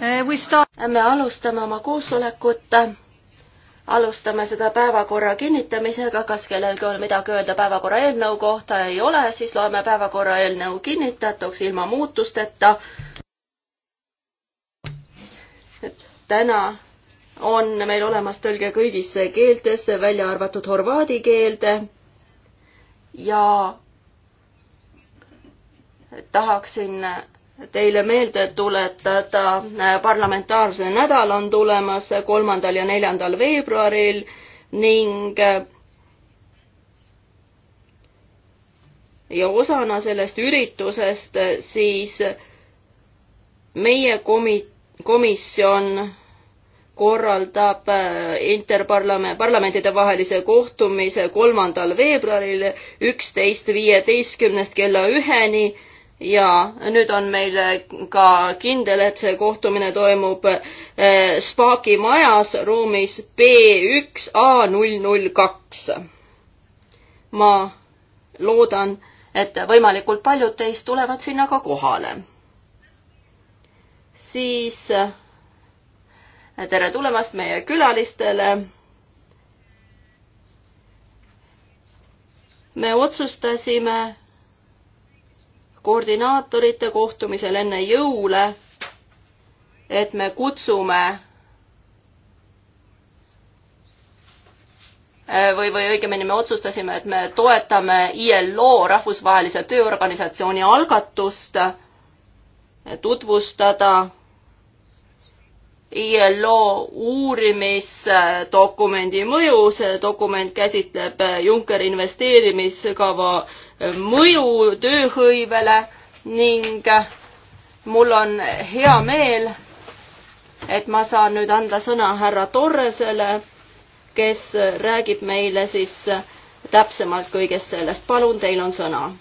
Eh, me alustame oma koosolekut. alustame seda päevakorra kinnitamisega, kas kellelgi on midagi öelda päevakorra eelnõu kohta, ei ole, siis loeme päevakorra eelnõu kinnitatuks ilma muutusteta. täna on meil olemas tõlge kõigisse keeltesse, välja arvatud horvaadi keelde. ja tahaksin teile meelde tuletada, parlamentaarse nädal on tulemas kolmandal ja neljandal veebruaril ning ja osana sellest üritusest siis meie komi-, komisjon korraldab äh, interparlame-, parlamentidevahelise kohtumise kolmandal veebruaril üksteist viieteistkümnest kella üheni ja nüüd on meil äh, ka kindel, et see kohtumine toimub äh, Spaki majas ruumis B1A002. ma loodan, et võimalikult paljud teist tulevad sinna ka kohale. siis äh, tere tulemast meie külalistele me otsustasime koordinaatorite kohtumisel enne jõule, et me kutsume äh, või, või õigemini me otsustasime, et me toetame ILO, Rahvusvahelise Tööorganisatsiooni algatust äh, tutvustada ILO uurimisdokumendi mõju, see dokument käsitleb Junckeri investeerimiskava mõju tööhõivele ning mul on hea meel, et ma saan nüüd anda sõna härra Torresele, kes räägib meile siis täpsemalt kõigest sellest. palun, teil on sõna.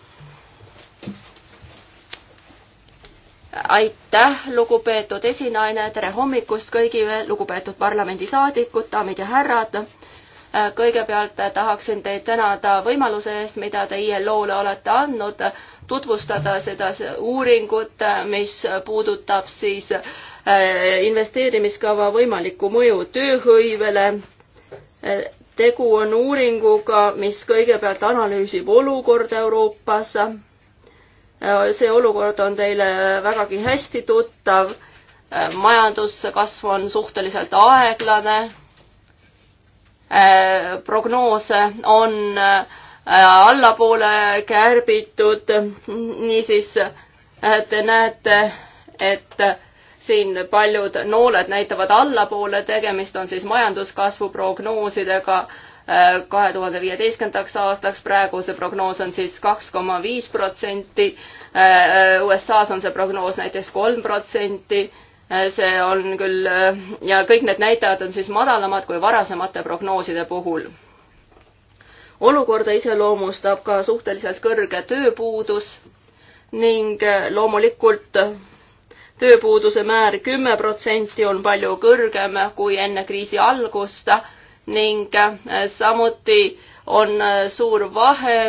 aitäh, lugupeetud esinaine, tere hommikust kõigile, lugupeetud parlamendisaadikud, daamid ja härrad kõigepealt tahaksin teid tänada võimaluse eest, mida te ILO-le olete andnud, tutvustada seda uuringut, mis puudutab siis äh, investeerimiskava võimalikku mõju tööhõivele. tegu on uuringuga, mis kõigepealt analüüsib olukorda Euroopas. see olukord on teile vägagi hästi tuttav majanduskasv on suhteliselt aeglane, Äh, prognoose on äh, allapoole kärbitud. niisiis äh, te näete, et siin paljud nooled näitavad allapoole, tegemist on siis majanduskasvu prognoosidega kahe tuhande viieteistkümnendaks aastaks, praegu see prognoos on siis kaks koma viis protsenti. USA-s on see prognoos näiteks kolm protsenti Äh, see on küll äh, ja kõik need näitajad on siis madalamad kui varasemate prognooside puhul. olukorda iseloomustab ka suhteliselt kõrge tööpuudus ning äh, loomulikult tööpuuduse määr kümme protsenti on palju kõrgem kui enne kriisi algust ning samuti on suur vahe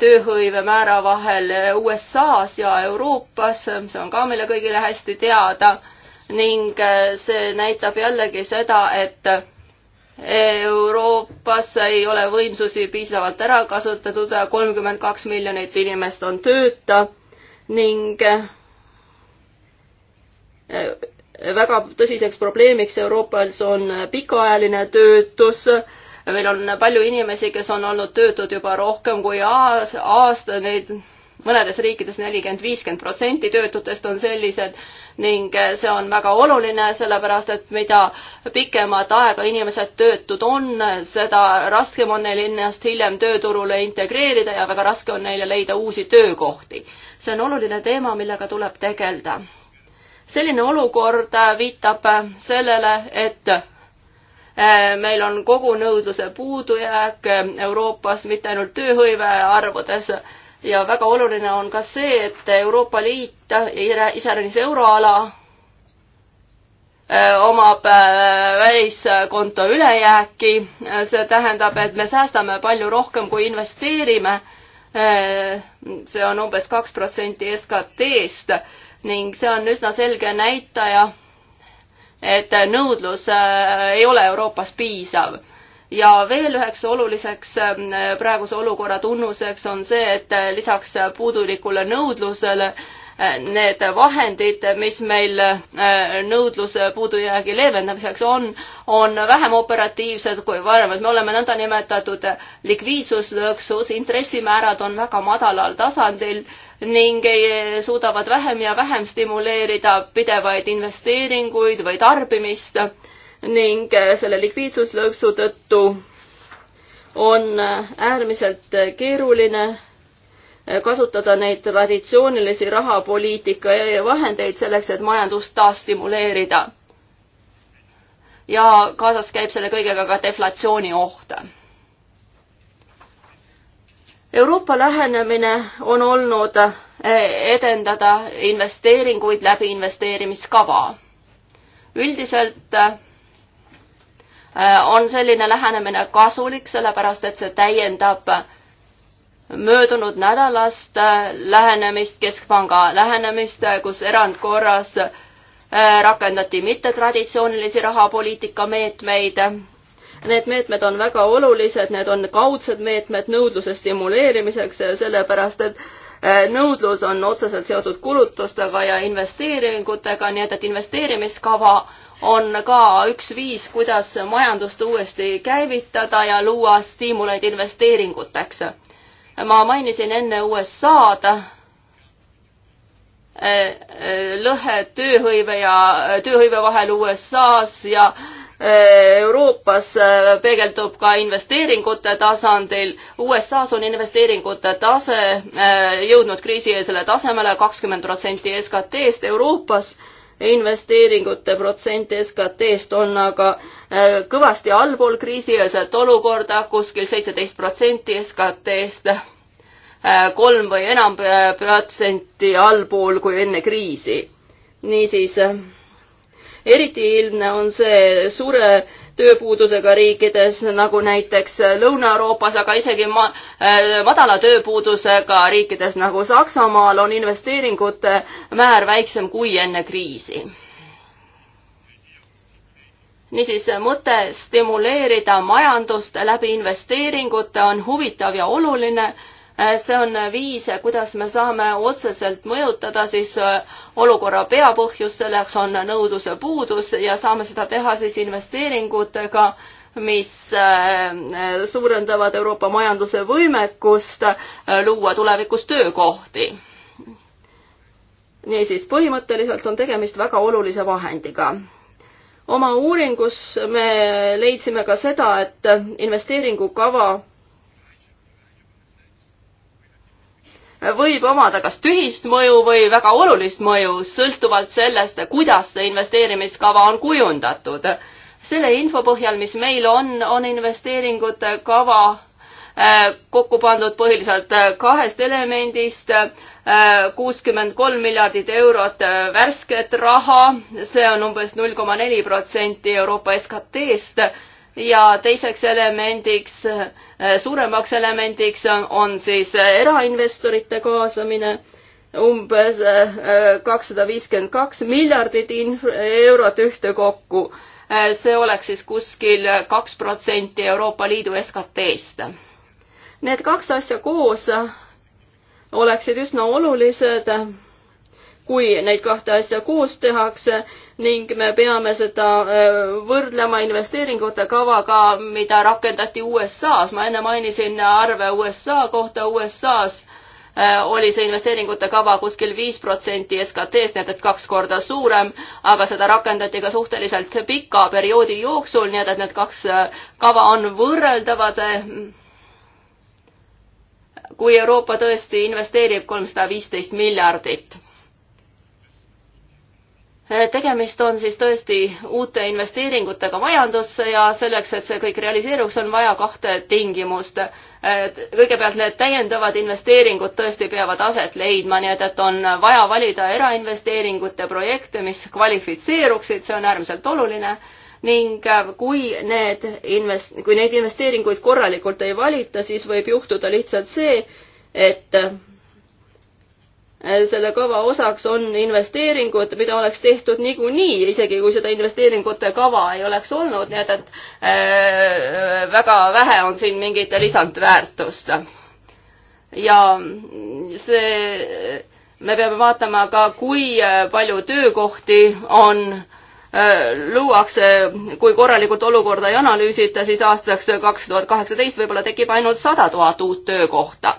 tööhõive määra vahel USA-s ja Euroopas, see on ka meile kõigile hästi teada ning äh, see näitab jällegi seda, et Euroopas ei ole võimsusi piisavalt ära kasutatud, kolmkümmend kaks miljonit inimest on tööta ning äh, väga tõsiseks probleemiks Euroopas on pikaajaline töötus meil on palju inimesi, kes on olnud töötud juba rohkem kui aasta, aasta, neid mõnedes riikides nelikümmend, viiskümmend protsenti töötutest on sellised ning see on väga oluline, sellepärast et mida pikemat aega inimesed töötud on, seda raskem on neil ennast hiljem tööturule integreerida ja väga raske on neile leida uusi töökohti. see on oluline teema, millega tuleb tegeleda. selline olukord viitab sellele, et Äh, meil on kogu nõudluse puudujääk äh, Euroopas, mitte ainult tööhõive arvudes ja väga oluline on ka see, et Euroopa Liit ja iseäranis euroala äh, omab väliskonto ülejääki, see tähendab, et me säästame palju rohkem, kui investeerime. see on umbes kaks protsenti SKT-st ning see on üsna selge näitaja et nõudlus äh, ei ole Euroopas piisav. ja veel üheks oluliseks ähm, praeguse olukorra tunnuseks on see, et äh, lisaks puudulikule nõudlusele äh, need vahendid, mis meil nõudluse puudujäägi leevendamiseks on, on vähem operatiivsed kui varem, et me oleme nõndanimetatud likviidsuslõksus, intressimäärad on väga madalal tasandil ning eh, suudavad vähem ja vähem stimuleerida pidevaid investeeringuid või tarbimist ning eh, selle likviidsuslõksu tõttu on eh, äärmiselt keeruline kasutada neid traditsioonilisi rahapoliitika vahendeid selleks, et majandust taasstimuleerida. ja kaasas käib selle kõigega ka deflatsiooni oht Euroopa lähenemine on olnud eh, edendada investeeringuid läbi investeerimiskava. üldiselt eh, on selline lähenemine kasulik, sellepärast et see täiendab möödunud nädalast eh, lähenemist, Keskpanga lähenemist, kus erandkorras rakendati mittetraditsioonilisi rahapoliitika meetmeid Need meetmed on väga olulised, need on kaudsed meetmed nõudluse stimuleerimiseks, sellepärast et eh, nõudlus on otseselt seotud kulutustega ja investeeringutega, nii et, et investeerimiskava on ka üks viis, kuidas majandust uuesti käivitada ja luua stiimuleid investeeringuteks. ma mainisin enne USA-d, eh, eh, lõhe tööhõive ja tööhõive vahel USA-s ja Äh, Euroopas äh, peegeldub ka investeeringute tasandil. USA-s on investeeringute tase äh, jõudnud kriisieelsele tasemele kakskümmend protsenti SKT-st, Euroopas investeeringute protsent SKT-st on aga kõvasti allpool kriisieelset olukorda kuskil, kuskil seitseteist protsenti SKT-st, kolm või enam protsenti allpool kui enne kriisi. niisiis eriti ilmne on see suure tööpuudusega riikides nagu näiteks Lõuna-Euroopas, aga isegi ma, äh, madala tööpuudusega riikides nagu Saksamaal on investeeringute määr väiksem kui enne kriisi. niisiis, mõte stimuleerida majandust läbi investeeringute on huvitav ja oluline see on viis, kuidas me saame otseselt mõjutada siis äh, olukorra peapõhjus, selleks on nõudluse puudus ja saame seda teha siis investeeringutega, mis äh, suurendavad Euroopa majanduse võimekust äh, luua tulevikus töökohti. niisiis, põhimõtteliselt on tegemist väga olulise vahendiga oma uuringus me leidsime ka seda, et investeeringukava võib omada kas tühist mõju või väga olulist mõju, sõltuvalt sellest, kuidas see investeerimiskava on kujundatud. selle info põhjal, mis meil on, on investeeringute kava äh, kokku pandud põhiliselt äh, kahest elemendist, äh, kuuskümmend kolm miljardit eurot värsket raha, see on umbes null koma neli protsenti Euroopa SKT-st ja teiseks elemendiks, eh, suuremaks elemendiks on, on siis eh, erainvestorite kaasamine, umbes eh, kakssada viiskümmend kaks miljardit eurot ühtekokku. see oleks siis kuskil kaks protsenti Euroopa Liidu SKT-st. Need kaks asja koos oleksid üsna olulised, kui neid kahte asja koos tehakse ning me peame seda äh, võrdlema investeeringute kavaga, mida rakendati USA-s. ma enne mainisin arve USA kohta USA-s äh, oli see investeeringute kava kuskil viis protsenti SKT-st, nii et, et kaks korda suurem, aga seda rakendati ka suhteliselt pika perioodi jooksul, nii et, et need kaks äh, kava on võrreldavad. kui Euroopa tõesti investeerib kolmsada viisteist miljardit Eh, tegemist on siis tõesti uute investeeringutega majandusse ja selleks, et see kõik realiseeruks, on vaja kahte tingimust. Eh, kõigepealt need täiendavad investeeringud tõesti peavad aset leidma, nii et, et on vaja valida erainvesteeringute projekte, mis kvalifitseeruksid, see on äärmiselt oluline ning eh, kui need invest-, kui neid investeeringuid korralikult ei valita, siis võib juhtuda lihtsalt see, et Eh, selle kava osaks on investeeringud, mida oleks tehtud niikuinii, isegi kui seda investeeringute kava ei oleks olnud, nii et, et äh, väga vähe on siin mingit lisandväärtust. ja see, me peame vaatama ka, kui eh, palju töökohti on luuakse, kui korralikult olukorda ei analüüsita, siis aastaks kaks tuhat kaheksateist võib-olla tekib ainult sada tuhat uut töökohta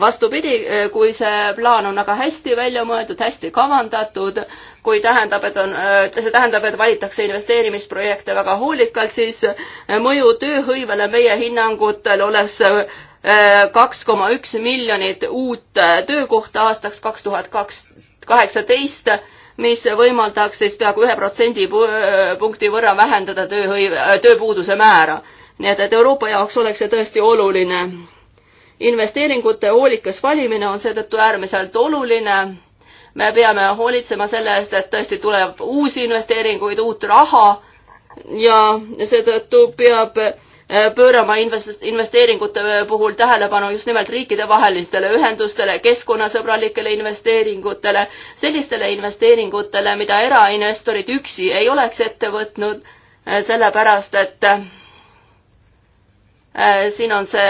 vastupidi, kui see plaan on väga hästi välja mõeldud, hästi kavandatud, kui tähendab, et on, see tähendab, et valitakse investeerimisprojekte väga hoolikalt, siis mõju tööhõivele meie hinnangutel oleks eh, kaks koma üks miljonit uut töökohta aastaks kaks tuhat kaks, kaheksateist, mis võimaldaks siis peaaegu ühe protsendi punkti võrra vähendada tööhõive, tööpuuduse määra. nii et, et Euroopa jaoks oleks see tõesti oluline investeeringute hoolikas valimine on seetõttu äärmiselt oluline. me peame hoolitsema selle eest, et tõesti tuleb uusi investeeringuid, uut raha ja seetõttu peab eh, pöörama investeeringute puhul tähelepanu just nimelt riikidevahelistele ühendustele, keskkonnasõbralikele investeeringutele, sellistele investeeringutele, mida erainvestorid üksi ei oleks ette võtnud, eh, sellepärast et Äh, siin on see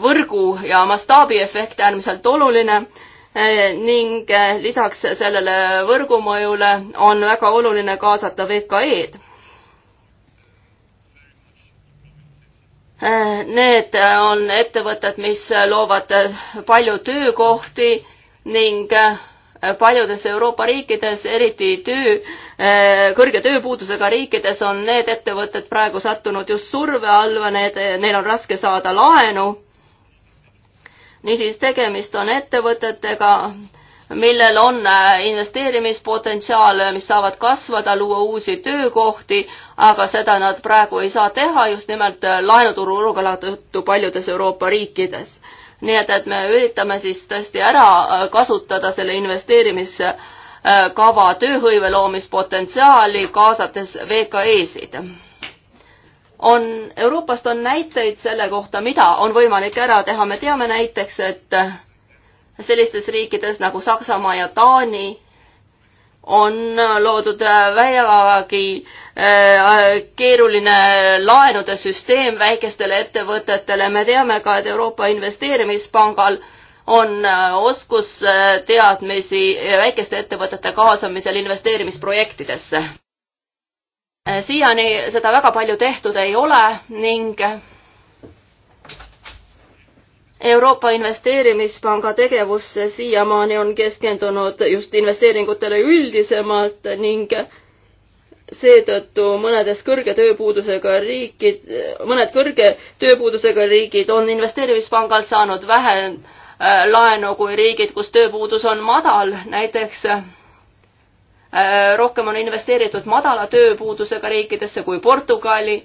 võrgu ja mastaabiefekt äärmiselt oluline äh, ning äh, lisaks sellele võrgumõjule on väga oluline kaasata VKE-d. Need on ettevõtted, mis loovad palju töökohti ning paljudes Euroopa riikides, eriti töö, eh, kõrge tööpuudusega riikides on need ettevõtted praegu sattunud just surve alla, need, neil on raske saada laenu. niisiis, tegemist on ettevõtetega, millel on eh, investeerimispotentsiaal, mis saavad kasvada, luua uusi töökohti, aga seda nad praegu ei saa teha just nimelt eh, laenuturu olukorra tõttu paljudes Euroopa riikides nii et, et me üritame siis tõesti ära äh, kasutada selle investeerimiskava tööhõive loomispotentsiaali, kaasates VKE-sid. on, Euroopast on näiteid selle kohta, mida on võimalik ära teha, me teame näiteks, et sellistes riikides nagu Saksamaa ja Taani on loodud äh, vägagi äh, keeruline laenude süsteem väikestele ettevõtetele. me teame ka, et Euroopa Investeerimispangal on äh, oskusteadmisi väikeste ettevõtete kaasamisel investeerimisprojektidesse. siiani seda väga palju tehtud ei ole ning Euroopa Investeerimispanga tegevus siiamaani on keskendunud just investeeringutele üldisemalt ning seetõttu mõnedes kõrge tööpuudusega riikid, mõned kõrge tööpuudusega riigid on investeerimispangalt saanud vähem äh, laenu kui riigid, kus tööpuudus on madal, näiteks äh, rohkem on investeeritud madala tööpuudusega riikidesse kui Portugali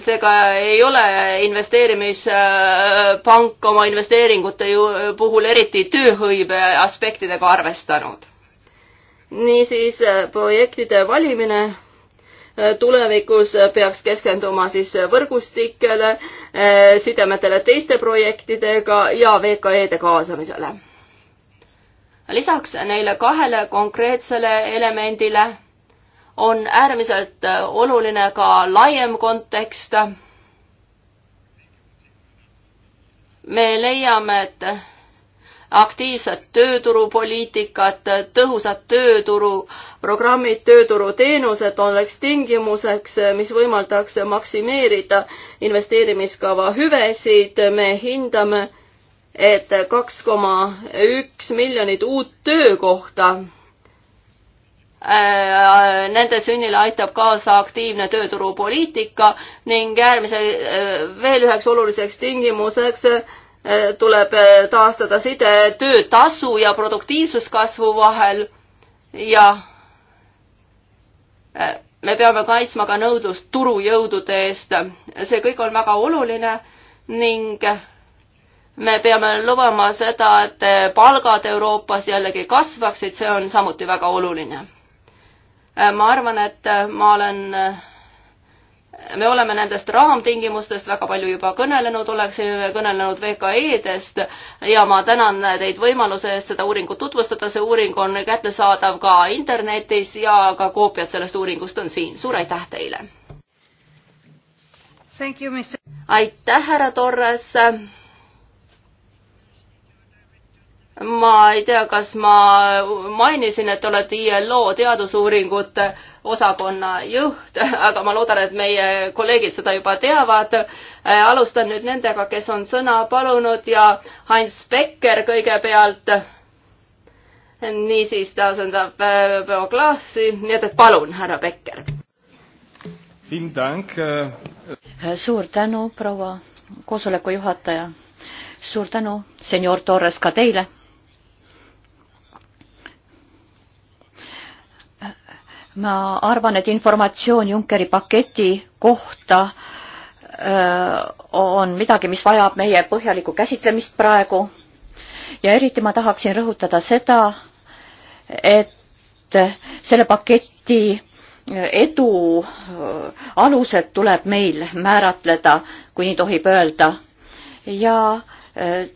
seega ei ole investeerimispank oma investeeringute ju puhul eriti tööhõive aspektidega arvestanud. niisiis projektide valimine äh, tulevikus peaks keskenduma siis võrgustikele, äh, sidemetele teiste projektidega ja VKE-de kaasamisele. lisaks neile kahele konkreetsele elemendile on äärmiselt äh, oluline ka laiem kontekst. me leiame, et aktiivset tööturupoliitikat, tõhusad tööturuprogrammid, tööturuteenused oleks tingimuseks, mis võimaldaks maksimeerida investeerimiskava hüvesid. me hindame, et kaks koma üks miljonit uut töökohta Äh, äh, nende sünnile aitab kaasa aktiivne tööturupoliitika ning järgmise, äh, veel üheks oluliseks tingimuseks tuleb taastada side töötasu ja produktiivsuskasvu vahel ja me peame kaitsma ka nõudlust turujõudude eest. see kõik on väga oluline ning me peame lubama seda, et palgad Euroopas jällegi kasvaksid, see on samuti väga oluline Äh, ma arvan, et äh, ma olen äh, me oleme nendest raamtingimustest väga palju juba kõnelenud, oleksime kõnelenud VKE-dest ja ma tänan teid võimaluse eest seda uuringut tutvustada, see uuring on kättesaadav ka internetis ja ka koopiad sellest uuringust on siin, suur aitäh teile! aitäh, härra Torres! ma ei tea, kas ma mainisin, et olete ILO teadusuuringute osakonna juht, aga ma loodan, et meie kolleegid seda juba teavad. Äh, alustan nüüd nendega, kes on sõna palunud ja Heinz Becker kõigepealt. niisiis, ta asendab Beo äh, Klaasi, nii et, et palun, härra Becker. Äh, suur tänu, proua koosoleku juhataja. suur tänu, senior Torres, ka teile ma arvan, et informatsioon Junckeri paketi kohta on midagi, mis vajab meie põhjalikku käsitlemist praegu ja eriti ma tahaksin rõhutada seda, et selle paketi edu alused tuleb meil määratleda, kui nii tohib öelda. ja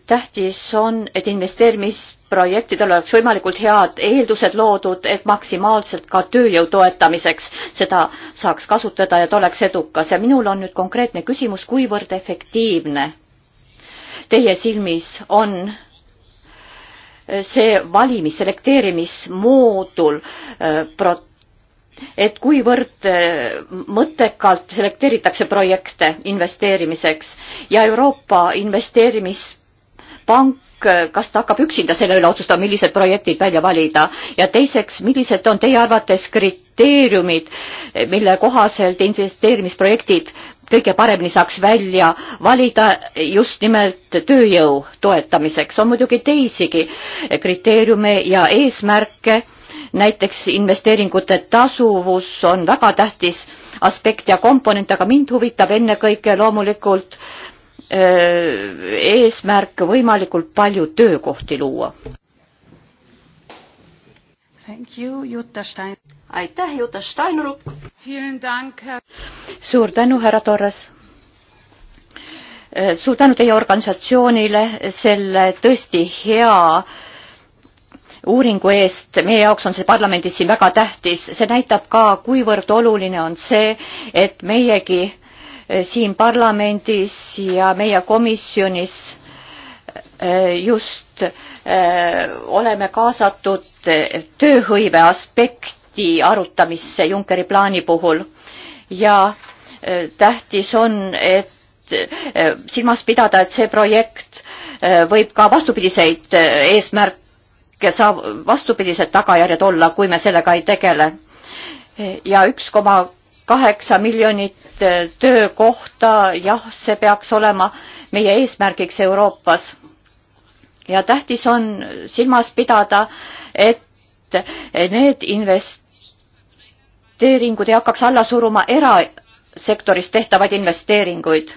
tähtis on, et investeerimis projektidel oleks võimalikult head eeldused loodud, et maksimaalselt ka tööjõu toetamiseks seda saaks kasutada ja ta oleks edukas ja minul on nüüd konkreetne küsimus, kuivõrd efektiivne teie silmis on see valimis, selekteerimismoodul, äh, et kuivõrd äh, mõttekalt selekteeritakse projekte investeerimiseks ja Euroopa investeerimis pank, kas ta hakkab üksinda selle üle otsustama, millised projektid välja valida ja teiseks, millised on teie arvates kriteeriumid, mille kohaselt investeerimisprojektid kõige paremini saaks välja valida just nimelt tööjõu toetamiseks. on muidugi teisigi kriteeriume ja eesmärke, näiteks investeeringute tasuvus on väga tähtis aspekt ja komponent, aga mind huvitab ennekõike loomulikult Äh, eesmärk võimalikult palju töökohti luua. aitäh, Juta Steinruck! suur tänu, härra Torres! Äh, suur tänu teie organisatsioonile selle tõesti hea uuringu eest, meie jaoks on see parlamendis siin väga tähtis, see näitab ka, kuivõrd oluline on see, et meiegi Eh, siin parlamendis ja meie komisjonis eh, just eh, oleme kaasatud tööhõive aspekti arutamisse Junckeri plaani puhul ja tähtis on, et silmas pidada, et see projekt võib ka vastupidiseid eesmärke saab, vastupidised tagajärjed olla, kui me sellega ei tegele. ja üks koma kaheksa miljonit eh, töökohta, jah, see peaks olema meie eesmärgiks Euroopas. ja tähtis on silmas pidada, et need investeeringud ei hakkaks alla suruma erasektoris tehtavaid investeeringuid.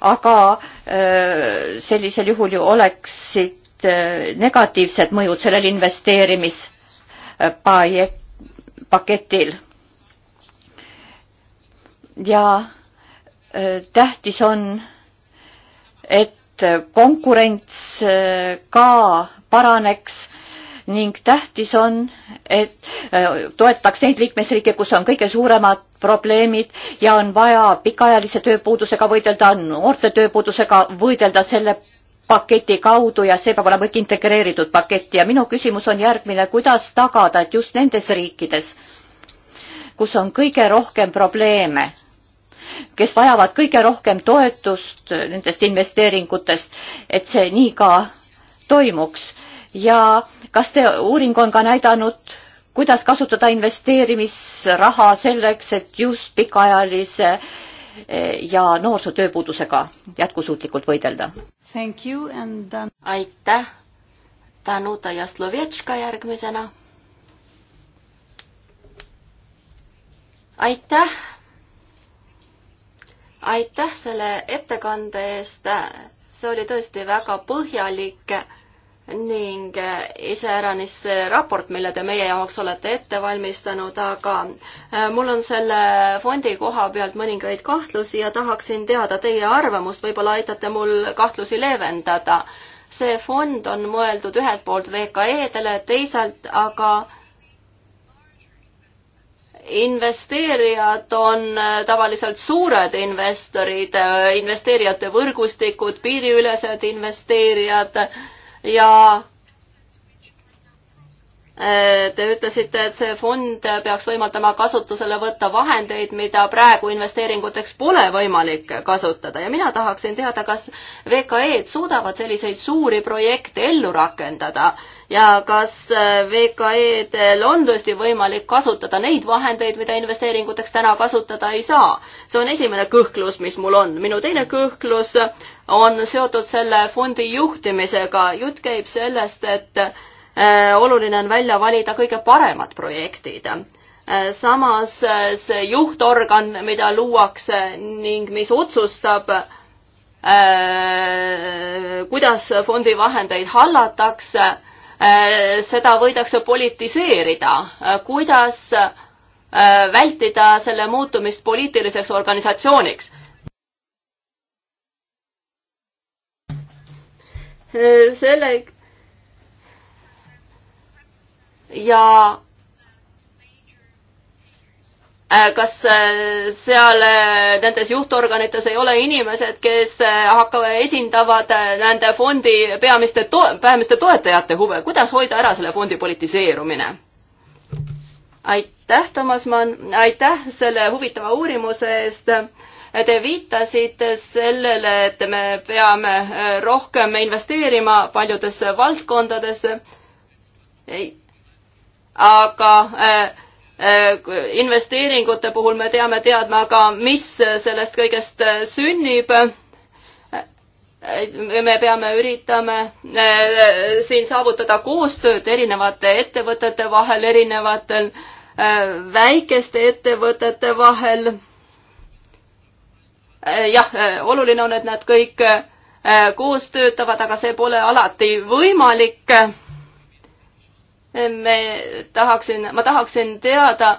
aga eh, sellisel juhul ju oleksid eh, negatiivsed mõjud sellel investeerimispaketil ja äh, tähtis on, et konkurents äh, ka paraneks ning tähtis on, et äh, toetaks neid liikmesriike, kus on kõige suuremad probleemid ja on vaja pikaajalise tööpuudusega võidelda, noorte tööpuudusega võidelda selle paketi kaudu ja see peab olema kõik integreeritud paketti ja minu küsimus on järgmine, kuidas tagada, et just nendes riikides, kus on kõige rohkem probleeme kes vajavad kõige rohkem toetust nendest investeeringutest, et see nii ka toimuks. ja kas te, uuring on ka näidanud, kuidas kasutada investeerimisraha selleks, et just pikaajalise e, ja noorsootööpuudusega jätkusuutlikult võidelda. Then... aitäh, Danuta Jaslovetška järgmisena. aitäh aitäh selle ettekande eest, see oli tõesti väga põhjalik ning iseäranis see raport, mille te meie jaoks olete ette valmistanud, aga äh, mul on selle fondi koha pealt mõningaid kahtlusi ja tahaksin teada teie arvamust, võib-olla aitate mul kahtlusi leevendada. see fond on mõeldud ühelt poolt VKE-dele, teisalt aga investeerijad on äh, tavaliselt suured investorid, äh, investeerijate võrgustikud, piiriülesed investeerijad ja äh, Te ütlesite, et see fond peaks võimaldama kasutusele võtta vahendeid, mida praegu investeeringuteks pole võimalik kasutada ja mina tahaksin teada, kas VKE-d suudavad selliseid suuri projekte ellu rakendada ja kas äh, VKE-del on tõesti võimalik kasutada neid vahendeid, mida investeeringuteks täna kasutada ei saa. see on esimene kõhklus, mis mul on. minu teine kõhklus on seotud selle fondi juhtimisega. jutt käib sellest, et äh, oluline on välja valida kõige paremad projektid äh, samas see juhtorgan, mida luuakse ning mis otsustab, kuidas fondi vahendeid hallatakse, Äh, seda võidakse politiseerida, äh, kuidas äh, vältida selle muutumist poliitiliseks organisatsiooniks. selle ja Äh, kas äh, seal äh, nendes juhtorganites ei ole inimesed, kes hakkavad, esindavad nende fondi peamiste to-, peamiste toetajate huve, kuidas hoida ära selle fondi politiseerumine? aitäh, Toomas Mann, aitäh selle huvitava uurimuse eest. Te viitasite sellele, et me peame rohkem investeerima paljudesse valdkondadesse. aga äh, Äh, investeeringute puhul me teame teadma ka, mis sellest kõigest äh, sünnib äh, me peame üritama siin saavutada koostööd erinevate ettevõtete vahel, erinevatel väikeste ettevõtete vahel. jah, oluline on, et nad kõik koos töötavad, aga see pole alati võimalik me tahaksin, ma tahaksin teada,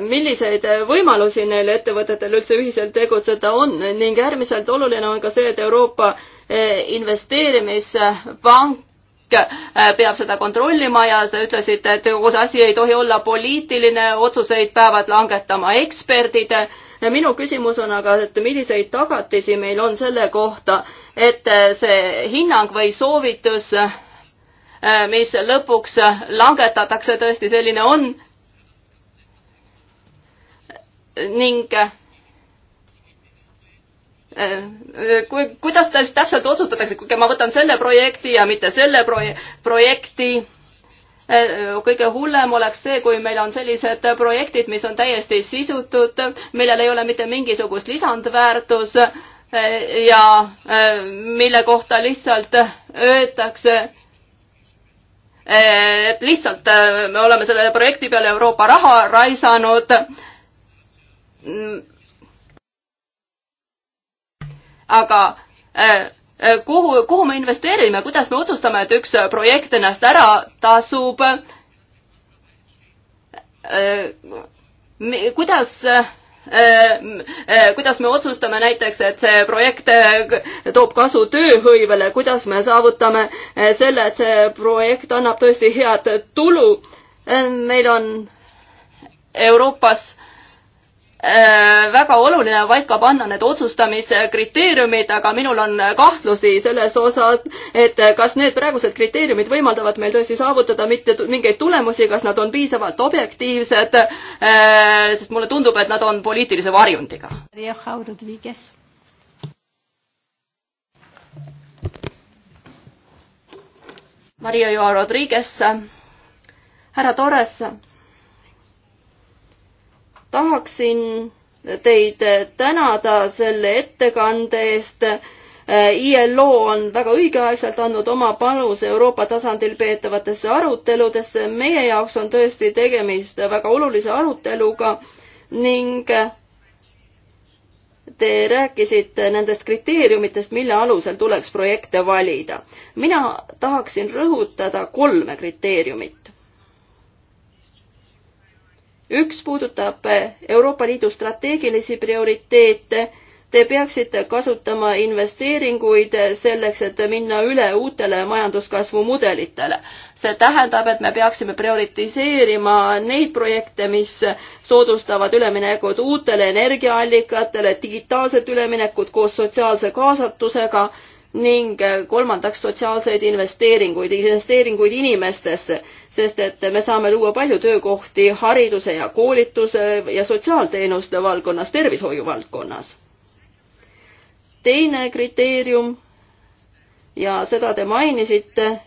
milliseid võimalusi neil ettevõtetel üldse ühiselt tegutseda on ning äärmiselt oluline on ka see, et Euroopa eh, Investeerimispank eh, peab seda kontrollima ja te ütlesite, et kogu see asi ei tohi olla poliitiline, otsuseid peavad langetama eksperdid. minu küsimus on aga, et milliseid tagatisi meil on selle kohta, et eh, see hinnang või soovitus Äh, mis lõpuks langetatakse, tõesti selline on. ning äh, kui, kuidas täpselt otsustatakse, kui ma võtan selle projekti ja mitte selle proje-, projekti äh, kõige hullem oleks see, kui meil on sellised projektid, mis on täiesti sisutud, millel ei ole mitte mingisugust lisandväärtus ja mille kohta lihtsalt öeldakse, et lihtsalt äh, me oleme selle projekti peale Euroopa raha raisanud. aga äh, kuhu, kuhu me investeerime, kuidas me otsustame, et üks projekt ennast ära tasub? Äh, kuidas Äh, äh, kuidas me otsustame näiteks, et see projekt äh, toob kasu tööhõivele, kuidas me saavutame selle, et see projekt annab tõesti head tulu. meil on Euroopas Äh, väga oluline paika panna need otsustamise kriteeriumid, aga minul on kahtlusi selles osas, et kas need praegused kriteeriumid võimaldavad meil tõesti saavutada mitte mingeid tulemusi, kas nad on piisavalt objektiivsed, äh, sest mulle tundub, et nad on poliitilise varjundiga. Maria Joa Rodriguez, härra Torres tahaksin teid tänada selle ettekande eest. ILO on väga õigeaegselt andnud oma panuse Euroopa tasandil peetavatesse aruteludesse. meie jaoks on tõesti tegemist väga olulise aruteluga ning te rääkisite nendest kriteeriumitest, mille alusel tuleks projekte valida. mina tahaksin rõhutada kolme kriteeriumit üks puudutab eh, Euroopa Liidu strateegilisi prioriteete. Te peaksite kasutama investeeringuid eh, selleks, et minna üle uutele majanduskasvu mudelitele. see tähendab, et me peaksime prioritiseerima neid projekte, mis soodustavad üleminekut uutele energiaallikatele, digitaalset üleminekut koos sotsiaalse kaasatusega ning eh, kolmandaks sotsiaalseid investeeringuid, investeeringuid inimestesse sest et me saame luua palju töökohti hariduse ja koolituse ja sotsiaalteenuste valdkonnas, tervishoiu valdkonnas. teine kriteerium ja seda te mainisite,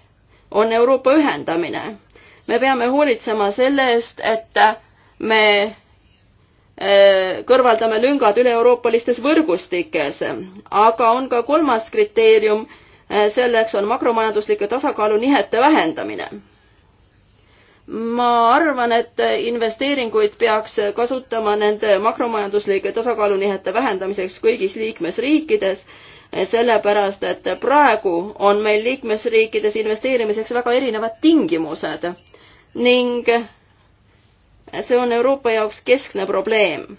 on Euroopa ühendamine. me peame hoolitsema selle eest, et me eh, kõrvaldame lüngad üle-euroopalistes võrgustikes, aga on ka kolmas kriteerium, eh, selleks on makromajanduslike tasakaalu nihete vähendamine ma arvan, et investeeringuid peaks kasutama nende makromajanduslike tasakaalunihete vähendamiseks kõigis liikmesriikides, sellepärast et praegu on meil liikmesriikides investeerimiseks väga erinevad tingimused ning see on Euroopa jaoks keskne probleem.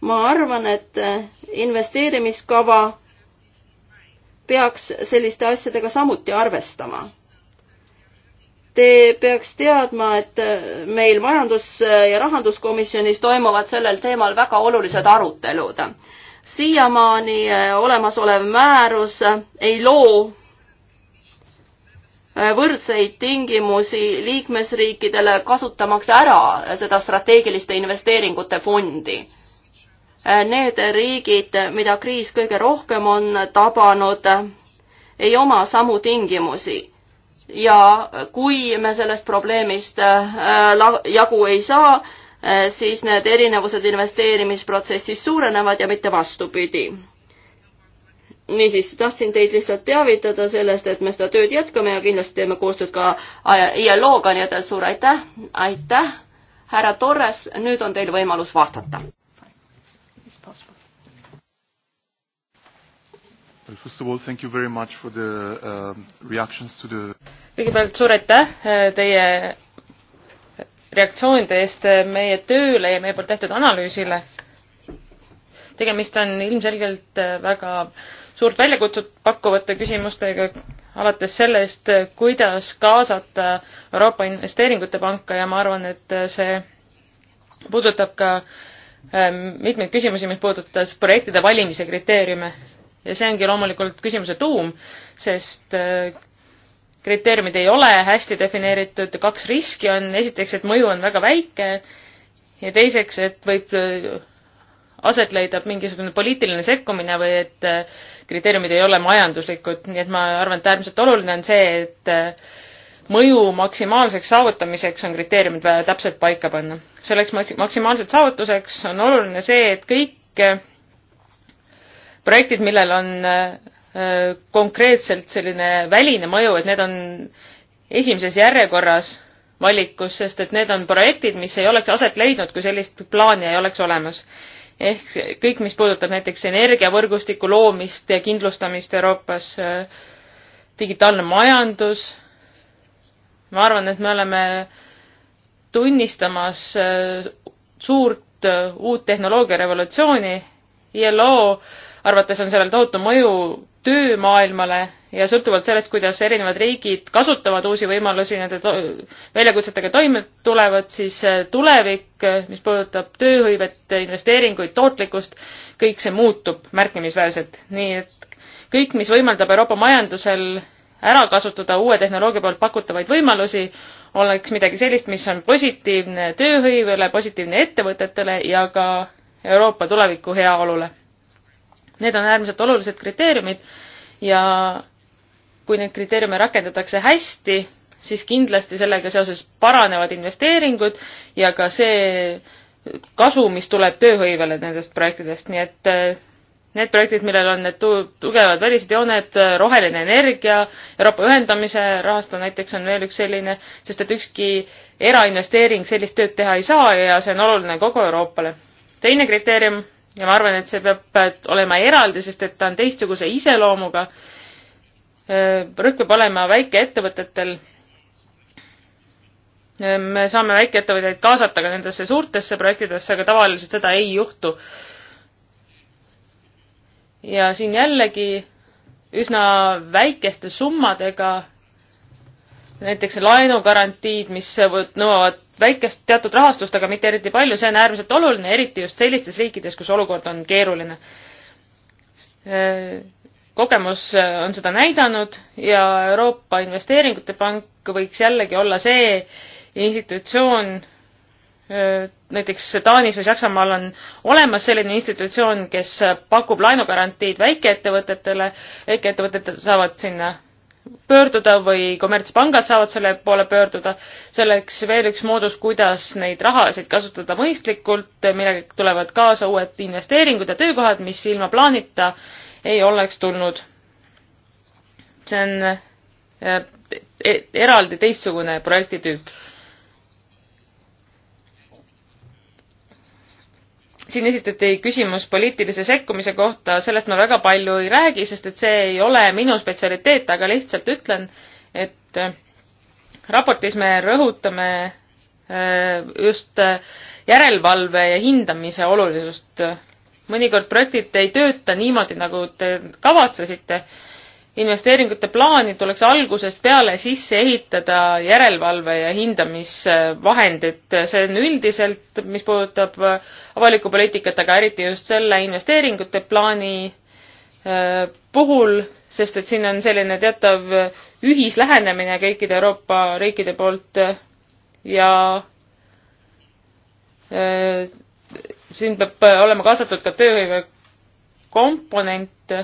ma arvan, et investeerimiskava peaks selliste asjadega samuti arvestama Te peaks teadma, et meil majandus- ja rahanduskomisjonis toimuvad sellel teemal väga olulised arutelud. siiamaani eh, olemasolev määrus ei loo eh, võrdseid tingimusi liikmesriikidele, kasutamaks ära seda strateegiliste investeeringute fondi eh, need riigid, mida kriis kõige rohkem on tabanud, ei oma samu tingimusi ja kui me sellest probleemist äh, jagu ei saa, äh, siis need erinevused investeerimisprotsessis suurenevad ja mitte vastupidi. niisiis, tahtsin teid lihtsalt teavitada sellest, et me seda tööd jätkame ja kindlasti teeme koostööd ka ILO-ga, nii et suur aitäh, aitäh, härra Torres, nüüd on teil võimalus vastata. It's possible. Uh, kõigepealt suur aitäh äh, teie reaktsioonide eest äh, meie tööle ja meie poolt tehtud analüüsile. tegemist on ilmselgelt äh, väga suurt väljakutset pakkuvate küsimustega, alates sellest, kuidas kaasata Euroopa Investeeringute Panka ja ma arvan, et see puudutab ka mitmeid küsimusi, mis puudutas projektide valimise kriteeriume ja see ongi loomulikult küsimuse tuum, sest äh, kriteeriumid ei ole hästi defineeritud, kaks riski on, esiteks, et mõju on väga väike ja teiseks, et võib äh, aset leida mingisugune poliitiline sekkumine või et äh, kriteeriumid ei ole majanduslikud, nii et ma arvan, et äärmiselt oluline on see, et mõju maksimaalseks saavutamiseks on kriteeriumid vaja täpselt paika panna. selleks maksimaalseks saavutuseks on oluline see, et kõik projektid, millel on äh, konkreetselt selline väline mõju, et need on esimeses järjekorras valikus, sest et need on projektid, mis ei oleks aset leidnud, kui sellist plaani ei oleks olemas. ehk kõik, mis puudutab näiteks energiavõrgustiku loomist ja kindlustamist Euroopas, äh, digitaalne majandus, ma arvan, et me oleme tunnistamas äh, suurt uut tehnoloogia revolutsiooni, ILO arvates on sellel tohutu mõju töömaailmale ja sõltuvalt sellest, kuidas erinevad riigid kasutavad uusi võimalusi nende to väljakutsetega toime tulevad, siis äh, tulevik, äh, mis puudutab tööhõivet, investeeringuid, tootlikkust, kõik see muutub märkimisväärselt, nii et kõik, mis võimaldab Euroopa majandusel ära kasutada uue tehnoloogia poolt pakutavaid võimalusi, oleks midagi sellist, mis on positiivne tööhõivele, positiivne ettevõtetele ja ka Euroopa tuleviku heaolule Need on äärmiselt olulised kriteeriumid ja kui neid kriteeriume rakendatakse hästi, siis kindlasti sellega seoses paranevad investeeringud ja ka see kasu, mis tuleb tööhõivele nendest projektidest, nii et eh, need projektid, millel on need tugevad välised jooned, eh, roheline energia, Euroopa ühendamise rahastu näiteks on veel üks selline, sest et ükski erainvesteering sellist tööd teha ei saa ja see on oluline kogu Euroopale. teine kriteerium ja ma arvan, et see peab olema eraldi, sest et ta on teistsuguse iseloomuga. Äh, rõhk peab olema väikeettevõtetel. Äh, me saame väikeettevõtteid kaasata ka nendesse suurtesse projektidesse, aga tavaliselt seda ei juhtu. ja siin jällegi üsna väikeste summadega näiteks laenugarantiid, mis nõuavad väikest teatud rahastust, aga mitte eriti palju, see on äärmiselt oluline, eriti just sellistes riikides, kus olukord on keeruline. kogemus on seda näidanud ja Euroopa Investeeringute Pank võiks jällegi olla see institutsioon, näiteks Taanis või Saksamaal on olemas selline institutsioon, kes pakub laenugarantiid väikeettevõtetele, väikeettevõtted saavad sinna pöörduda või kommertspangad saavad selle poole pöörduda. see oleks veel üks moodus, kuidas neid rahasid kasutada mõistlikult, millega tulevad kaasa uued investeeringud ja töökohad, mis ilma plaanita ei oleks tulnud. see on äh, e-, eraldi teistsugune projektitüüp. siin esitati küsimus poliitilise sekkumise kohta, sellest ma väga palju ei räägi, sest et see ei ole minu spetsialiteet, aga lihtsalt ütlen, et äh, raportis me rõhutame äh, just äh, järelevalve ja hindamise olulisust. mõnikord projektid ei tööta niimoodi, nagu te kavatsesite investeeringute plaani tuleks algusest peale sisse ehitada järelevalve ja hindamisvahendid. see on üldiselt, mis puudutab avalikku poliitikat, aga eriti just selle investeeringute plaani äh, puhul, sest et siin on selline teatav ühislähenemine kõikide Euroopa riikide poolt äh, ja äh, siin peab olema kaasatud ka tööhõive komponent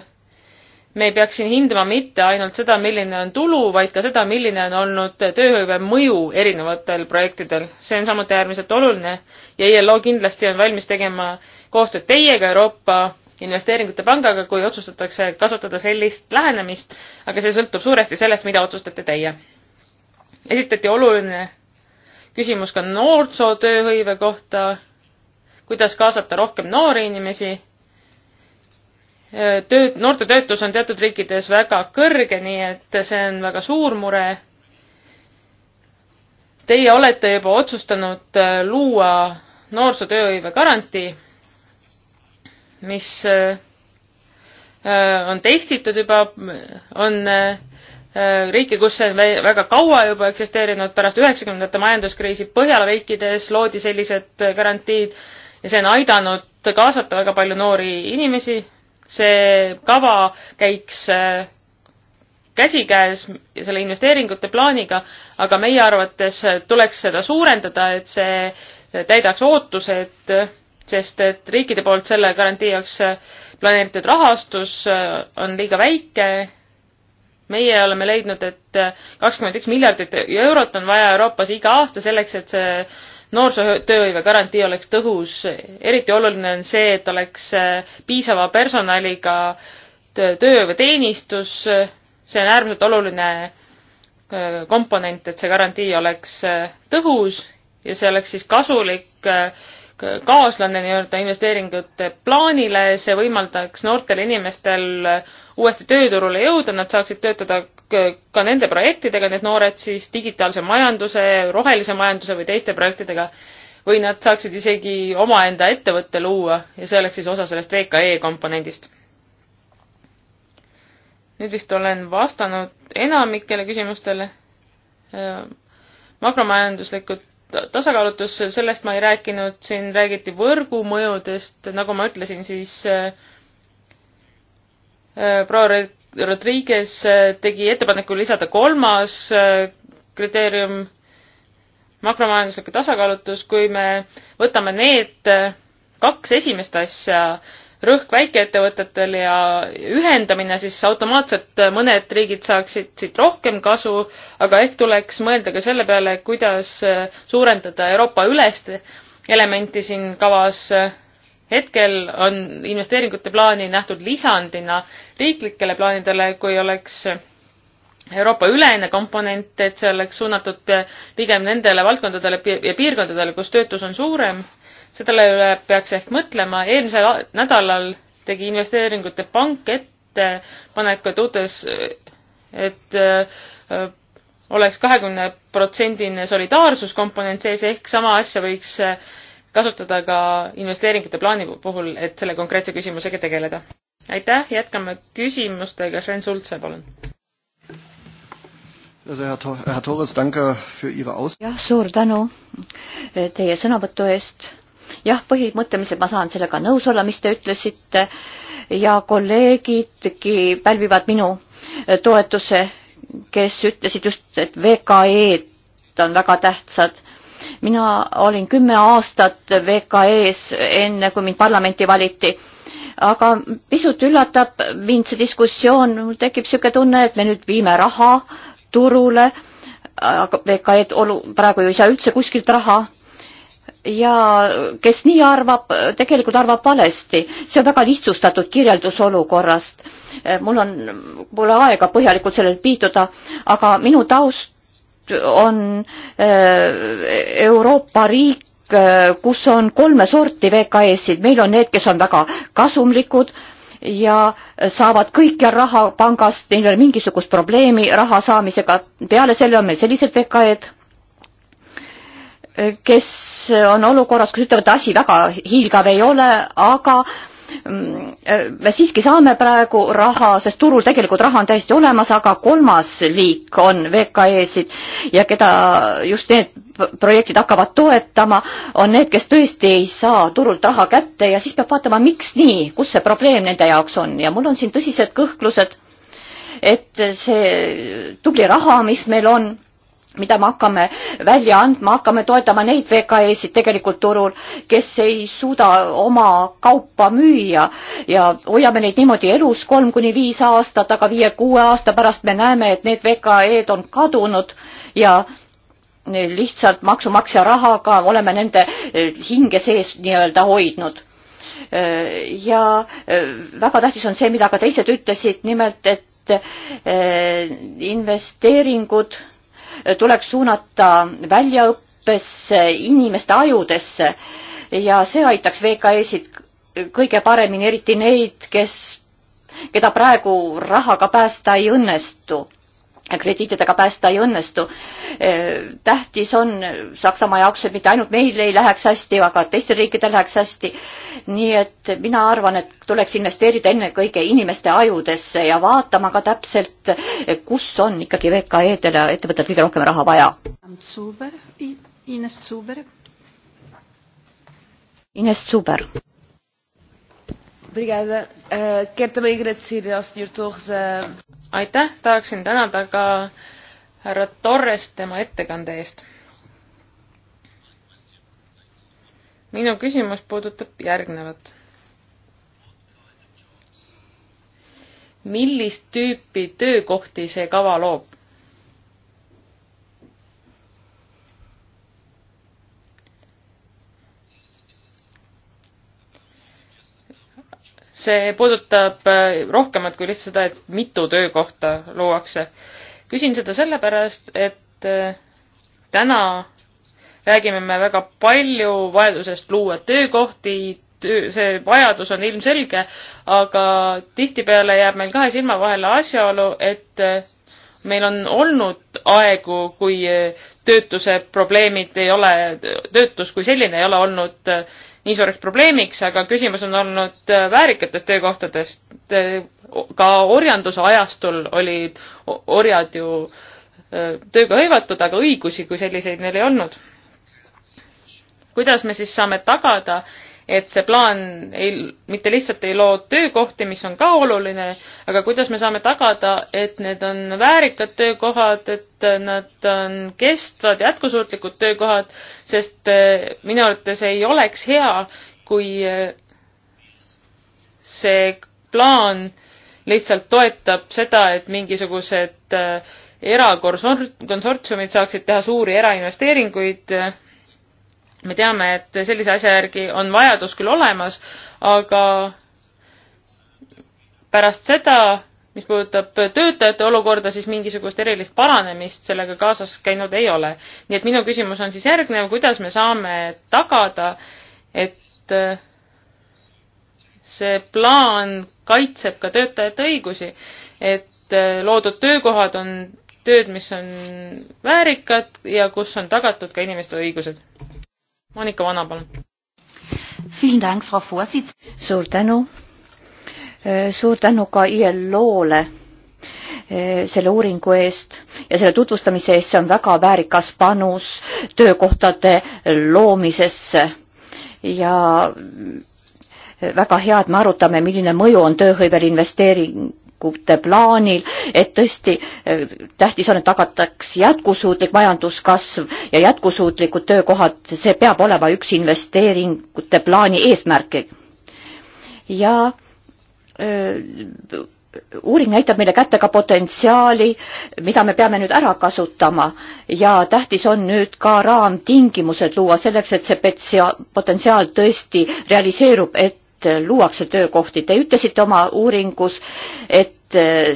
me ei peaks siin hindama mitte ainult seda, milline on tulu, vaid ka seda, milline on olnud tööhõive mõju erinevatel projektidel. see on samuti äärmiselt oluline ja ILO kindlasti on valmis tegema koostööd teiega, Euroopa Investeeringute Pangaga, kui otsustatakse kasutada sellist lähenemist, aga see sõltub suuresti sellest, mida otsustate teie. esitati oluline küsimus ka noorsootööhõive kohta, kuidas kaasata rohkem noori inimesi tööd, noorte töötus on teatud riikides väga kõrge, nii et see on väga suur mure. Teie olete juba otsustanud äh, luua noorsootööhõive garantii, mis äh, äh, on testitud juba, on riike, kus see on väga kaua juba eksisteerinud, pärast üheksakümnendate majanduskriisi Põhjala riikides loodi sellised garantiid ja see on aidanud kaasata väga palju noori inimesi see kava käiks äh, käsikäes selle investeeringute plaaniga, aga meie arvates tuleks seda suurendada, et see täidaks ootused, sest et riikide poolt selle garantii jaoks planeeritud rahastus äh, on liiga väike. meie oleme leidnud, et kakskümmend üks miljardit eurot on vaja Euroopas iga aasta selleks, et see noorsootööhõive garantii oleks tõhus, eriti oluline on see, et oleks äh, piisava personaliga tööhõiveteenistus, see on äärmiselt oluline äh, komponent, et see garantii oleks äh, tõhus ja see oleks siis kasulik kaaslane nii-öelda investeeringute plaanile, see võimaldaks noortel inimestel uuesti tööturule jõuda, nad saaksid töötada Eh, ka nende projektidega, need noored siis digitaalse majanduse, rohelise majanduse või teiste projektidega, või nad saaksid isegi omaenda ettevõtte luua ja see oleks siis osa sellest VKE komponendist. nüüd vist olen vastanud enamikele küsimustele. Eh, makromajanduslikud tasakaalutus, sellest ma ei rääkinud, siin räägiti võrgumõjudest, nagu ma ütlesin, siis eh, proua Rodriguez äh, tegi ettepaneku lisada kolmas äh, kriteerium, makromajanduslikku tasakaalutus, kui me võtame need äh, kaks esimest asja, rõhk väikeettevõtetel ja ühendamine, siis automaatselt mõned riigid saaksid siit rohkem kasu, aga ehk tuleks mõelda ka selle peale, kuidas suurendada Euroopa ülest elementi siin kavas hetkel on investeeringute plaani nähtud lisandina riiklikele plaanidele, kui oleks Euroopa ülene komponent, et see oleks suunatud pigem nendele valdkondadele ja piirkondadele, kus töötus on suurem. sellele üle peaks ehk mõtlema. eelmisel nädalal tegi investeeringute pank ettepaneku, et uutes, et äh, oleks kahekümne protsendine solidaarsuskomponent sees, ehk sama asja võiks äh, kasutada ka investeeringute plaani puhul, et selle konkreetse küsimusega tegeleda. aitäh, jätkame küsimustega, Sven Sultse, palun. jah, suur tänu eh, teie sõnavõtu eest. jah, põhimõtteliselt ma saan sellega nõus olla, mis te ütlesite ja kolleegidki pälvivad minu eh, toetuse, kes ütlesid just, et VKE-d on väga tähtsad mina olin kümme aastat VKE-s, enne kui mind parlamenti valiti. aga pisut üllatab mind see diskussioon, mul tekib niisugune tunne, et me nüüd viime raha turule, aga VKE-d olu-, praegu ju ei saa üldse kuskilt raha ja kes nii arvab, tegelikult arvab valesti. see on väga lihtsustatud kirjeldus olukorrast. mul on, pole aega põhjalikult sellel piituda, aga minu taust on eh, Euroopa riik, eh, kus on kolme sorti VKE-sid, meil on need, kes on väga kasumlikud ja saavad kõikjal raha pangast, neil ei ole mingisugust probleemi raha saamisega, peale selle on meil sellised VKE-d, eh, kes on olukorras, kus ütlevad, asi väga hiilgav ei ole, aga me mm, äh, siiski saame praegu raha, sest turul tegelikult raha on täiesti olemas, aga kolmas liik on VKE-sid ja keda just need projektid hakkavad toetama, on need, kes tõesti ei saa turult raha kätte ja siis peab vaatama, miks nii, kus see probleem nende jaoks on ja mul on siin tõsised kõhklused, et see tubli raha, mis meil on mida me hakkame välja andma, hakkame toetama neid VKE-sid tegelikult turul, kes ei suuda oma kaupa müüa ja hoiame neid niimoodi elus kolm kuni viis aastat, aga viie-kuue aasta pärast me näeme, et need VKE-d on kadunud ja lihtsalt maksumaksja rahaga oleme nende hinge sees nii-öelda hoidnud ja väga tähtis on see, mida ka teised ütlesid, nimelt et eh, investeeringud tuleb suunata väljaõppesse, inimeste ajudesse ja see aitaks VKE-sid kõige paremini, eriti neid, kes, keda praegu rahaga päästa ei õnnestu krediitidega päästa ei õnnestu. tähtis on Saksamaa jaoks, et mitte ainult meil ei läheks hästi, aga teistel riikidel läheks hästi. nii et mina arvan, et tuleks investeerida ennekõike inimeste ajudesse ja vaatama ka täpselt, kus on ikkagi VKE-del ja ettevõtetel kõige rohkem raha vaja. Ines Zuber. Ines Zuber. Obrigada. Uh, quero também agradecer ao Sr. Torres a. Eh, aitäh, tahaksin tänada ka härra Torres tema ettekande eest. minu küsimus puudutab järgnevat. millist tüüpi töökohti see kava loob? see puudutab äh, rohkemat kui lihtsalt seda, et mitu töökohta luuakse. küsin seda sellepärast, et äh, täna räägime me väga palju vajadusest luua töökohti, töö, see vajadus on ilmselge, aga tihtipeale jääb meil kahe silma vahele asjaolu, et äh, meil on olnud aegu, kui töötuse probleemid ei ole, töötus kui selline ei ole olnud äh, nii suureks probleemiks, aga küsimus on olnud äh, väärikatest töökohtadest. ka orjanduse ajastul olid orjad ju äh, tööga hõivatud, aga õigusi kui selliseid neil ei olnud. kuidas me siis saame tagada, et see plaan ei, mitte lihtsalt ei loo töökohti, mis on ka oluline, aga kuidas me saame tagada, et need on väärikad töökohad, et nad on kestvad, jätkusuutlikud töökohad, sest eh, minu arvates ei oleks hea, kui eh, see plaan lihtsalt toetab seda, et mingisugused eh, erakonsortsiumid saaksid teha suuri erainvesteeringuid me teame, et sellise asja järgi on vajadus küll olemas, aga pärast seda, mis puudutab töötajate olukorda, siis mingisugust erilist paranemist sellega kaasas käinud ei ole. nii et minu küsimus on siis järgnev, kuidas me saame tagada, et see plaan kaitseb ka töötajate õigusi, et loodud töökohad on tööd, mis on väärikad ja kus on tagatud ka inimeste õigused. Monika Vana, palun. suur tänu. Äh, suur tänu ka ILO-le äh, selle uuringu eest ja selle tutvustamise eest, see on väga väärikas panus töökohtade loomisesse ja äh, väga hea, et me arutame, milline mõju on tööhõivel investeering poliitikute plaanil, et tõesti eh, tähtis on, et tagataks jätkusuutlik majanduskasv ja jätkusuutlikud töökohad, see peab olema üks investeeringute plaani eesmärke. ja öö, eh, uuring näitab meile kätte ka potentsiaali, mida me peame nüüd ära kasutama ja tähtis on nüüd ka raamtingimused luua selleks, et see potsia-, potentsiaal tõesti realiseerub, et luuakse töökohti. Te ütlesite oma uuringus, et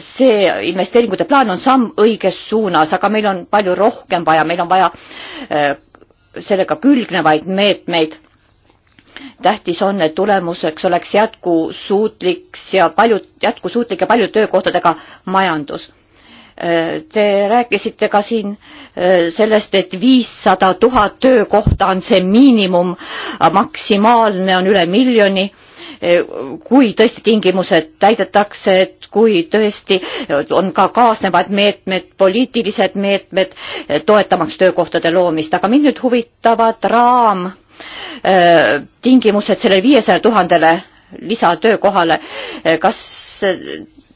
see investeeringute plaan on samm õiges suunas, aga meil on palju rohkem vaja, meil on vaja äh, sellega külgnevaid meetmeid. tähtis on, et tulemuseks oleks jätkusuutlik ja paljud, jätkusuutlik ja paljude töökohtadega majandus äh, Te rääkisite ka siin äh, sellest, et viissada tuhat töökohta on see miinimum, maksimaalne on üle miljoni kui tõesti tingimused täidetakse, et kui tõesti on ka kaasnevad meetmed, poliitilised meetmed toetamaks töökohtade loomist, aga mind nüüd huvitavad raam äh, tingimused sellele viiesajale tuhandele lisatöökohale. Äh, kas,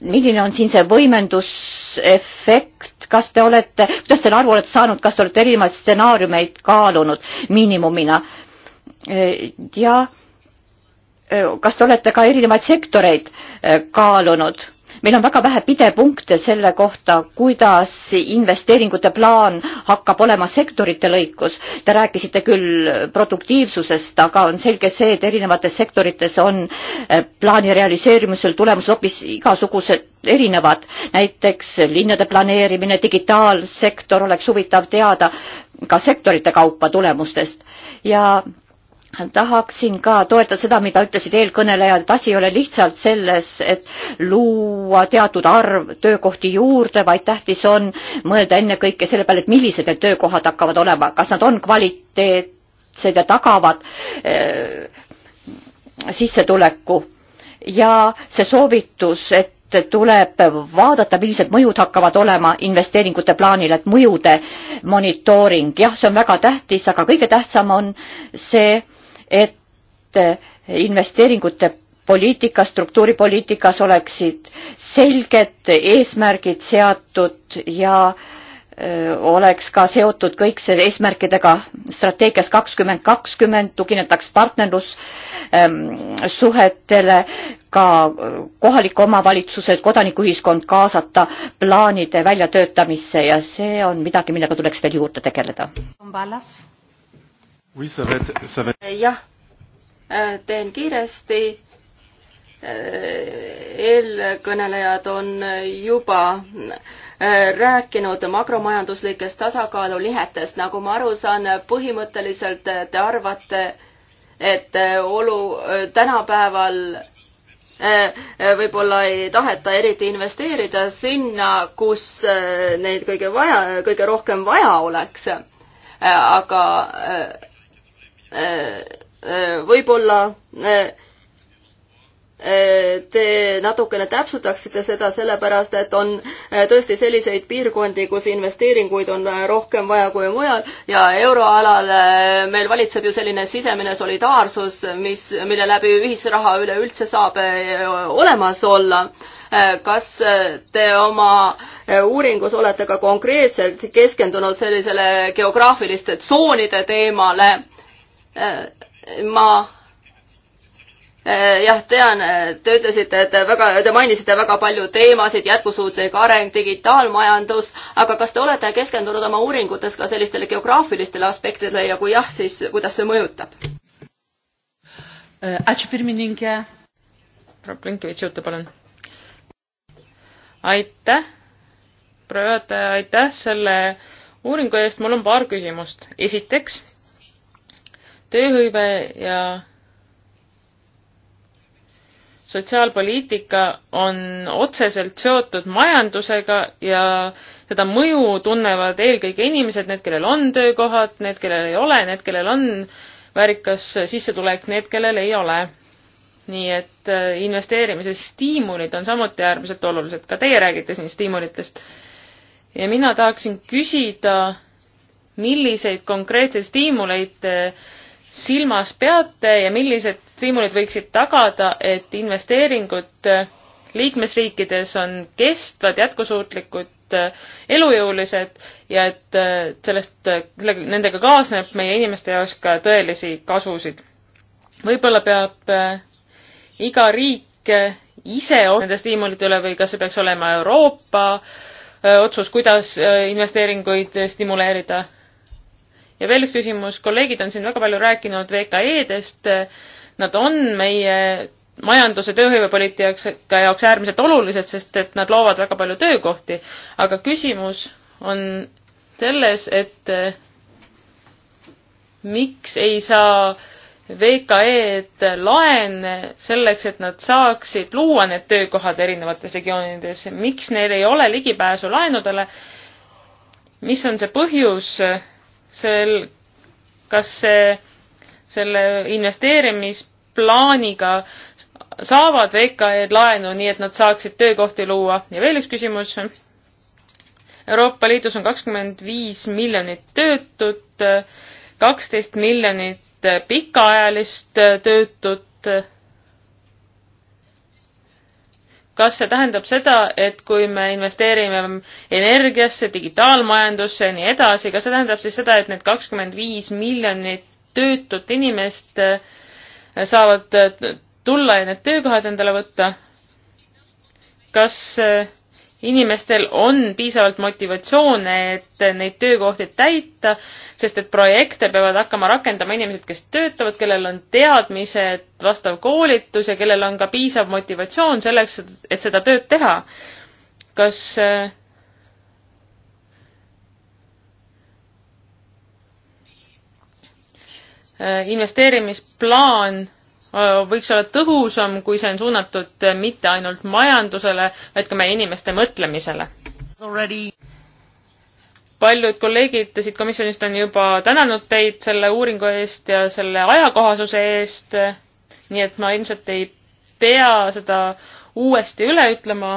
milline on siin see võimendusefekt, kas te olete, kuidas selle arvu olete saanud, kas te olete erinevaid stsenaariumeid kaalunud miinimumina? Äh, ja kas te olete ka erinevaid sektoreid äh, kaalunud? meil on väga vähe pidepunkte selle kohta, kuidas investeeringute plaan hakkab olema sektorite lõikus. Te rääkisite küll produktiivsusest, aga on selge see, et erinevates sektorites on äh, plaani realiseerimisel tulemused hoopis igasugused erinevad. näiteks linnade planeerimine, digitaalsektor oleks huvitav teada ka sektorite kaupa tulemustest ja tahaksin ka toetada seda, mida ütlesid eelkõnelejad, et asi ei ole lihtsalt selles, et luua teatud arv töökohti juurde, vaid tähtis on mõelda ennekõike selle peale, et millised need töökohad hakkavad olema, kas nad on kvaliteetsed ja tagavad eh, sissetuleku. ja see soovitus, et tuleb vaadata, millised mõjud hakkavad olema investeeringute plaanil, et mõjude monitooring, jah, see on väga tähtis, aga kõige tähtsam on see, et investeeringute poliitikas, struktuuripoliitikas oleksid selged eesmärgid seatud ja oleks ka seotud kõik see eesmärkidega strateegias kakskümmend kakskümmend, tuginetaks partnerlussuhetele, ka kohalik omavalitsused, kodanikuühiskond kaasata plaanide väljatöötamisse ja see on midagi, millega tuleks veel juurde tegeleda jah, äh, teen kiiresti. Äh, eelkõnelejad on juba äh, rääkinud makromajanduslikest tasakaalulihetest, nagu ma aru saan, põhimõtteliselt te arvate, et olu tänapäeval võib-olla ei taheta eriti investeerida sinna, kus neid kõige vaja, kõige rohkem vaja oleks. aga Äh, äh, võib-olla äh, te natukene täpsustaksite seda, sellepärast et on tõesti selliseid piirkondi, kus investeeringuid on rohkem vaja kui mujal ja euroalal meil valitseb ju selline sisemine solidaarsus, mis, mille läbi ühisraha üleüldse saab olemas olla. kas te oma uuringus olete ka konkreetselt keskendunud sellisele geograafiliste tsoonide teemale? ma eh, jah, tean, te ütlesite, et väga, te mainisite väga palju teemasid, jätkusuutlik areng, digitaalmajandus, aga kas te olete keskendunud oma uuringutes ka sellistele geograafilistele aspektidele ja kui jah, siis kuidas see mõjutab? Eh, palun. aitäh, proua juhataja, aitäh selle uuringu eest, mul on paar küsimust. esiteks tööhõive ja sotsiaalpoliitika on otseselt seotud majandusega ja seda mõju tunnevad eelkõige inimesed, need, kellel on töökohad, need, kellel ei ole, need, kellel on väärikas sissetulek, need, kellel ei ole. nii et äh, investeerimise stiimulid on samuti äärmiselt olulised, ka teie räägite siin stiimulitest. ja mina tahaksin küsida, milliseid konkreetseid stiimuleid silmas peate ja millised stiimulid võiksid tagada, et investeeringud liikmesriikides on kestvad, jätkusuutlikud, elujõulised ja et äh, sellest, sellega, nendega kaasneb meie inimeste jaoks ka tõelisi kasusid. võib-olla peab äh, iga riik äh, ise nende stiimulite üle või kas see peaks olema Euroopa otsus, kuidas investeeringuid stimuleerida ja veel üks küsimus, kolleegid on siin väga palju rääkinud VKE-dest, nad on meie majanduse tööhõivepoliitika jaoks äärmiselt olulised, sest et nad loovad väga palju töökohti, aga küsimus on selles, et eh, miks ei saa VKE-d laene selleks, et nad saaksid luua need töökohad erinevates regioonides, miks neil ei ole ligipääsu laenudele, mis on see põhjus, sel, kas see, selle investeerimisplaaniga saavad VKE-d laenu, nii et nad saaksid töökohti luua. ja veel üks küsimus. Euroopa Liidus on kakskümmend viis miljonit töötut, kaksteist miljonit pikaajalist töötut kas see tähendab seda, et kui me investeerime energiasse, digitaalmajandusse ja nii edasi, kas see tähendab siis seda, et need kakskümmend viis miljonit töötut inimest äh, saavad äh, tulla ja need töökohad endale võtta? kas äh, inimestel on piisavalt motivatsioone, et neid töökohti täita, sest et projekte peavad hakkama rakendama inimesed, kes töötavad, kellel on teadmised, vastav koolitus ja kellel on ka piisav motivatsioon selleks, et seda tööd teha. kas äh, investeerimisplaan Äh, võiks olla tõhusam, kui see on suunatud äh, mitte ainult majandusele, vaid ka meie inimeste mõtlemisele. paljud kolleegid siit komisjonist on juba tänanud teid selle uuringu eest ja selle ajakohasuse eest, äh, nii et ma ilmselt ei pea seda uuesti üle ütlema.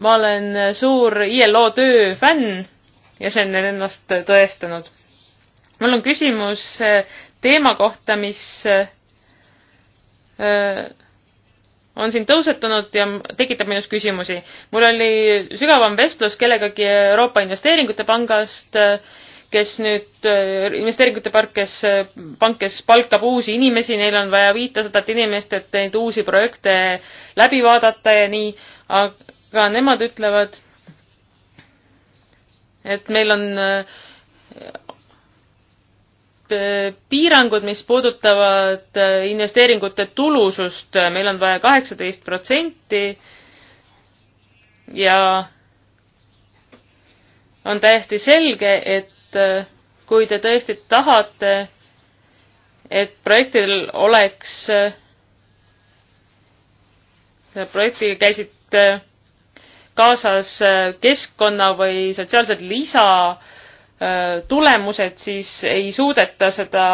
ma olen suur ILO töö fänn ja see on ennast tõestanud mul on küsimus äh, teema kohta, mis äh, on siin tõusetunud ja tekitab minus küsimusi. mul oli sügavam vestlus kellegagi Euroopa Investeeringute Pangast, äh, kes nüüd, investeeringute park, kes, pank, kes palkab uusi inimesi, neil on vaja viitesadat inimest, et neid uusi projekte läbi vaadata ja nii, aga nemad ütlevad, et meil on Äh, piirangud, mis puudutavad äh, investeeringute tulusust, äh, meil on vaja kaheksateist protsenti ja on täiesti selge, et kui te tõesti tahate, et projektil oleks, projektiga käisid kaasas keskkonna või sotsiaalsed lisa, Äh, tulemused, siis ei suudeta seda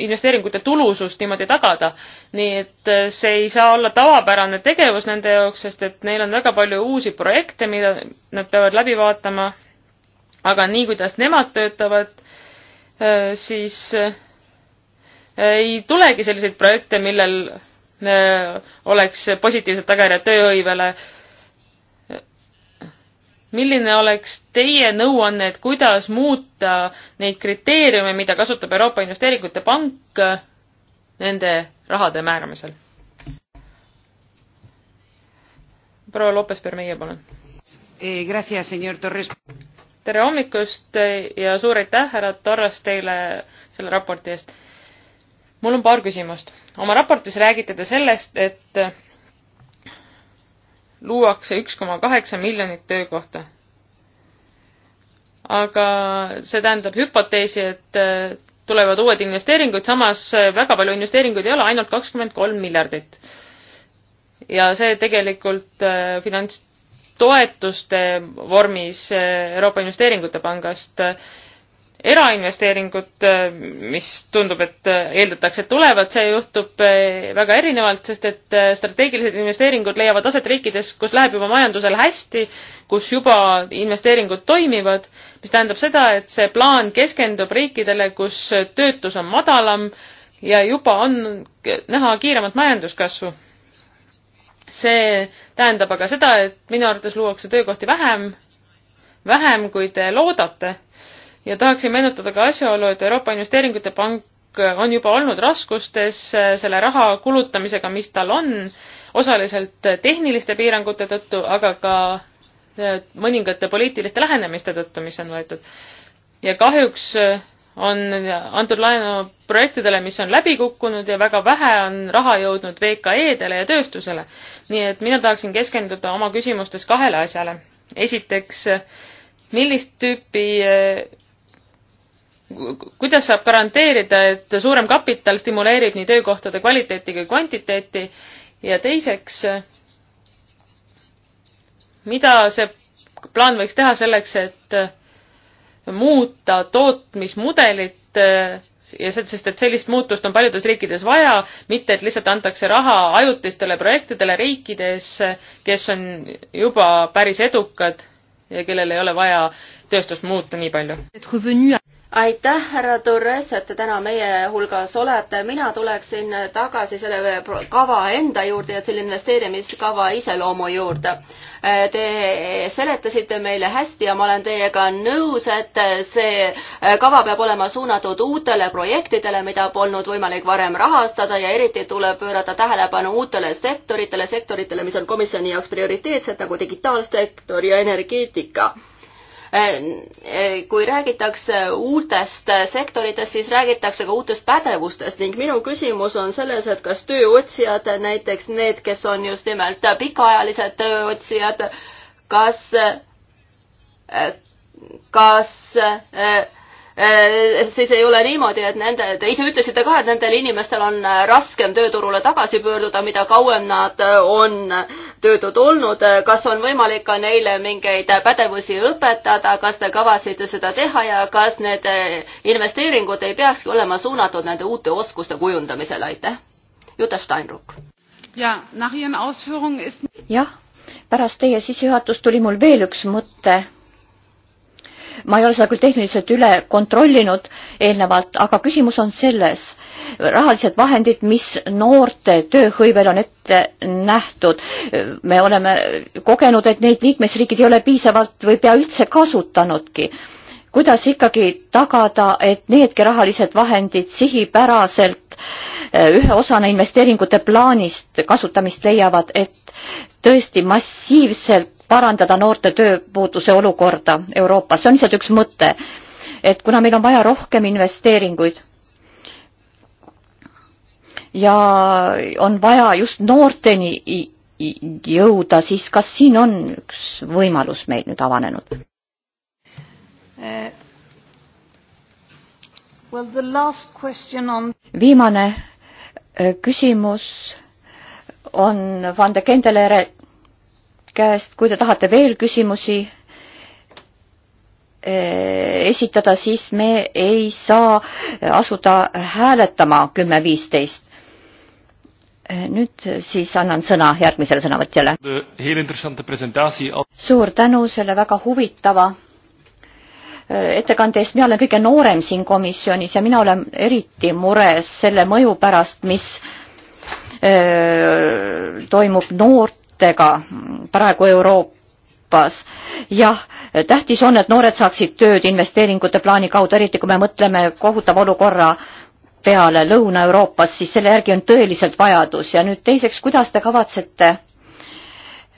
investeeringute tulusust niimoodi tagada. nii et äh, see ei saa olla tavapärane tegevus nende jaoks, sest et neil on väga palju uusi projekte, mida nad peavad läbi vaatama. aga nii, kuidas nemad töötavad, äh, siis ei tulegi selliseid projekte, millel oleks positiivsed tagajärjed tööhõivele milline oleks teie nõuanne, et kuidas muuta neid kriteeriume, mida kasutab Euroopa Investeeringute Pank nende rahade määramisel? proua Lopes-Permeie, palun eh,. tere hommikust ja suur aitäh, härra Torres, teile selle raporti eest. mul on paar küsimust. oma raportis räägite te sellest, et luuakse üks koma kaheksa miljonit töökohta. aga see tähendab hüpoteesi, et äh, tulevad uued investeeringud, samas äh, väga palju investeeringuid ei ole, ainult kakskümmend kolm miljardit. ja see tegelikult äh, finantstoetuste vormis Euroopa Investeeringute Pangast erainvesteeringut, mis tundub, et eeldatakse, et tulevad, see juhtub eh, väga erinevalt, sest et eh, strateegilised investeeringud leiavad aset riikides, kus läheb juba majandusel hästi, kus juba investeeringud toimivad, mis tähendab seda, et see plaan keskendub riikidele, kus töötus on madalam ja juba on näha kiiremat majanduskasvu. see tähendab aga seda, et minu arvates luuakse töökohti vähem, vähem kui te loodate ja tahaksin meenutada ka asjaolu, et Euroopa Investeeringute Pank on juba olnud raskustes äh, selle raha kulutamisega, mis tal on, osaliselt tehniliste piirangute tõttu, aga ka äh, mõningate poliitiliste lähenemiste tõttu, mis on võetud. ja kahjuks äh, on antud laenu projektidele, mis on läbi kukkunud ja väga vähe on raha jõudnud VKE-dele ja tööstusele. nii et mina tahaksin keskenduda oma küsimustes kahele asjale. esiteks, millist tüüpi kuidas saab garanteerida, et suurem kapital stimuleerib nii töökohtade kvaliteeti kui kvantiteeti ja teiseks, mida see plaan võiks teha selleks, et muuta tootmismudelit ja see, sest et sellist muutust on paljudes riikides vaja, mitte et lihtsalt antakse raha ajutistele projektidele riikides, kes on juba päris edukad ja kellel ei ole vaja tööstust muuta nii palju aitäh, härra Torres, et te täna meie hulgas olete. mina tuleksin tagasi selle kava enda juurde ja selle investeerimiskava iseloomu juurde. Te seletasite meile hästi ja ma olen teiega nõus, et see kava peab olema suunatud uutele projektidele, mida polnud võimalik varem rahastada ja eriti tuleb pöörata tähelepanu uutele sektoritele, sektoritele, mis on komisjoni jaoks prioriteetsed, nagu digitaalsektor ja energeetika Eh, eh, kui räägitakse uutest sektoritest, siis räägitakse ka uutest pädevustest ning minu küsimus on selles, et kas tööotsijad, näiteks need, kes on just nimelt pikaajalised tööotsijad, kas, eh, kas äh, Äh, siis ei ole niimoodi, et nende, te ise ütlesite ka, et nendel inimestel on äh, raskem tööturule tagasi pöörduda, mida kauem nad äh, on töötud olnud. kas on võimalik ka neile mingeid pädevusi õpetada, kas te kavasite seda teha ja kas need investeeringud ei peakski olema suunatud nende uute oskuste kujundamisele, aitäh? Jutta Steinruck. jah, pärast teie sissejuhatust tuli mul veel üks mõte ma ei ole seda küll tehniliselt üle kontrollinud eelnevalt, aga küsimus on selles, rahalised vahendid, mis noorte tööhõivel on ette nähtud, me oleme kogenud, et neid liikmesriigid ei ole piisavalt või pea üldse kasutanudki kuidas ikkagi tagada, et needki rahalised vahendid sihipäraselt eh, ühe osana investeeringute plaanist kasutamist leiavad, et tõesti massiivselt parandada noorte tööpuutuse olukorda Euroopas. see on lihtsalt üks mõte, et kuna meil on vaja rohkem investeeringuid ja on vaja just noorteni jõuda, siis kas siin on üks võimalus meil nüüd avanenud? Eh, viimane eh, küsimus on Van de Kendelere käest, kui te tahate veel küsimusi eh, esitada, siis me ei saa asuda hääletama kümme viisteist. Eh, nüüd siis annan sõna järgmisele sõnavõtjale. suur tänu selle väga huvitava eh, ettekande eest, mina olen kõige noorem siin komisjonis ja mina olen eriti mures selle mõju pärast, mis öö, toimub noort noortega praegu Euroopas. jah, tähtis on, et noored saaksid tööd investeeringute plaani kaudu, eriti kui me mõtleme kohutava olukorra peale Lõuna-Euroopas, siis selle järgi on tõeliselt vajadus ja nüüd teiseks, kuidas te kavatsete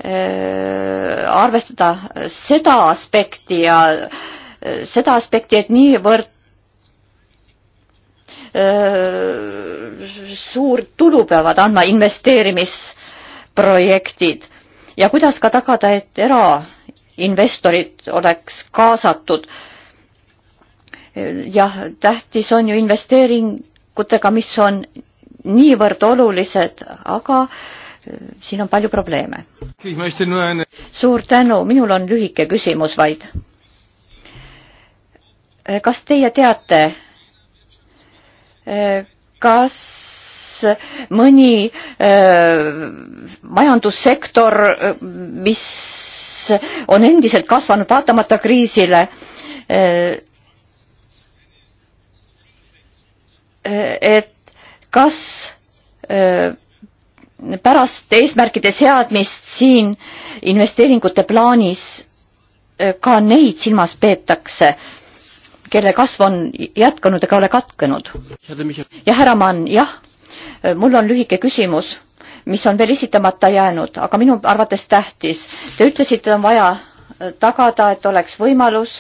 öö, äh, arvestada seda aspekti ja öö, äh, seda aspekti, et niivõrd öö, äh, suur tulu peavad andma investeerimis projektid ja kuidas ka tagada, et erainvestorid oleks kaasatud. jah, tähtis on ju investeeringutega, mis on niivõrd olulised, aga äh, siin on palju probleeme. suur tänu, minul on lühike küsimus vaid. kas teie teate, äh, kas mõni öö, äh, majandussektor, mis on endiselt kasvanud vaatamata kriisile, äh, äh, et kas öö, pärast eesmärkide seadmist siin investeeringute plaanis ka neid silmas peetakse, kelle kasv on jätkunud ega ole katkenud. ja härra Mann, jah Äh, mul on lühike küsimus, mis on veel esitamata jäänud, aga minu arvates tähtis. Te ütlesite, on vaja äh, tagada, et oleks võimalus,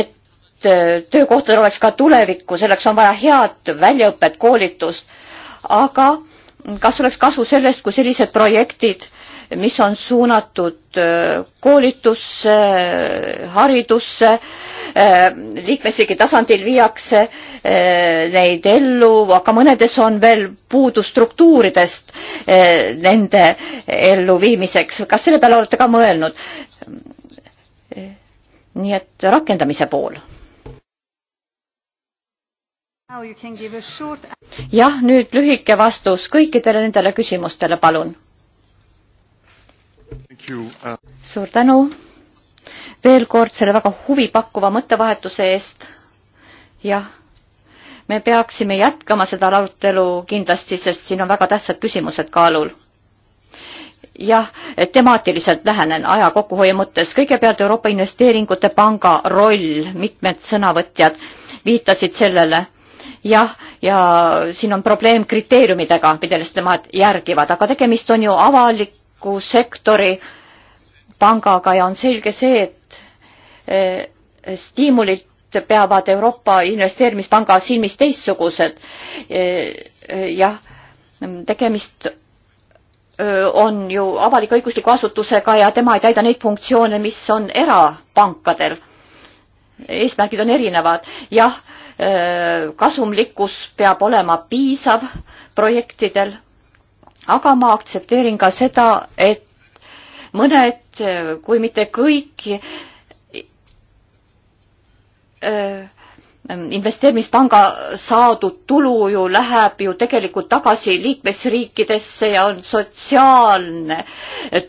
et äh, töökohtadel oleks ka tulevikku, selleks on vaja head väljaõpet, koolitust, aga kas oleks kasu sellest, kui sellised projektid mis on suunatud äh, koolitusse, äh, haridusse, äh, liikmesriigi tasandil viiakse neid ellu, aga mõnedes on veel puudu struktuuridest nende elluviimiseks. kas selle peale olete ka mõelnud? nii et rakendamise pool jah, nüüd lühike vastus kõikidele nendele küsimustele, palun Uh, suur tänu veel kord selle väga huvipakkuva mõttevahetuse eest. jah, me peaksime jätkama seda arutelu kindlasti, sest siin on väga tähtsad küsimused kaalul jah, temaatiliselt lähenen aja kokkuhoiu mõttes. kõigepealt Euroopa Investeeringute Panga roll, mitmed sõnavõtjad viitasid sellele. jah, ja siin on probleem kriteeriumidega, millest nemad järgivad, aga tegemist on ju avalik avaliku sektori pangaga ja on selge see, et eh, stiimulid peavad Euroopa Investeerimispanga silmis teistsugused. Eh, jah, tegemist eh, on ju avalik-õigusliku asutusega ja tema ei täida neid funktsioone, mis on erapankadel. eesmärgid on erinevad. jah, kasumlikkus peab olema piisav projektidel aga ma aktsepteerin ka seda, et mõned, kui mitte kõik äh, investeerimispanga saadud tulu ju läheb ju tegelikult tagasi liikmesriikidesse ja on sotsiaalne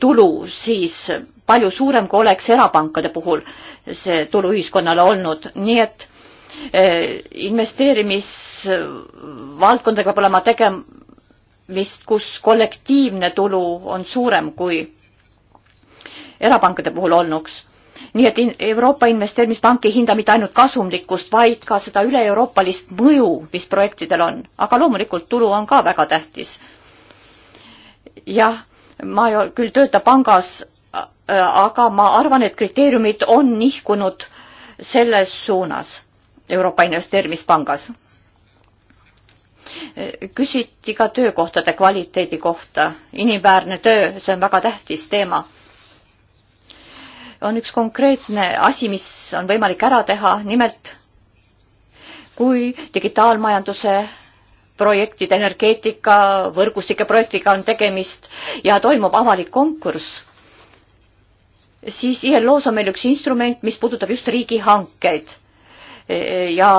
tulu siis palju suurem, kui oleks erapankade puhul see tulu ühiskonnale olnud, nii et äh, investeerimisvaldkondadega peab olema tegem-, vist, kus kollektiivne tulu on suurem kui erapankade puhul olnuks. nii et Euroopa Investeerimispank ei hinda mitte ainult kasumlikkust, vaid ka seda üle-euroopalist mõju, mis projektidel on. aga loomulikult tulu on ka väga tähtis. jah, ma ei küll tööta pangas, äh, aga ma arvan, et kriteeriumid on nihkunud selles suunas Euroopa Investeerimispangas küsiti ka töökohtade kvaliteedi kohta, inimväärne töö, see on väga tähtis teema. on üks konkreetne asi, mis on võimalik ära teha, nimelt kui digitaalmajanduse projektide, energeetika, võrgustike projektiga on tegemist ja toimub avalik konkurss, siis ILO-s on meil üks instrument, mis puudutab just riigihankeid ja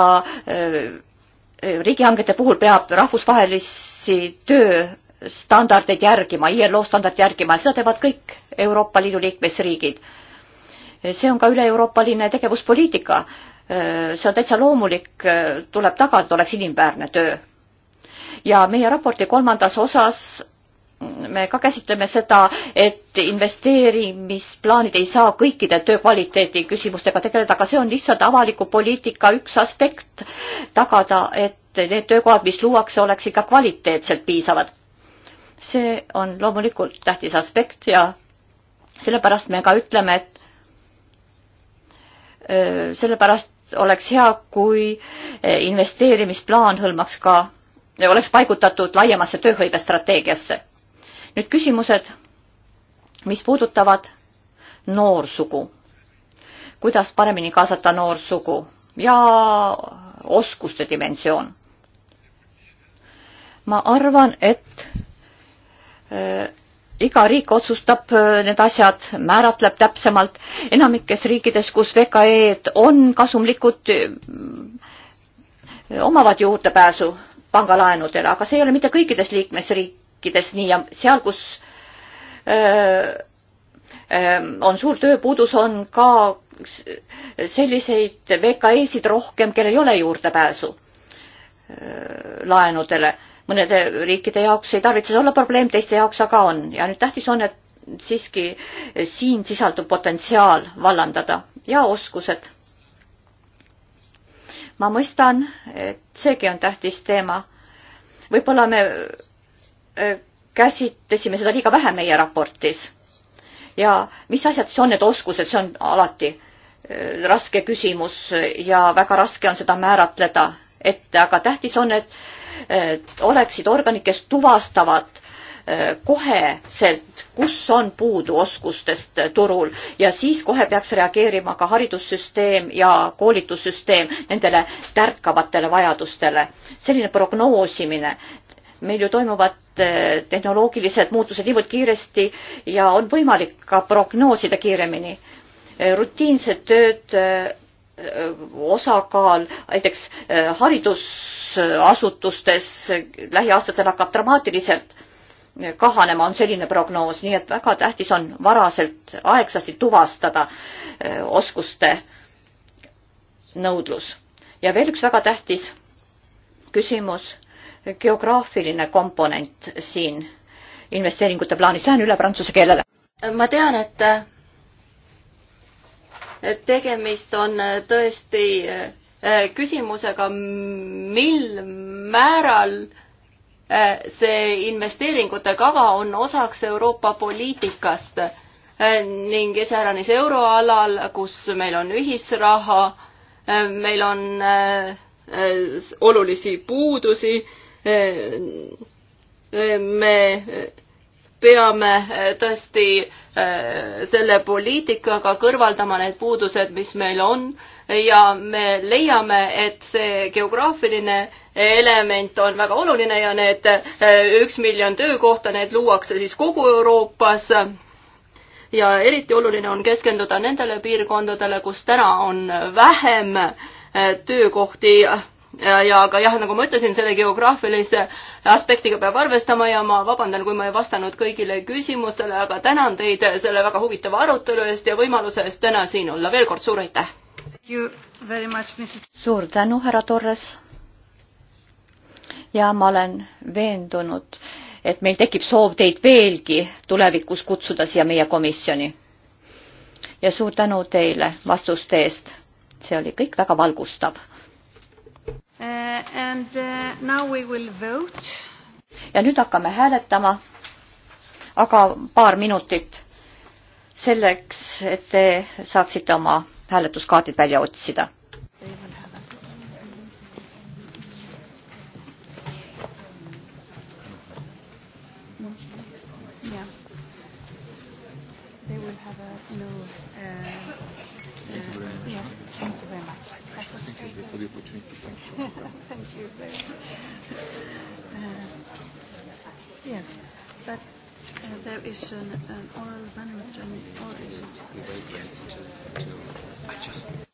Äh, riigihangete puhul peab rahvusvahelisi tööstandardeid järgima, ILO standardi järgima ja seda teevad kõik Euroopa Liidu liikmesriigid. see on ka üle-euroopaline tegevuspoliitika. Äh, see on täitsa loomulik, äh, tuleb tagada, et oleks inimväärne töö. ja meie raporti kolmandas osas me ka käsitleme seda, et investeerimisplaanid ei saa kõikide töö kvaliteedi küsimustega tegeleda, aga see on lihtsalt avaliku poliitika üks aspekt, tagada, et need töökohad, mis luuakse, oleks ikka kvaliteetselt piisavad. see on loomulikult tähtis aspekt ja sellepärast me ka ütleme, et sellepärast oleks hea, kui investeerimisplaan hõlmaks ka, oleks paigutatud laiemasse tööhõivestrateegiasse nüüd küsimused, mis puudutavad noorsugu, kuidas paremini kaasata noorsugu ja oskuste dimensioon. ma arvan, et äh, iga riik otsustab äh, need asjad, määratleb täpsemalt. enamikes riikides, kus VKE-d on kasumlikud, äh, omavad juurdepääsu pangalaenudele, aga see ei ole mitte kõikides liikmesriik-, riikides nii ja seal, kus öö, öö, on suur tööpuudus, on ka selliseid VKE-sid rohkem, kellel ei ole juurdepääsu laenudele. mõnede riikide jaoks ei tarvitse see olla probleem, teiste jaoks aga on ja nüüd tähtis on, et siiski siin sisaldub potentsiaal vallandada ja oskused. ma mõistan, et seegi on tähtis teema. võib-olla me käsitlesime seda liiga vähe meie raportis. ja mis asjad siis on need oskused, see on alati raske küsimus ja väga raske on seda määratleda ette, aga tähtis on, et oleksid organid, kes tuvastavad koheselt, kus on puudu oskustest turul ja siis kohe peaks reageerima ka haridussüsteem ja koolitussüsteem nendele tärkavatele vajadustele. selline prognoosimine meil ju toimuvad eh, tehnoloogilised muutused niivõrd kiiresti ja on võimalik ka prognoosida kiiremini. Eh, rutiinsed tööd eh, osakaal näiteks haridusasutustes lähiaastatel hakkab dramaatiliselt kahanema, on selline prognoos, nii et väga tähtis on varaselt aegsasti tuvastada oskuste nõudlus. ja veel üks väga tähtis küsimus geograafiline komponent siin investeeringute plaanis. Lähen üle prantsuse keelele. ma tean, et tegemist on tõesti äh, küsimusega, mil määral äh, see investeeringute kava on osaks Euroopa poliitikast äh, ning iseäranis euroalal, kus meil on ühisraha, meil on olulisi puudusi me peame tõesti eh, selle poliitikaga kõrvaldama need puudused, mis meil on ja me leiame, et see geograafiline element on väga oluline ja need eh, üks miljon töökohta, need luuakse siis kogu Euroopas. ja eriti oluline on keskenduda nendele piirkondadele, kus täna on vähem eh, töökohti ja aga jah, nagu ma ütlesin, selle geograafilise aspektiga peab arvestama ja ma vabandan, kui ma ei vastanud kõigile küsimustele, aga tänan teid selle väga huvitava arutelu eest ja võimaluse eest täna siin olla. veel kord suur aitäh! suur tänu, härra Torres! ja ma olen veendunud, et meil tekib soov teid veelgi tulevikus kutsuda siia meie komisjoni. ja suur tänu teile vastuste eest. see oli kõik väga valgustav Uh, uh, ja nüüd hakkame hääletama, aga paar minutit selleks, et te saaksite oma hääletuskaardid välja otsida no for the opportunity. Thank you. Thank you very much. Uh, yes, but uh, there is an, an oral amendment. Yes. To, to, I just.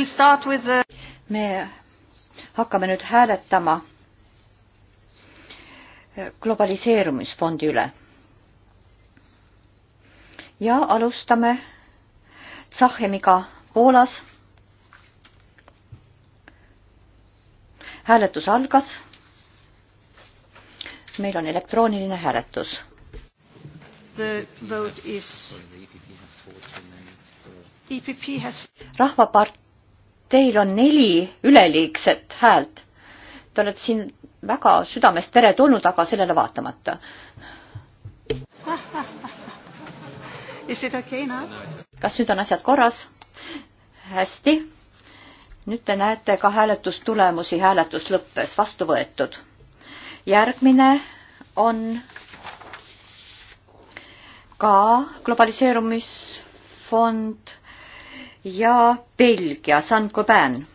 We'll start with the... me hakkame nüüd hääletama globaliseerumisfondi üle. ja alustame Tsahhemiga Poolas. hääletus algas. meil on elektrooniline hääletus. The vote is EPP e e has rahvapart- Teil on neli üleliigset häält. Te olete siin väga südamest teretulnud, aga sellele vaatamata. kas nüüd on asjad korras? hästi. nüüd te näete ka hääletustulemusi, hääletus lõppes, vastu võetud. järgmine on ka globaliseerumisfond ja Belgia, Saint-Gobain.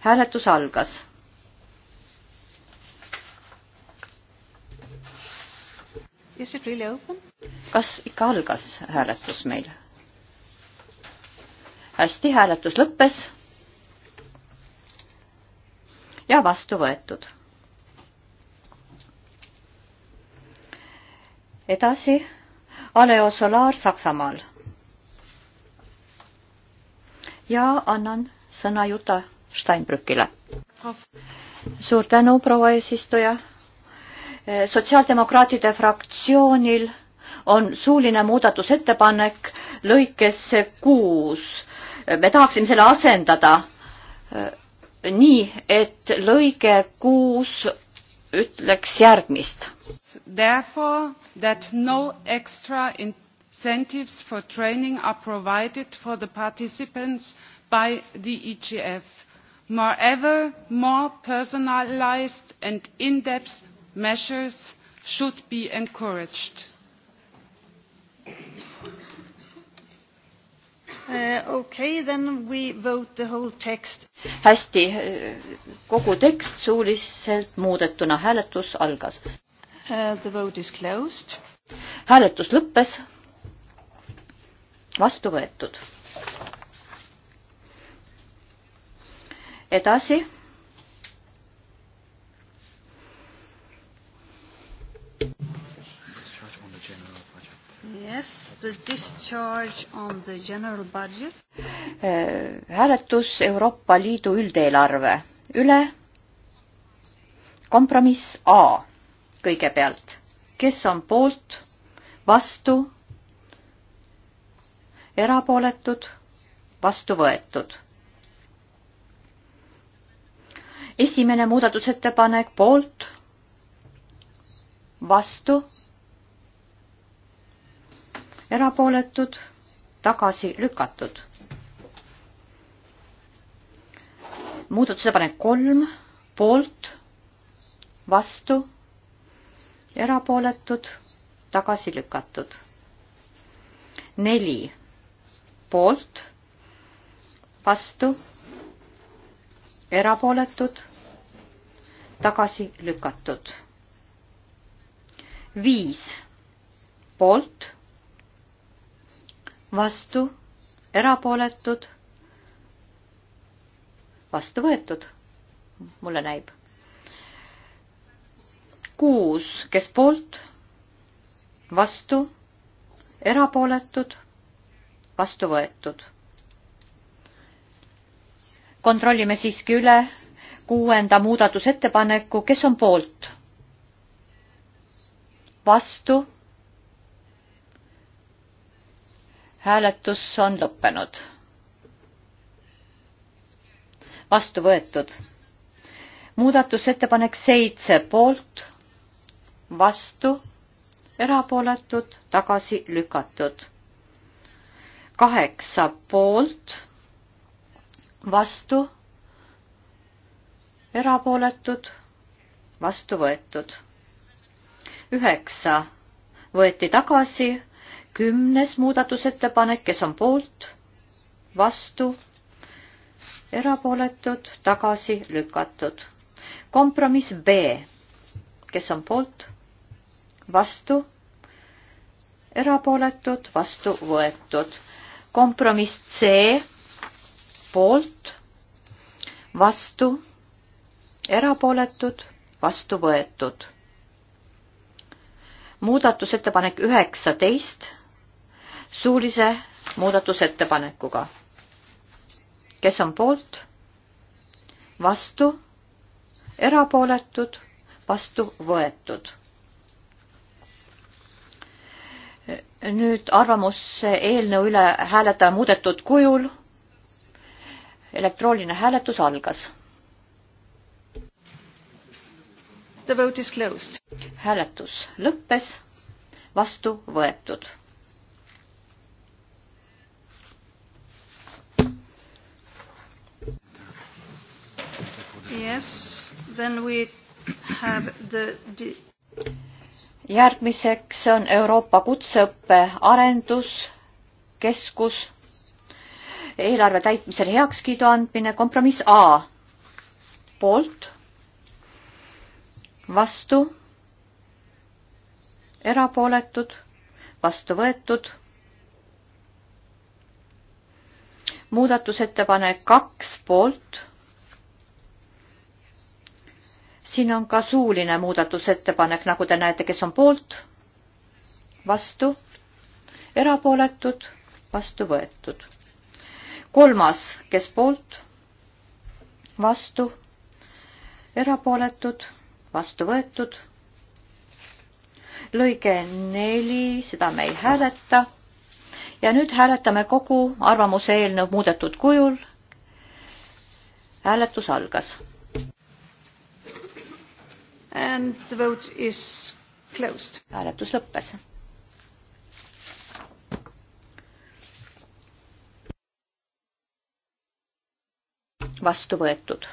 hääletus algas. Really kas ikka algas hääletus meil? hästi, hääletus lõppes. ja vastu võetud. edasi, Aleo Solar Saksamaal ja annan sõna Juta Steinbrückile. suur tänu, proua eesistuja. sotsiaaldemokraatide fraktsioonil on suuline muudatusettepanek lõikesse kuus. me tahaksime selle asendada äh, nii, et lõige kuus ütleks järgmist. Therefore that no extra in incentives for training are provided for the participants by the egf. moreover more personalised and in depth measures should be encouraged. Uh, okay, then we vote the whole text. hästi, äh, kogu tekst suuliselt muudetuna hääletus algas. Uh, the vote is closed. hääletus lõppes vastu võetud. edasi. Yes, the discharge on the general budget. Äh, hääletus Euroopa Liidu üldeelarve üle. kompromiss A kõigepealt, kes on poolt, vastu erapooletud, vastu võetud. esimene muudatusettepanek poolt, vastu, erapooletud, tagasi lükatud. muudatusettepanek kolm, poolt, vastu, erapooletud, tagasi lükatud. neli poolt, vastu, erapooletud, tagasi lükatud. viis poolt, vastu, erapooletud, vastu võetud, mulle näib. kuus, kes poolt, vastu, erapooletud vastu võetud. kontrollime siiski üle kuuenda muudatusettepaneku, kes on poolt? vastu? hääletus on lõppenud. vastu võetud. muudatusettepanek seitse poolt, vastu, erapooletud, tagasi lükatud kaheksa poolt, vastu, erapooletud, vastu võetud. üheksa võeti tagasi, kümnes muudatusettepanek, kes on poolt, vastu, erapooletud, tagasi lükatud. kompromiss B, kes on poolt, vastu, erapooletud, vastu võetud kompromiss C poolt, vastu, erapooletud, vastu võetud. muudatusettepanek üheksateist suulise muudatusettepanekuga. kes on poolt, vastu, erapooletud, vastu võetud nüüd arvamuse eelnõu üle hääletada muudetud kujul. elektrooniline hääletus algas. The vote is closed. hääletus lõppes, vastu võetud. Yes, then we have the, the järgmiseks on Euroopa Kutseõppe Arenduskeskus, eelarve täitmisel heakskiidu andmine, kompromiss A poolt, vastu, erapooletud, vastu võetud. muudatusettepanek kaks poolt siin on ka suuline muudatusettepanek, nagu te näete, kes on poolt, vastu, erapooletud, vastu võetud. kolmas, kes poolt, vastu, erapooletud, vastu võetud. lõige neli, seda me ei hääleta. ja nüüd hääletame kogu arvamuse eelnõu muudetud kujul. hääletus algas and the vote is closed. hääletus lõppes. vastu võetud.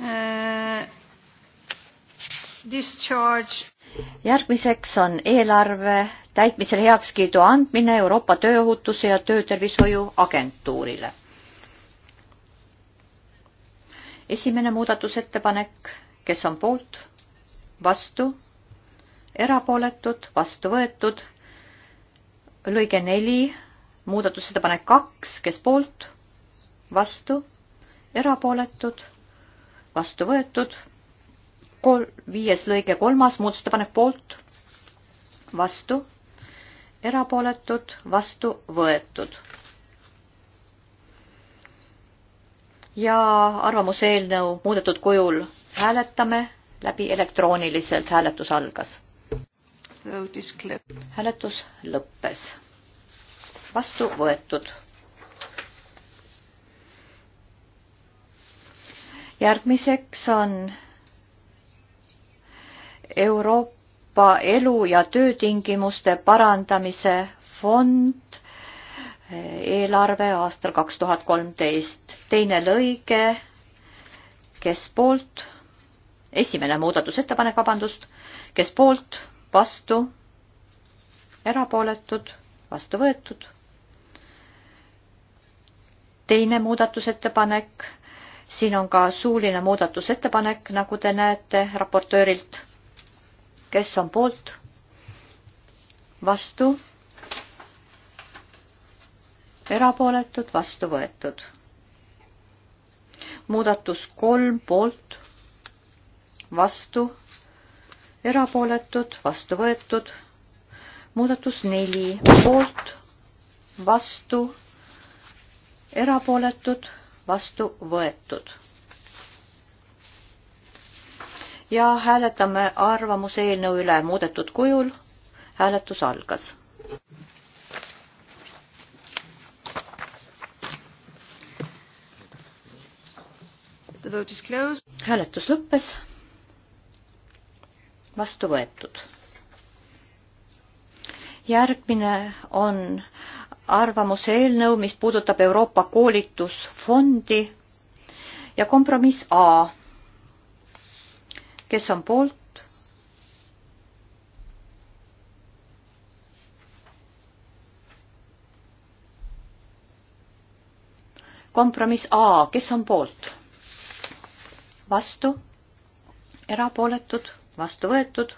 Uh, discharge järgmiseks on eelarve täitmisele heakskiidu andmine Euroopa Tööohutuse ja Töötervishoiu Agentuurile. esimene muudatusettepanek, kes on poolt, vastu, erapooletud, vastu võetud, lõige neli, muudatusettepanek kaks, kes poolt, vastu, erapooletud, vastu võetud kol-, viies lõige kolmas muudatusettepanek poolt, vastu, erapooletud, vastu võetud. ja arvamuse eelnõu muudetud kujul hääletame läbi elektrooniliselt, hääletus algas. hääletus lõppes. vastu võetud järgmiseks on Euroopa elu- ja töötingimuste parandamise fond, eh, eelarve aastal kaks tuhat kolmteist. teine lõige, kes poolt, esimene muudatusettepanek, vabandust, kes poolt, vastu, erapooletud, vastu võetud. teine muudatusettepanek, siin on ka suuline muudatusettepanek, nagu te näete raportöörilt kes on poolt, vastu, erapooletud, vastu võetud. muudatus kolm poolt, vastu, erapooletud, vastu võetud. muudatus neli poolt, vastu, erapooletud, vastu võetud ja hääletame arvamuse eelnõu üle muudetud kujul. hääletus algas. hääletus lõppes. vastu võetud. järgmine on arvamuse eelnõu, mis puudutab Euroopa koolitusfondi ja kompromiss A kes on poolt? kompromiss A, kes on poolt? vastu, erapooletud, vastu võetud.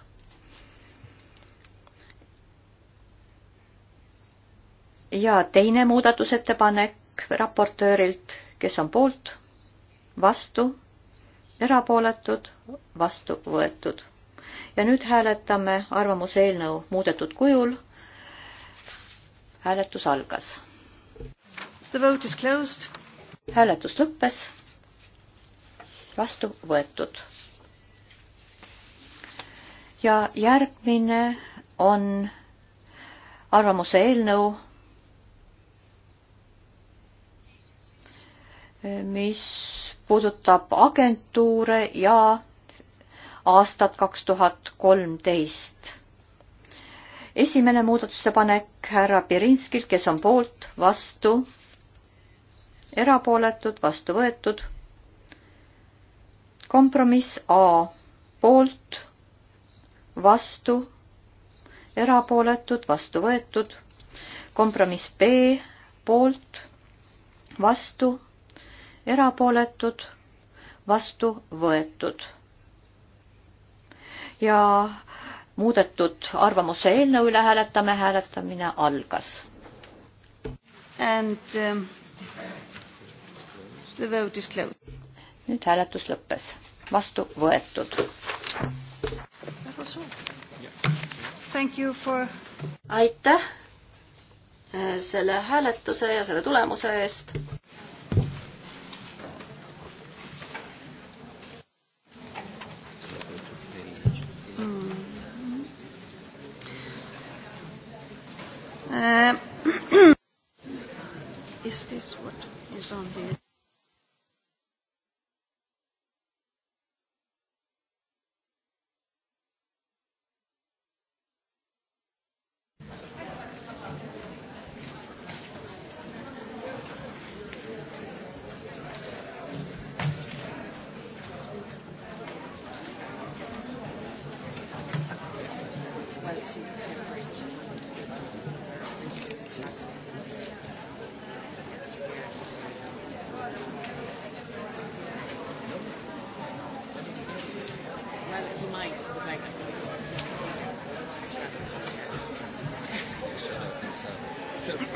ja teine muudatusettepanek raportöörilt, kes on poolt, vastu erapooletud, vastu võetud. ja nüüd hääletame arvamuse eelnõu muudetud kujul. hääletus algas. hääletus lõppes. vastu võetud. ja järgmine on arvamuse eelnõu mis puudutab agentuure ja aastat kaks tuhat kolmteist. esimene muudatusepanek härra Pirinskilt, kes on poolt, vastu, erapooletud, vastu võetud. kompromiss A poolt, vastu, erapooletud, vastu võetud. kompromiss B poolt, vastu erapooletud, vastu võetud. ja muudetud arvamuse eelnõu üle hääletame, hääletamine algas. And um, the vote is closed. nüüd hääletus lõppes, vastu võetud. Thank you for. aitäh äh, selle hääletuse ja selle tulemuse eest.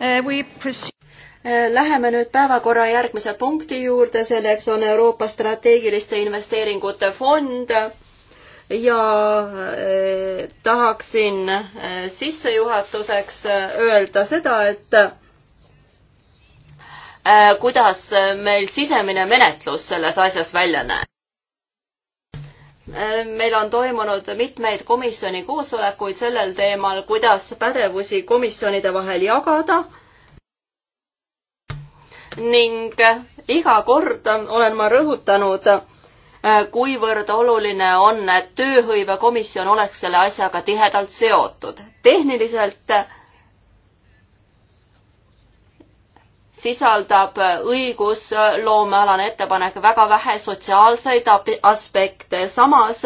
Eh, eh, läheme nüüd päevakorra järgmise punkti juurde, selleks on Euroopa strateegiliste investeeringute fond ja eh, tahaksin sissejuhatuseks öelda seda, et kuidas meil sisemine menetlus selles asjas välja näeb. Äh, meil on toimunud mitmeid komisjoni koosolekuid sellel teemal, kuidas pädevusi komisjonide vahel jagada. ning äh, iga kord olen ma rõhutanud, äh, kuivõrd oluline on, et tööhõivekomisjon oleks selle asjaga tihedalt seotud. tehniliselt sisaldab õigusloomealane ettepanek väga vähe sotsiaalseid aspekte, samas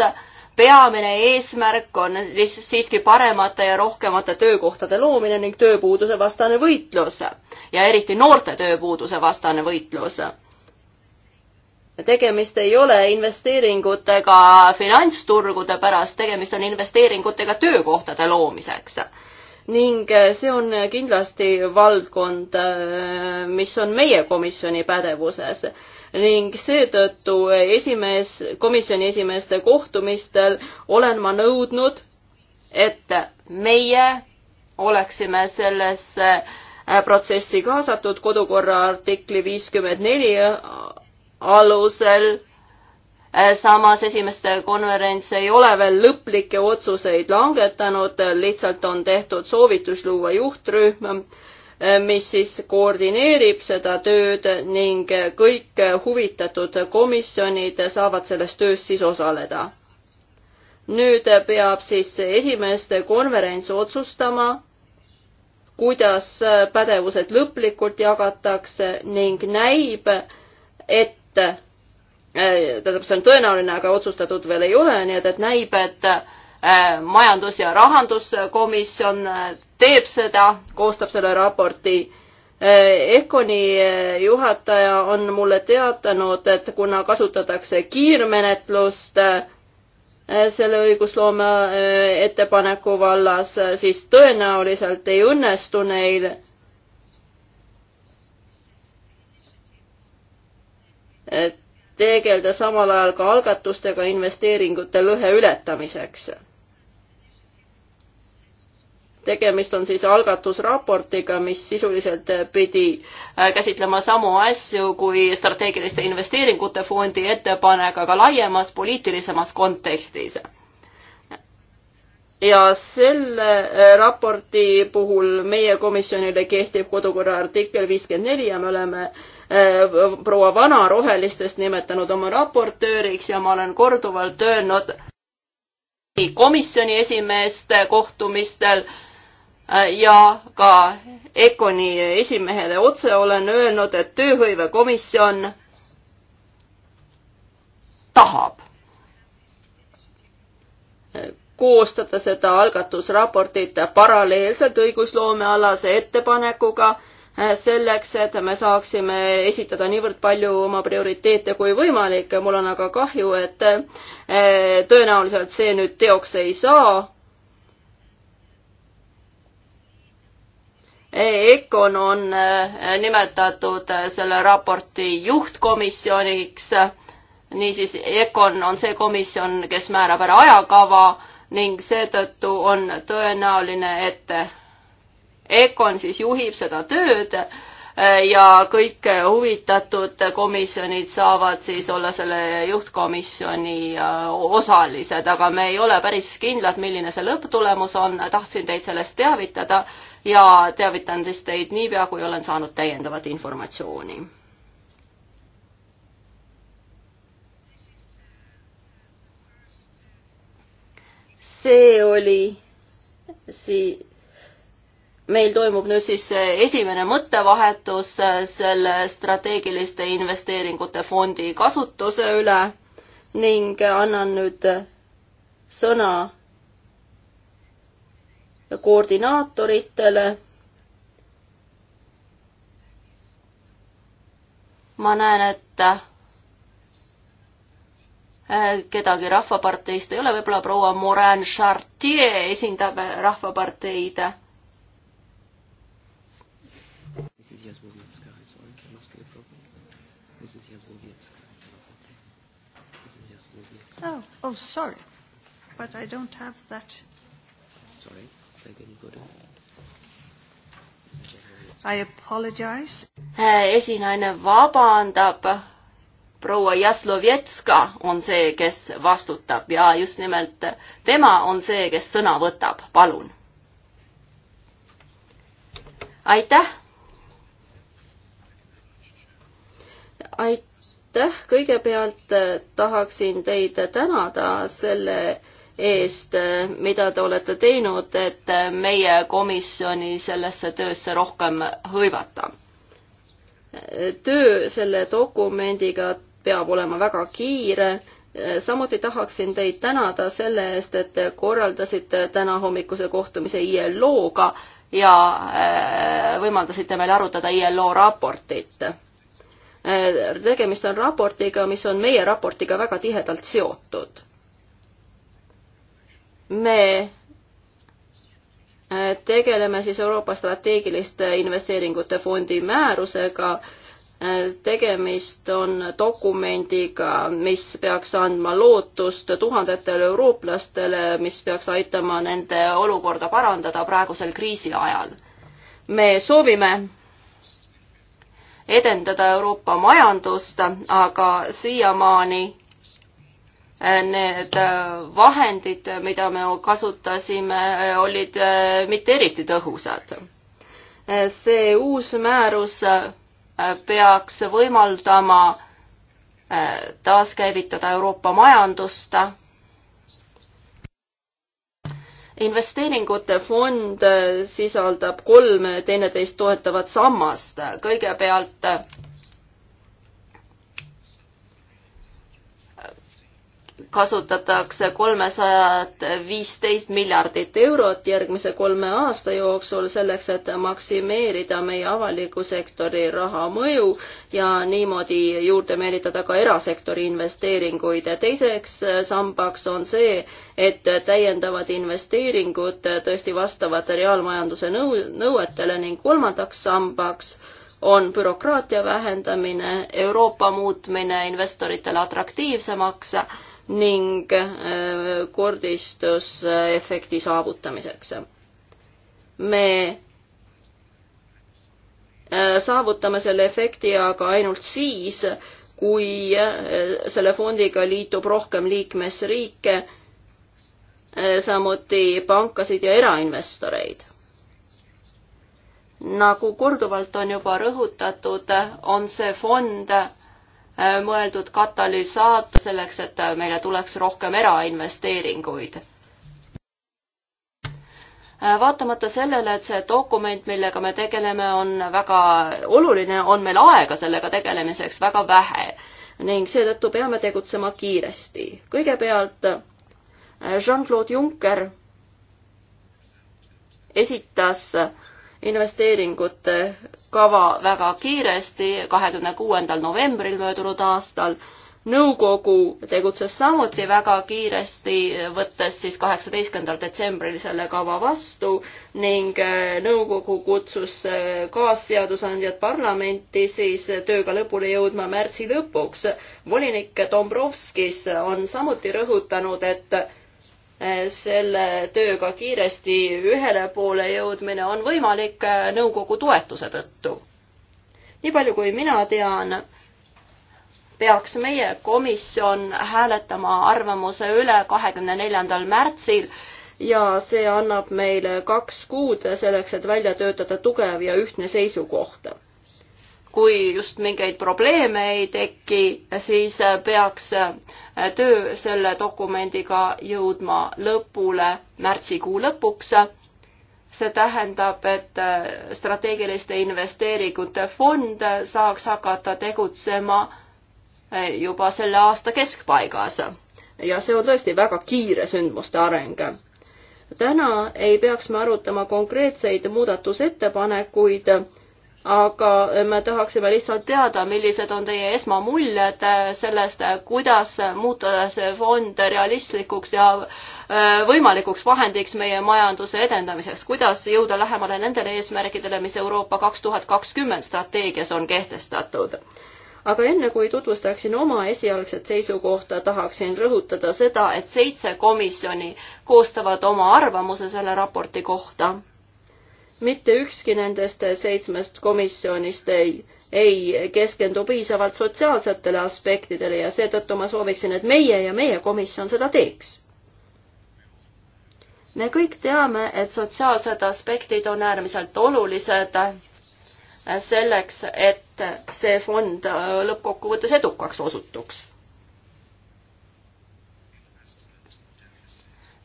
peamine eesmärk on siiski paremate ja rohkemate töökohtade loomine ning tööpuuduse vastane võitlus ja eriti noorte tööpuuduse vastane võitlus. tegemist ei ole investeeringutega finantsturgude pärast, tegemist on investeeringutega töökohtade loomiseks ning äh, see on kindlasti valdkond, äh, mis on meie komisjoni pädevuses ning seetõttu esimees, komisjoni esimeeste kohtumistel olen ma nõudnud, et meie oleksime sellesse äh, protsessi kaasatud kodukorra artikli viiskümmend neli alusel Äh, samas esimeste konverents ei ole veel lõplikke otsuseid langetanud, lihtsalt on tehtud soovitus luua juhtrühm, äh, mis siis koordineerib seda tööd ning kõik huvitatud komisjonid saavad selles töös siis osaleda. nüüd peab siis esimeste konverents otsustama, kuidas pädevused lõplikult jagatakse ning näib, et Äh, tähendab, see on tõenäoline, aga otsustatud veel ei ole, nii et, et näib, et äh, majandus- ja rahanduskomisjon äh, teeb seda, koostab selle raporti. Econi juhataja on mulle teatanud, et kuna kasutatakse kiirmenetlust selle õigusloome ettepaneku vallas, siis tõenäoliselt ei õnnestu neil et tegeleda samal ajal ka algatustega investeeringute lõhe ületamiseks. tegemist on siis algatusraportiga, mis sisuliselt pidi äh, käsitlema samu asju kui strateegiliste investeeringute fondi ettepanek, aga laiemas poliitilisemas kontekstis ja selle äh, raporti puhul meie komisjonile kehtib kodukorra artikkel viiskümmend neli ja me oleme Äh, proua Vana Rohelistest nimetanud oma raportööriks ja ma olen korduvalt öelnud komisjoni esimeeste kohtumistel äh, ja ka EKONi esimehele otse olen öelnud, et tööhõivekomisjon tahab koostada seda algatusraportit paralleelselt õigusloomealase ettepanekuga Äh, selleks, et me saaksime esitada niivõrd palju oma prioriteete kui võimalik. mul on aga kahju, et äh, tõenäoliselt see nüüd teoks ei saa. EKON on äh, nimetatud selle raporti juhtkomisjoniks. niisiis, EKON on see komisjon, kes määrab ära ajakava ning seetõttu on tõenäoline, et Econ siis juhib seda tööd äh, ja kõik huvitatud komisjonid saavad siis olla selle juhtkomisjoni äh, osalised, aga me ei ole päris kindlad, milline see lõpptulemus on, tahtsin teid sellest teavitada ja teavitan siis teid niipea, kui olen saanud täiendavat informatsiooni. see oli siis meil toimub nüüd siis esimene mõttevahetus äh, selle strateegiliste investeeringute fondi kasutuse üle ning äh, annan nüüd äh, sõna koordinaatoritele. ma näen, et kedagi Rahvaparteist ei ole, võib-olla proua Morin Chartier esindab Rahvaparteid Oh, oh, sorry. But I don't have that. Sorry, I didn't go to. I apologize. Äh, esinaine vabandab. proua Jaslovetska on see, kes vastutab ja just nimelt tema on see, kes sõna võtab, palun. aitäh. aitäh aitäh, kõigepealt äh, tahaksin teid tänada selle eest, äh, mida te olete teinud, et äh, meie komisjoni sellesse töösse rohkem hõivata. töö selle dokumendiga peab olema väga kiire. samuti tahaksin teid tänada selle eest, et te korraldasite tänahommikuse kohtumise ILO-ga ja võimaldasite meil arutada ILO raportit Äh, tegemist on raportiga, mis on meie raportiga väga tihedalt seotud. me äh, tegeleme siis Euroopa strateegiliste investeeringute fondi määrusega, äh, tegemist on dokumendiga, mis peaks andma lootust tuhandetele eurooplastele, mis peaks aitama nende olukorda parandada praegusel kriisi ajal. me soovime edendada Euroopa majandust, aga siiamaani eh, need eh, vahendid, mida me kasutasime, eh, olid mitte eriti tõhusad. see uus määrus peaks võimaldama taaskäivitada Euroopa majandust investeeringute fond äh, sisaldab kolme teineteist toetavat sammast. kõigepealt kasutatakse kolmesajat viisteist miljardit eurot järgmise kolme aasta jooksul selleks, et maksimeerida meie avaliku sektori raha mõju ja niimoodi juurde meelitada ka erasektori investeeringuid. teiseks sambaks on see, et täiendavad investeeringud tõesti vastavad reaalmajanduse nõu-, nõuetele ning kolmandaks sambaks on bürokraatia vähendamine, Euroopa muutmine investoritele atraktiivsemaks ning äh, kordistusefekti saavutamiseks. me äh, saavutame selle efekti aga ainult siis, kui äh, selle fondiga liitub rohkem liikmesriike, samuti pankasid ja erainvestoreid. nagu korduvalt on juba rõhutatud, on see fond Äh, mõeldud katalüsaat selleks, et äh, meile tuleks rohkem erainvesteeringuid. Äh, vaatamata sellele, et see dokument, millega me tegeleme, on väga oluline, on meil aega sellega tegelemiseks väga vähe ning seetõttu peame tegutsema kiiresti. kõigepealt Jean-Claude Juncker esitas investeeringute kava väga kiiresti, kahekümne kuuendal novembril möödunud aastal. nõukogu tegutses samuti väga kiiresti, võttes siis kaheksateistkümnendal detsembril selle kava vastu ning äh, nõukogu kutsus äh, kaasseadusandjad parlamenti siis tööga lõpule jõudma märtsi lõpuks. volinik Dombrovskis on samuti rõhutanud, et Eh, selle tööga kiiresti ühele poole jõudmine on võimalik eh, nõukogu toetuse tõttu. nii palju, kui mina tean, peaks meie komisjon hääletama arvamuse üle kahekümne neljandal märtsil ja see annab meile kaks kuud selleks, et välja töötada tugev ja ühtne seisukoht kui just mingeid probleeme ei teki, siis peaks töö selle dokumendiga jõudma lõpule märtsikuu lõpuks. see tähendab, et strateegiliste investeeringute fond saaks hakata tegutsema juba selle aasta keskpaigas ja see on tõesti väga kiire sündmuste areng täna ei peaks me arutama konkreetseid muudatusettepanekuid, aga me tahaksime lihtsalt teada, millised on teie esmamuljed sellest, kuidas muuta see fond realistlikuks ja äh, võimalikuks vahendiks meie majanduse edendamiseks, kuidas jõuda lähemale nendele eesmärkidele, mis Euroopa kaks tuhat kakskümmend strateegias on kehtestatud. aga enne, kui tutvustaksin oma esialgset seisukohta, tahaksin rõhutada seda, et seitse komisjoni koostavad oma arvamuse selle raporti kohta mitte ükski nendest seitsmest komisjonist ei, ei keskendu piisavalt sotsiaalsetele aspektidele ja seetõttu ma sooviksin, et meie ja meie komisjon seda teeks. me kõik teame, et sotsiaalsed aspektid on äärmiselt olulised selleks, et see fond äh, lõppkokkuvõttes edukaks osutuks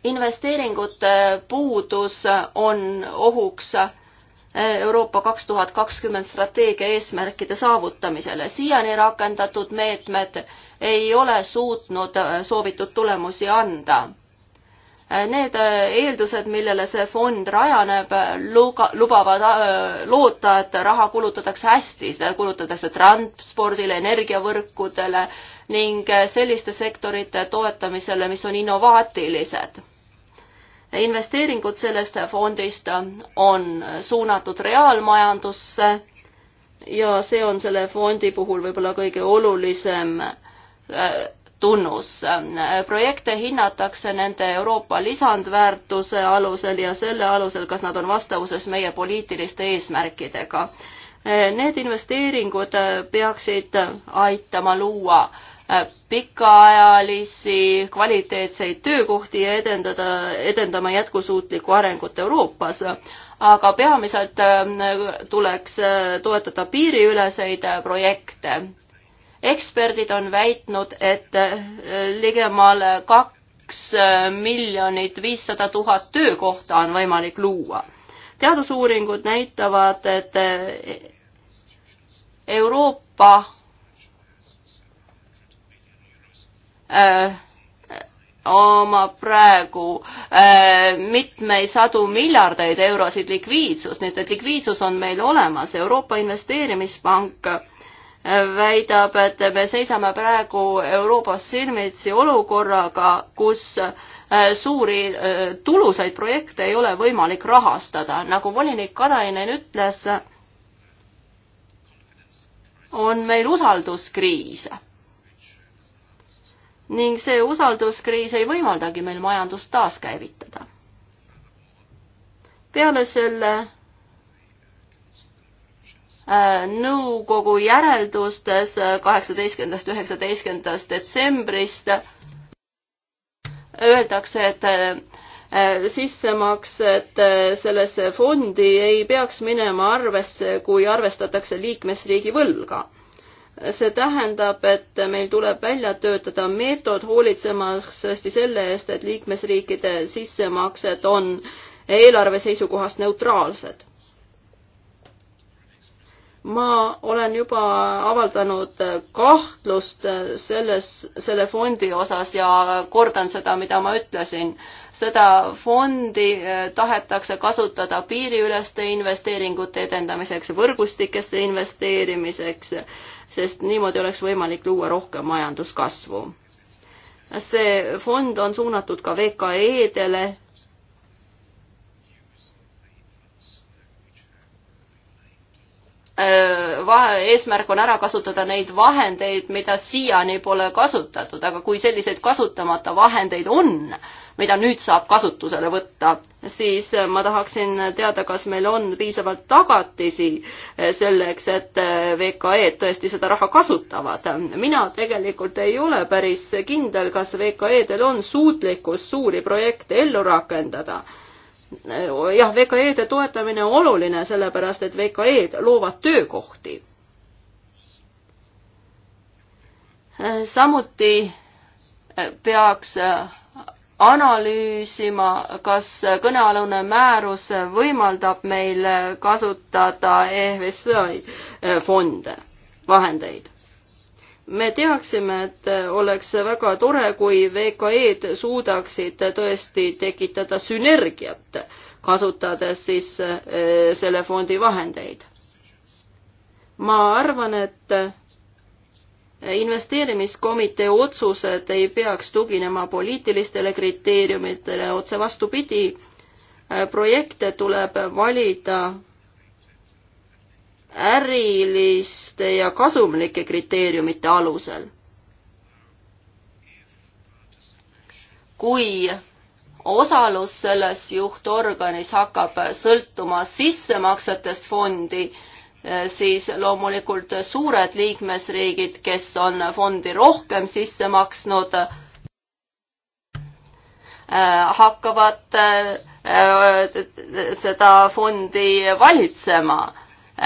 investeeringute puudus on ohuks Euroopa kaks tuhat kakskümmend strateegia eesmärkide saavutamisele. siiani rakendatud meetmed ei ole suutnud soovitud tulemusi anda. Need eeldused, millele see fond rajaneb, luga, lubavad äh, loota, et raha kulutatakse hästi, seda kulutatakse transpordile, energiavõrkudele ning selliste sektorite toetamisele, mis on innovaatilised investeeringud sellest fondist on suunatud reaalmajandusse ja see on selle fondi puhul võib-olla kõige olulisem äh, tunnus. projekte hinnatakse nende Euroopa lisandväärtuse alusel ja selle alusel, kas nad on vastavuses meie poliitiliste eesmärkidega. Äh, need investeeringud äh, peaksid aitama luua Äh, pikaajalisi kvaliteetseid töökohti ja edendada, edendama jätkusuutlikku arengut Euroopas. aga peamiselt äh, tuleks äh, toetada piiriüleseid projekte. eksperdid on väitnud, et ligemale kaks miljonit viissada tuhat töökohta on võimalik luua. teadusuuringud näitavad, et Euroopa Äh, omab praegu äh, mitmeid sadu miljardeid eurosid likviidsust, nii et likviidsus on meil olemas. Euroopa Investeerimispank äh, väidab, et me seisame praegu Euroopas silmitsi olukorraga, kus äh, suuri tulusaid projekte ei ole võimalik rahastada. nagu volinik Kadainen ütles, on meil usalduskriis ning see usalduskriis ei võimaldagi meil majandust taaskäivitada. peale selle äh, nõukogu järeldustes kaheksateistkümnendast, üheksateistkümnendast detsembrist öeldakse, et äh, sissemaksed äh, sellesse fondi ei peaks minema arvesse, kui arvestatakse liikmesriigi võlga see tähendab, et meil tuleb välja töötada meetod hoolitsemaks tõesti selle eest, et liikmesriikide sissemaksed on eelarve seisukohast neutraalsed. ma olen juba avaldanud kahtlust selles, selle fondi osas ja kordan seda, mida ma ütlesin. seda fondi tahetakse kasutada piiriüleste investeeringute edendamiseks, võrgustikesse investeerimiseks sest niimoodi oleks võimalik luua rohkem majanduskasvu. see fond on suunatud ka VKE-dele, vahe, eesmärk on ära kasutada neid vahendeid, mida siiani pole kasutatud, aga kui selliseid kasutamata vahendeid on, mida nüüd saab kasutusele võtta, siis äh, ma tahaksin teada, kas meil on piisavalt tagatisi äh, selleks, et äh, VKE-d tõesti seda raha kasutavad. mina tegelikult ei ole päris kindel, kas VKE-del on suutlikkus suuri projekte ellu rakendada jah, VKE-de toetamine on oluline, sellepärast et VKE-d loovad töökohti. samuti peaks analüüsima, kas kõnealune määrus võimaldab meil kasutada EFSI fonde, vahendeid. me teaksime, et oleks väga tore, kui VKE-d suudaksid tõesti tekitada sünergiat, kasutades siis eh, selle fondi vahendeid. ma arvan, et investeerimiskomitee otsused ei peaks tuginema poliitilistele kriteeriumitele, otse vastupidi, äh, projekte tuleb valida äriliste ja kasumlike kriteeriumite alusel. kui osalus selles juhtorganis hakkab sõltuma sissemaksetest fondi, Eh, siis loomulikult suured liikmesriigid, kes on fondi rohkem sisse maksnud, eh, hakkavad eh, seda fondi valitsema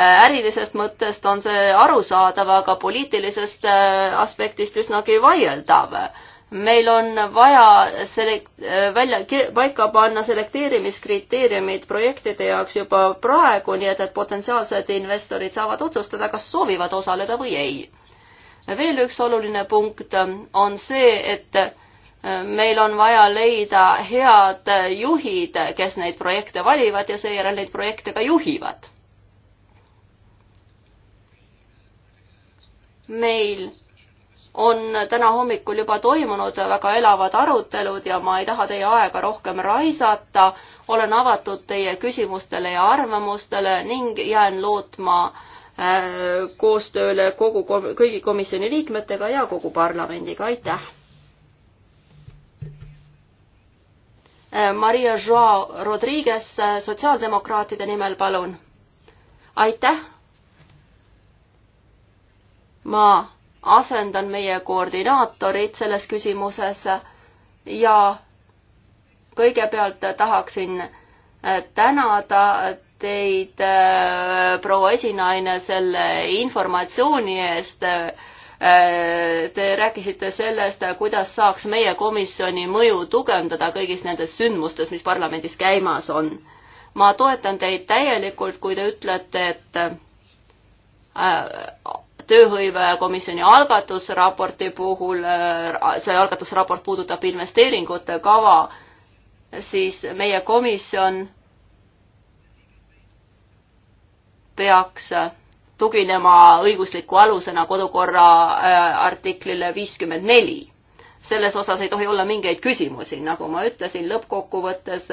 ärilisest mõttest on see arusaadav, aga poliitilisest aspektist üsnagi vaieldav meil on vaja selek-, äh, välja, paika panna selekteerimiskriteeriumid projektide jaoks juba praegu, nii et, et potentsiaalsed investorid saavad otsustada, kas soovivad osaleda või ei. veel üks oluline punkt on see, et äh, meil on vaja leida head juhid, kes neid projekte valivad ja seejärel neid projekte ka juhivad. meil on täna hommikul juba toimunud väga elavad arutelud ja ma ei taha teie aega rohkem raisata. olen avatud teie küsimustele ja arvamustele ning jään lootma äh, koostööle kogu, kõigi komisjoni liikmetega ja kogu parlamendiga, aitäh! Äh, Maria Joao Rodriguez äh, sotsiaaldemokraatide nimel, palun! aitäh! ma asendan meie koordinaatorit selles küsimuses ja kõigepealt tahaksin äh, tänada teid, äh, proua esinaine, selle informatsiooni eest. Äh, te rääkisite sellest, kuidas saaks meie komisjoni mõju tugevdada kõigis nendes sündmustes, mis parlamendis käimas on. ma toetan teid täielikult, kui te ütlete, et tööhõivekomisjoni algatusraporti puhul, äh, see algatusraport puudutab investeeringute kava, siis meie komisjon peaks tuginema õigusliku alusena kodukorra äh, artiklile viiskümmend neli. selles osas ei tohi olla mingeid küsimusi, nagu ma ütlesin, lõppkokkuvõttes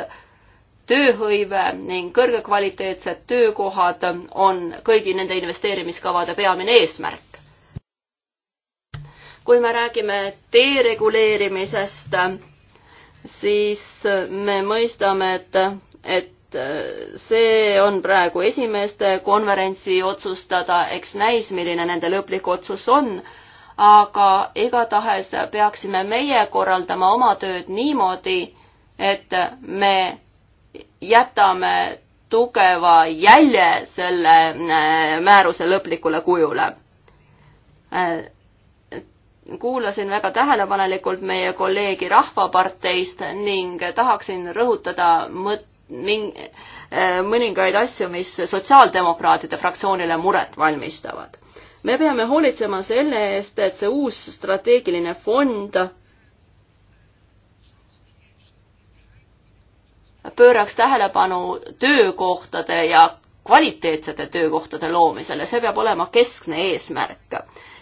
tööhõive ning kõrgekvaliteetsed töökohad on kõigi nende investeerimiskavade peamine eesmärk. kui me räägime dereguleerimisest, siis me mõistame, et, et see on praegu esimeste konverentsi otsustada, eks näis, milline nende lõplik otsus on aga igatahes peaksime meie korraldama oma tööd niimoodi, et me jätame tugeva jälje selle äh, määruse lõplikule kujule. Äh, kuulasin väga tähelepanelikult meie kolleegi Rahvaparteist ning tahaksin rõhutada mõt-, min-, äh, mõningaid asju, mis sotsiaaldemokraatide fraktsioonile muret valmistavad. me peame hoolitsema selle eest, et see uus strateegiline fond pööraks tähelepanu töökohtade ja kvaliteetsete töökohtade loomisele, see peab olema keskne eesmärk.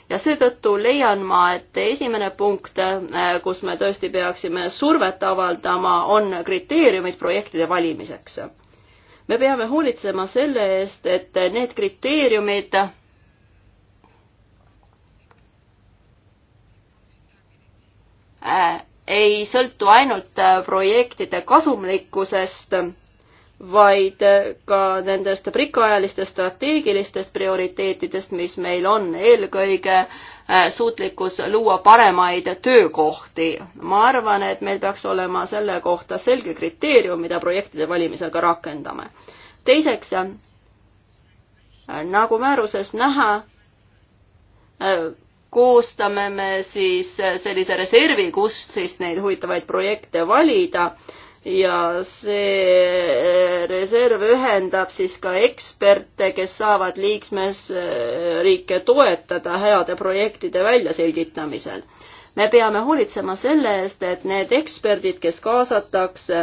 ja seetõttu leian ma, et esimene punkt, äh, kus me tõesti peaksime survet avaldama, on kriteeriumid projektide valimiseks. me peame hoolitsema selle eest, et need kriteeriumid äh, ei sõltu ainult äh, projektide kasumlikkusest, vaid äh, ka nendest pikaajalistest strateegilistest prioriteetidest, mis meil on, eelkõige äh, suutlikkus luua paremaid töökohti. ma arvan, et meil peaks olema selle kohta selge kriteerium, mida projektide valimisel ka rakendame. teiseks, nagu määrusest näha, koostame me siis sellise reservi, kust siis neid huvitavaid projekte valida ja see reserv ühendab siis ka eksperte, kes saavad liikmesriike toetada heade projektide väljaselgitamisel. me peame hoolitsema selle eest, et need eksperdid, kes kaasatakse,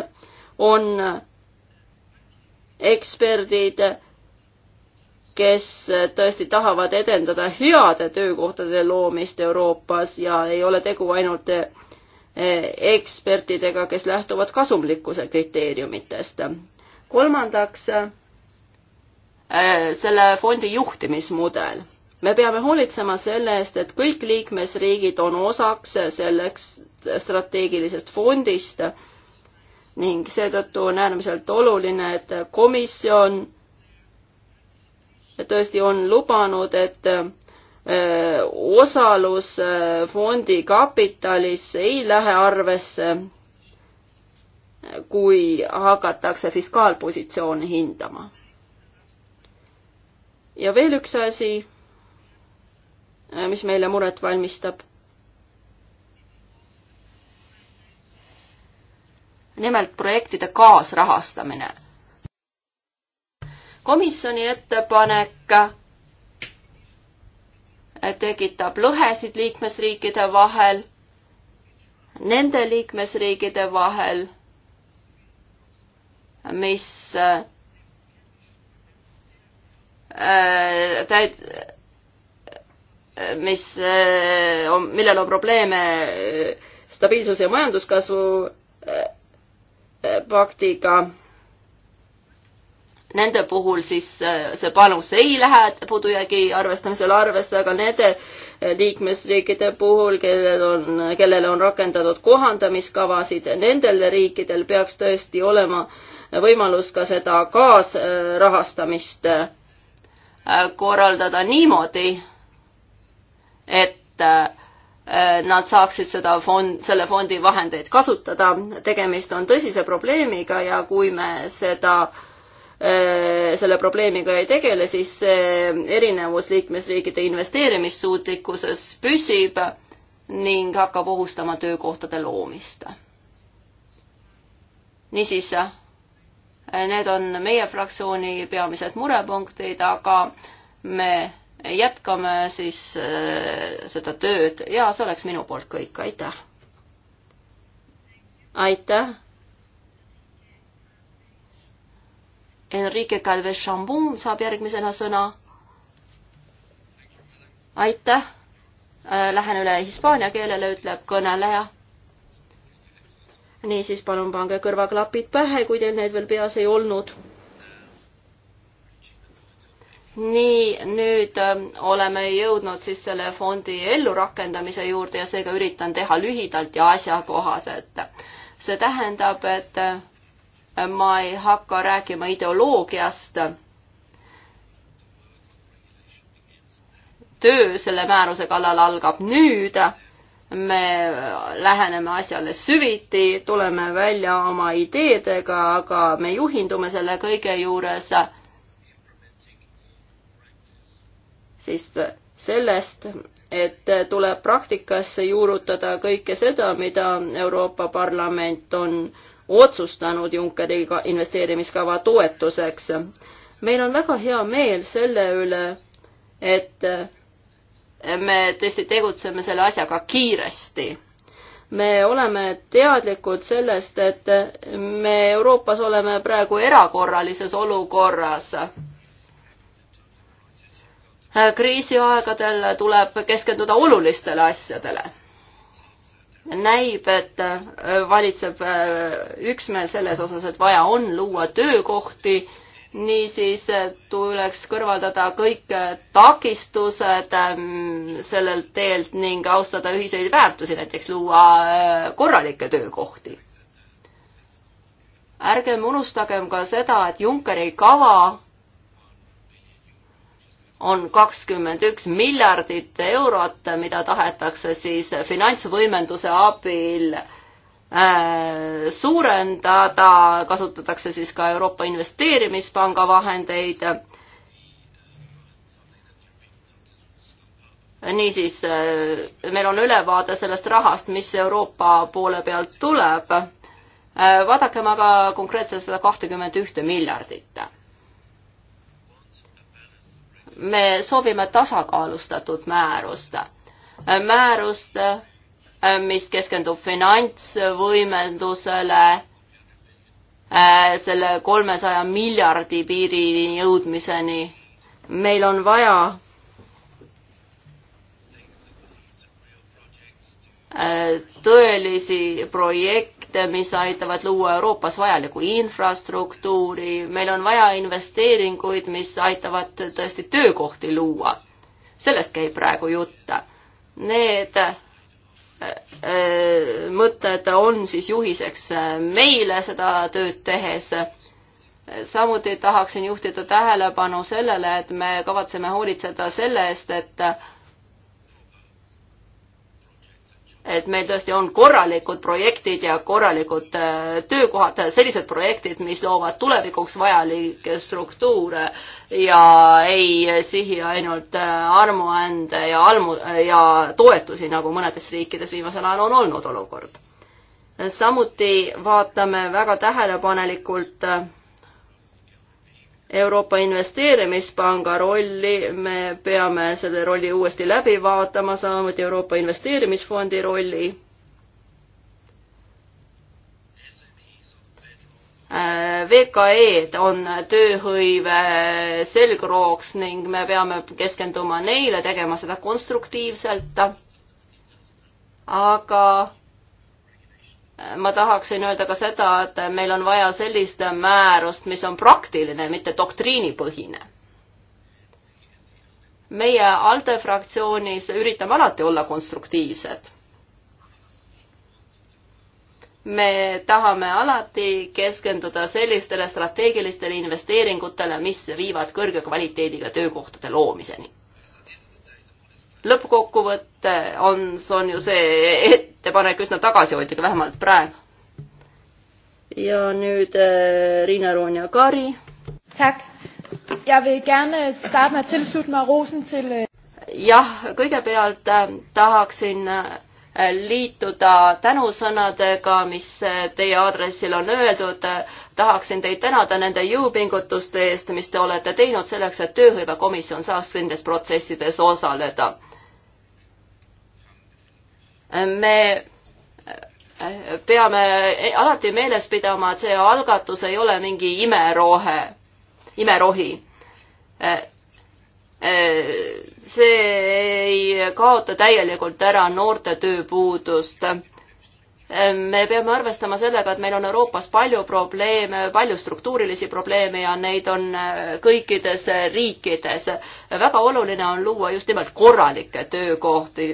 on eksperdid, kes tõesti tahavad edendada heade töökohtade loomist Euroopas ja ei ole tegu ainult eh, ekspertidega, kes lähtuvad kasumlikkuse kriteeriumitest. kolmandaks, eh, selle fondi juhtimismudel. me peame hoolitsema selle eest, et kõik liikmesriigid on osaks selleks strateegilisest fondist ning seetõttu on äärmiselt oluline, et komisjon tõesti on lubanud, et äh, osalus fondi kapitalis ei lähe arvesse, kui hakatakse fiskaalpositsiooni hindama. ja veel üks asi, äh, mis meile muret valmistab nimelt projektide kaasrahastamine komisjoni ettepanek tekitab lõhesid liikmesriikide vahel, nende liikmesriikide vahel, mis äh, täid-, mis äh, on, millel on probleeme stabiilsuse ja majanduskasvu äh, paktiga äh, nende puhul siis äh, see panus ei lähe pudujäägi arvestamisel arvesse, aga nende äh, liikmesriikide puhul, kellel on, kellele on rakendatud kohandamiskavasid, nendel riikidel peaks tõesti olema võimalus ka seda kaasrahastamist äh, korraldada niimoodi, et nad saaksid seda fond, selle fondi vahendeid kasutada. tegemist on tõsise probleemiga ja kui me seda äh, Äh, selle probleemiga ei tegele, siis erinevus liikmesriikide investeerimissuutlikkuses püsib ning hakkab ohustama töökohtade loomist. niisiis, äh, need on meie fraktsiooni peamised murepunktid, aga me jätkame siis äh, seda tööd ja see oleks minu poolt kõik, aitäh! aitäh! Enrique Calves Chambon saab järgmisena sõna. aitäh. Äh, lähen üle hispaania keelele, ütleb kõneleja. niisiis, palun pange kõrvaklapid pähe, kui teil neid veel peas ei olnud nii, nüüd ähm, oleme jõudnud siis selle fondi ellurakendamise juurde ja seega üritan teha lühidalt ja asjakohaselt. see tähendab, et äh, ma ei hakka rääkima ideoloogiast. töö selle määruse kallal algab nüüd. me läheneme asjale süviti, tuleme välja oma ideedega, aga me juhindume selle kõige juures siis sellest, et tuleb praktikasse juurutada kõike seda, mida Euroopa Parlament on äh, otsustanud Junckeri investeerimiskava toetuseks. meil on väga hea meel selle üle, et me tõesti tegutseme selle asjaga kiiresti. me oleme teadlikud sellest, et me Euroopas oleme praegu erakorralises olukorras kriisiaegadel tuleb keskenduda olulistele asjadele näib, et äh, valitseb äh, üksmeel selles osas, et vaja on luua töökohti, niisiis äh, tuleks kõrvaldada kõik takistused ähm, sellelt teelt ning austada ühiseid väärtusi, näiteks luua korralikke töökohti. ärgem unustagem ka seda, et Junckeri kava on kakskümmend üks miljardit eurot, mida tahetakse siis finantsvõimenduse abil äh, suurendada, kasutatakse siis ka Euroopa Investeerimispanga vahendeid. niisiis, äh, meil on ülevaade sellest rahast, mis Euroopa poole pealt tuleb. Äh, vaadakem aga konkreetselt seda kahtekümmet ühte miljardit me soovime tasakaalustatud määrust, määrust, mis keskendub finantsvõimendusele, selle kolmesaja miljardi piirini jõudmiseni. meil on vaja äh, tõelisi projekt-, projekte, mis aitavad luua Euroopas vajalikku infrastruktuuri, meil on vaja investeeringuid, mis aitavad tõesti töökohti luua. sellest käib praegu jutt. Need äh, äh, mõtted on siis juhiseks meile seda tööd tehes samuti tahaksin juhtida tähelepanu sellele, et me kavatseme hoolitseda selle eest, et et meil tõesti on korralikud projektid ja korralikud äh, töökohad, sellised projektid, mis loovad tulevikuks vajalikke struktuure ja ei sihi ainult äh, armuande ja almu- ja toetusi, nagu mõnedes riikides viimasel ajal on olnud olukord. samuti vaatame väga tähelepanelikult äh, Euroopa Investeerimispanga rolli, me peame selle rolli uuesti läbi vaatama, samuti Euroopa Investeerimisfondi rolli. Äh, VKE-d on tööhõive selgrooks ning me peame keskenduma neile, tegema seda konstruktiivselt. aga ma tahaksin öelda ka seda, et meil on vaja sellist määrust, mis on praktiline, mitte doktriinipõhine. meie ALDE fraktsioonis üritame alati olla konstruktiivsed. me tahame alati keskenduda sellistele strateegilistele investeeringutele, mis viivad kõrge kvaliteediga töökohtade loomiseni lõppkokkuvõte on, on ju see ettepanek üsna tagasihoidlik, vähemalt praegu. ja nüüd äh, Riina Roonja Kari. Øh, jah, kõigepealt äh, tahaksin äh, liituda tänusõnadega, mis äh, teie aadressil on öeldud. tahaksin teid tänada nende jõupingutuste eest, mis te olete teinud selleks, et tööhõivekomisjon saaks nendes protsessides osaleda me äh, peame alati meeles pidama, et see algatus ei ole mingi imerohe, imerohi äh, äh, see ei kaota täielikult ära noorte tööpuudust. me peame arvestama sellega, et meil on Euroopas palju probleeme, palju struktuurilisi probleeme ja neid on kõikides riikides. väga oluline on luua just nimelt korralikke töökohti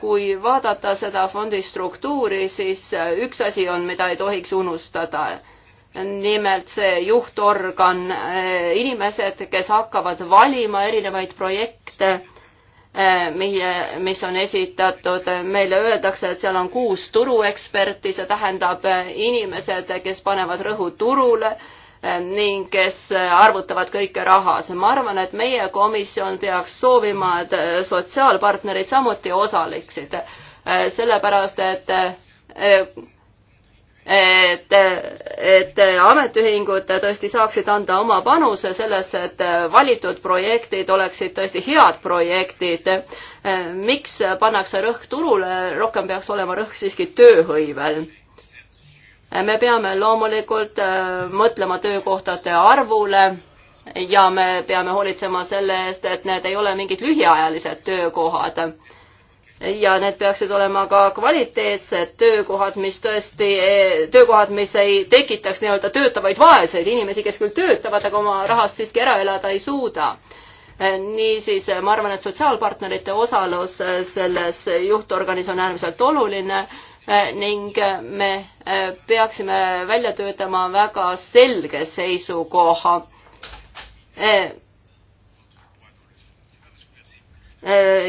kui vaadata seda fondi struktuuri, siis üks asi on, mida ei tohiks unustada. nimelt see juhtorgan, eh, inimesed, kes hakkavad valima erinevaid projekte, eh, meie, mis on esitatud, meile öeldakse, et seal on kuus turueksperti, see tähendab eh, inimesed, kes panevad rõhu turule Ehm, ning kes äh, arvutavad kõike rahas. ma arvan, et meie komisjon peaks soovima, et äh, sotsiaalpartnerid samuti osaleksid, äh, sellepärast et et, et ametiühingud tõesti saaksid anda oma panuse sellesse, et valitud projektid oleksid tõesti head projektid. miks pannakse rõhk turule, rohkem peaks olema rõhk siiski tööhõivel me peame loomulikult äh, mõtlema töökohtade arvule ja me peame hoolitsema selle eest, et need ei ole mingid lühiajalised töökohad. ja need peaksid olema ka kvaliteetsed töökohad, mis tõesti, eh, töökohad, mis ei tekitaks nii-öelda töötavaid vaeseid inimesi, kes küll töötavad, aga oma rahast siiski ära elada ei suuda eh, niisiis ma arvan, et sotsiaalpartnerite osalus eh, selles juhtorganis on äärmiselt oluline Äh, ning äh, me äh, peaksime välja töötama väga selge seisukoha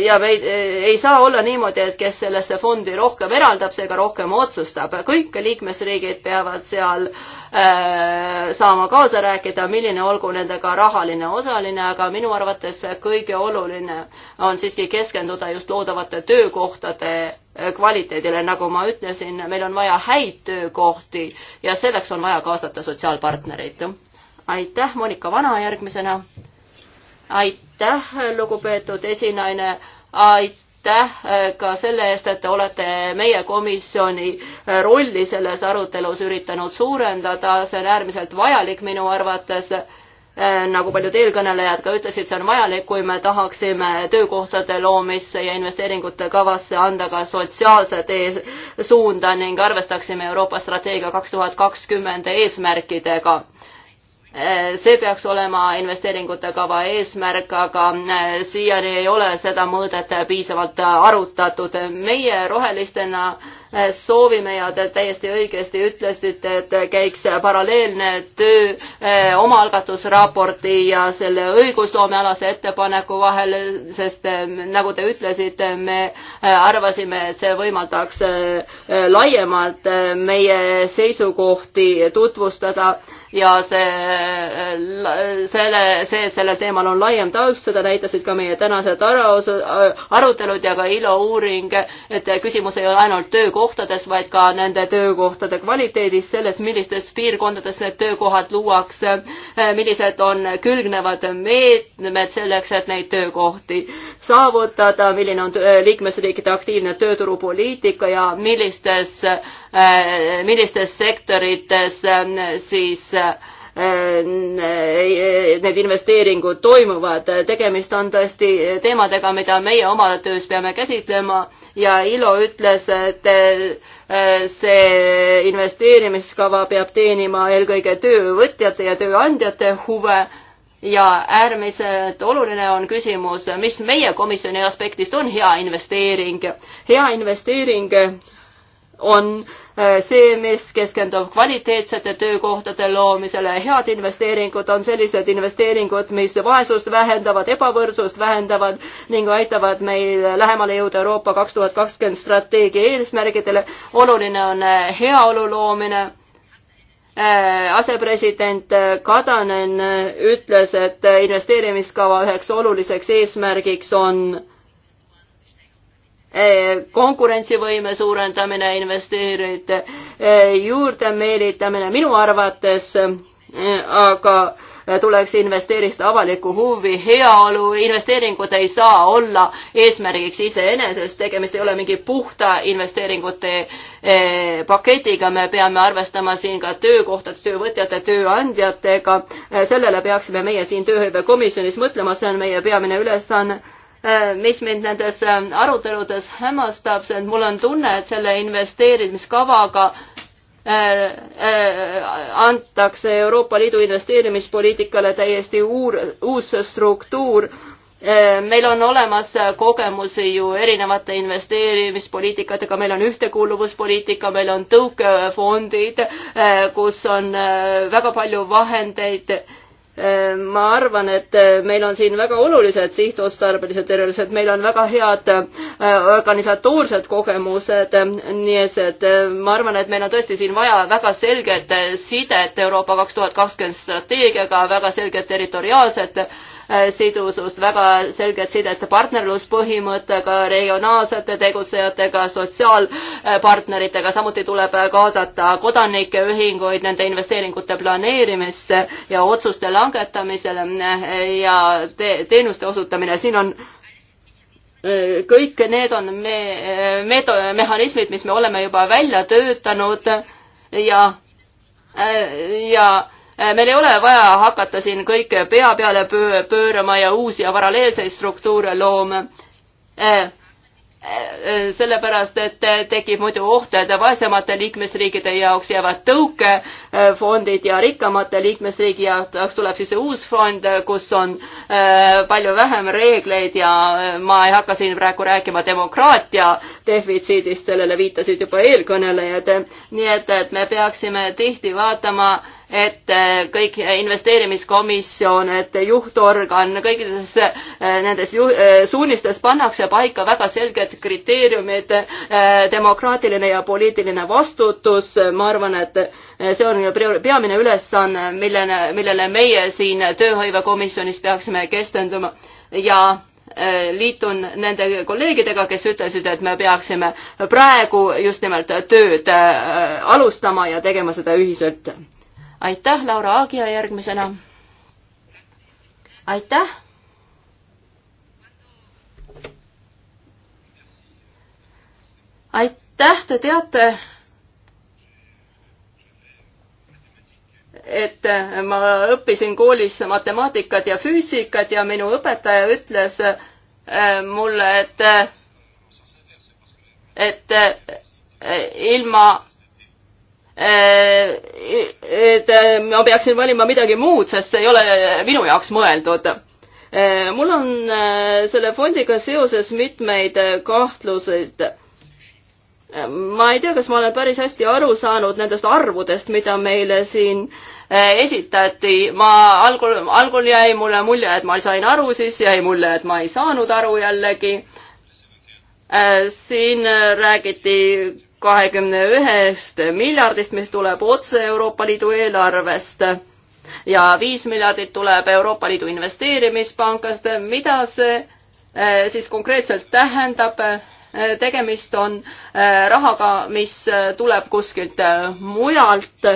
ja me ei, ei saa olla niimoodi, et kes sellesse fondi rohkem eraldab, see ka rohkem otsustab. kõik liikmesriigid peavad seal Äh, saama kaasa rääkida, milline olgu nendega rahaline osaline, aga minu arvates kõige oluline on siiski keskenduda just loodavate töökohtade äh, kvaliteedile, nagu ma ütlesin, meil on vaja häid töökohti ja selleks on vaja kaasata sotsiaalpartnereid. aitäh, Monika Vana järgmisena. aitäh, lugupeetud esinaine. aitäh aitäh äh, ka selle eest, et te olete meie komisjoni äh, rolli selles arutelus üritanud suurendada, see on äärmiselt vajalik minu arvates. Äh, nagu paljud eelkõnelejad ka ütlesid, see on vajalik, kui me tahaksime töökohtade loomisse ja investeeringute kavasse anda ka sotsiaalset suunda ning arvestaksime Euroopa strateegia kaks tuhat kakskümmend eesmärkidega Eh, see peaks olema investeeringute kava eesmärk, aga eh, siiani ei ole seda mõõdet piisavalt arutatud. meie rohelistena eh, soovime ja te täiesti õigesti ütlesite, et käiks paralleelne töö omaalgatusraporti ja selle õigusloomealase ettepaneku vahel, sest nagu te ütlesite, me arvasime, et see võimaldaks laiemalt meie seisukohti tutvustada ja see, selle, see, et sellel teemal on laiem taust, seda näitasid ka meie tänased araosu, arutelud ja ka ILO uuring, et küsimus ei ole ainult töökohtades, vaid ka nende töökohtade kvaliteedis, selles, millistes piirkondades need töökohad luuakse, millised on külgnevad meetmed selleks, et neid töökohti saavutada, milline on liikmesriikide aktiivne tööturupoliitika ja millistes Äh, millistes sektorites ähm, siis äh, äh, need investeeringud toimuvad. tegemist on tõesti teemadega, mida meie oma töös peame käsitlema ja ILO ütles, et see investeerimiskava peab teenima eelkõige töövõtjate ja tööandjate huve ja äärmiselt oluline on küsimus, mis meie komisjoni aspektist on hea investeering. hea investeering on äh, Äh, see, mis keskendub kvaliteetsete töökohtade loomisele, head investeeringud on sellised investeeringud, mis vaesust vähendavad, ebavõrdsust vähendavad ning aitavad meil lähemale jõuda Euroopa kaks tuhat kakskümmend strateegia eesmärgidele. oluline on äh, heaolu loomine. Äh, asepresident Kadanen ütles, et investeerimiskava üheks oluliseks eesmärgiks on Eh, konkurentsivõime suurendamine, investeerijate eh, juurde meelitamine, minu arvates eh, aga tuleks investeerida avalikku huvi, heaolu, investeeringud ei saa olla eesmärgiks iseenesest, tegemist ei ole mingi puhta investeeringute paketiga, me peame arvestama siin ka töökohtade, töövõtjate, tööandjatega, sellele peaksime meie siin tööhõivekomisjonis mõtlema, see on meie peamine ülesanne Äh, mis mind nendes äh, aruteludes hämmastab, see, et mul on tunne, et selle investeerimiskavaga äh, antakse Euroopa Liidu investeerimispoliitikale täiesti uur, uus struktuur. meil on olemas kogemusi ju erinevate investeerimispoliitikatega, meil on ühtekuuluvuspoliitika, meil on tõukefondid, kus on väga palju vahendeid Ehm, ma arvan, et eh, meil on siin väga olulised sihtotstarbelised tervised, meil on väga head eh, organisatoorsed kogemused, ehm, nii et, et eh, ma arvan, et meil on tõesti siin vaja väga selget sidet Euroopa kaks tuhat kakskümmend strateegiaga, väga selget territoriaalset Äh, sidusust, väga selget sidet partnerluspõhimõttega, regionaalsete tegutsejatega, sotsiaalpartneritega, samuti tuleb kaasata kodanike ühinguid nende investeeringute planeerimisse ja otsuste langetamisele äh, ja te teenuste osutamine, siin on äh, kõik need on me, meto-, mehhanismid, mis me oleme juba välja töötanud ja, ja Äh, meil ei ole vaja hakata siin kõike pea peale pöörama ja uusi ja paralleelseid struktuure looma. Äh, äh, sellepärast, et tekib muidu oht, et vaesemate liikmesriikide jaoks jäävad tõukefondid ja rikkamate liikmesriigi jaoks tuleb siis uus fond, kus on palju vähem reegleid ja ma ei hakka siin praegu rääkima demokraatia defitsiidist, sellele viitasid juba eelkõnelejad. nii et, et me peaksime tihti vaatama et äh, kõik investeerimiskomisjon, et juhtorgan, kõikides äh, nendes ju, äh, suunistes pannakse paika väga selged kriteeriumid, demokraatiline ja poliitiline vastutus, ma arvan, et see on peamine ülesanne, millele, millele meie siin tööhõivekomisjonis peaksime keskenduma ja liitun nende kolleegidega, kes ütlesid, et me peaksime praegu just nimelt tööd alustama ja tegema seda ühiselt aitäh, Laura Aagia järgmisena. aitäh. aitäh, te teate, et ma õppisin koolis matemaatikat ja füüsikat ja minu õpetaja ütles äh, mulle, et, et äh, ilma Äh, et äh, ma peaksin valima midagi muud, sest see ei ole minu jaoks mõeldud. Äh, mul on selle fondiga seoses mitmeid kahtluseid. ma ei tea, kas ma olen päris hästi aru saanud nendest arvudest, mida meile siin esitati. ma algul, algul jäi mulle mulje, et ma sain aru, siis jäi mulje, et ma ei saanud aru jällegi siin räägiti kahekümne ühest miljardist, mis tuleb otse Euroopa Liidu eelarvest ja viis miljardit tuleb Euroopa Liidu investeerimispankast, mida see eh, siis konkreetselt tähendab, eh, tegemist on eh, rahaga, mis tuleb kuskilt mujalt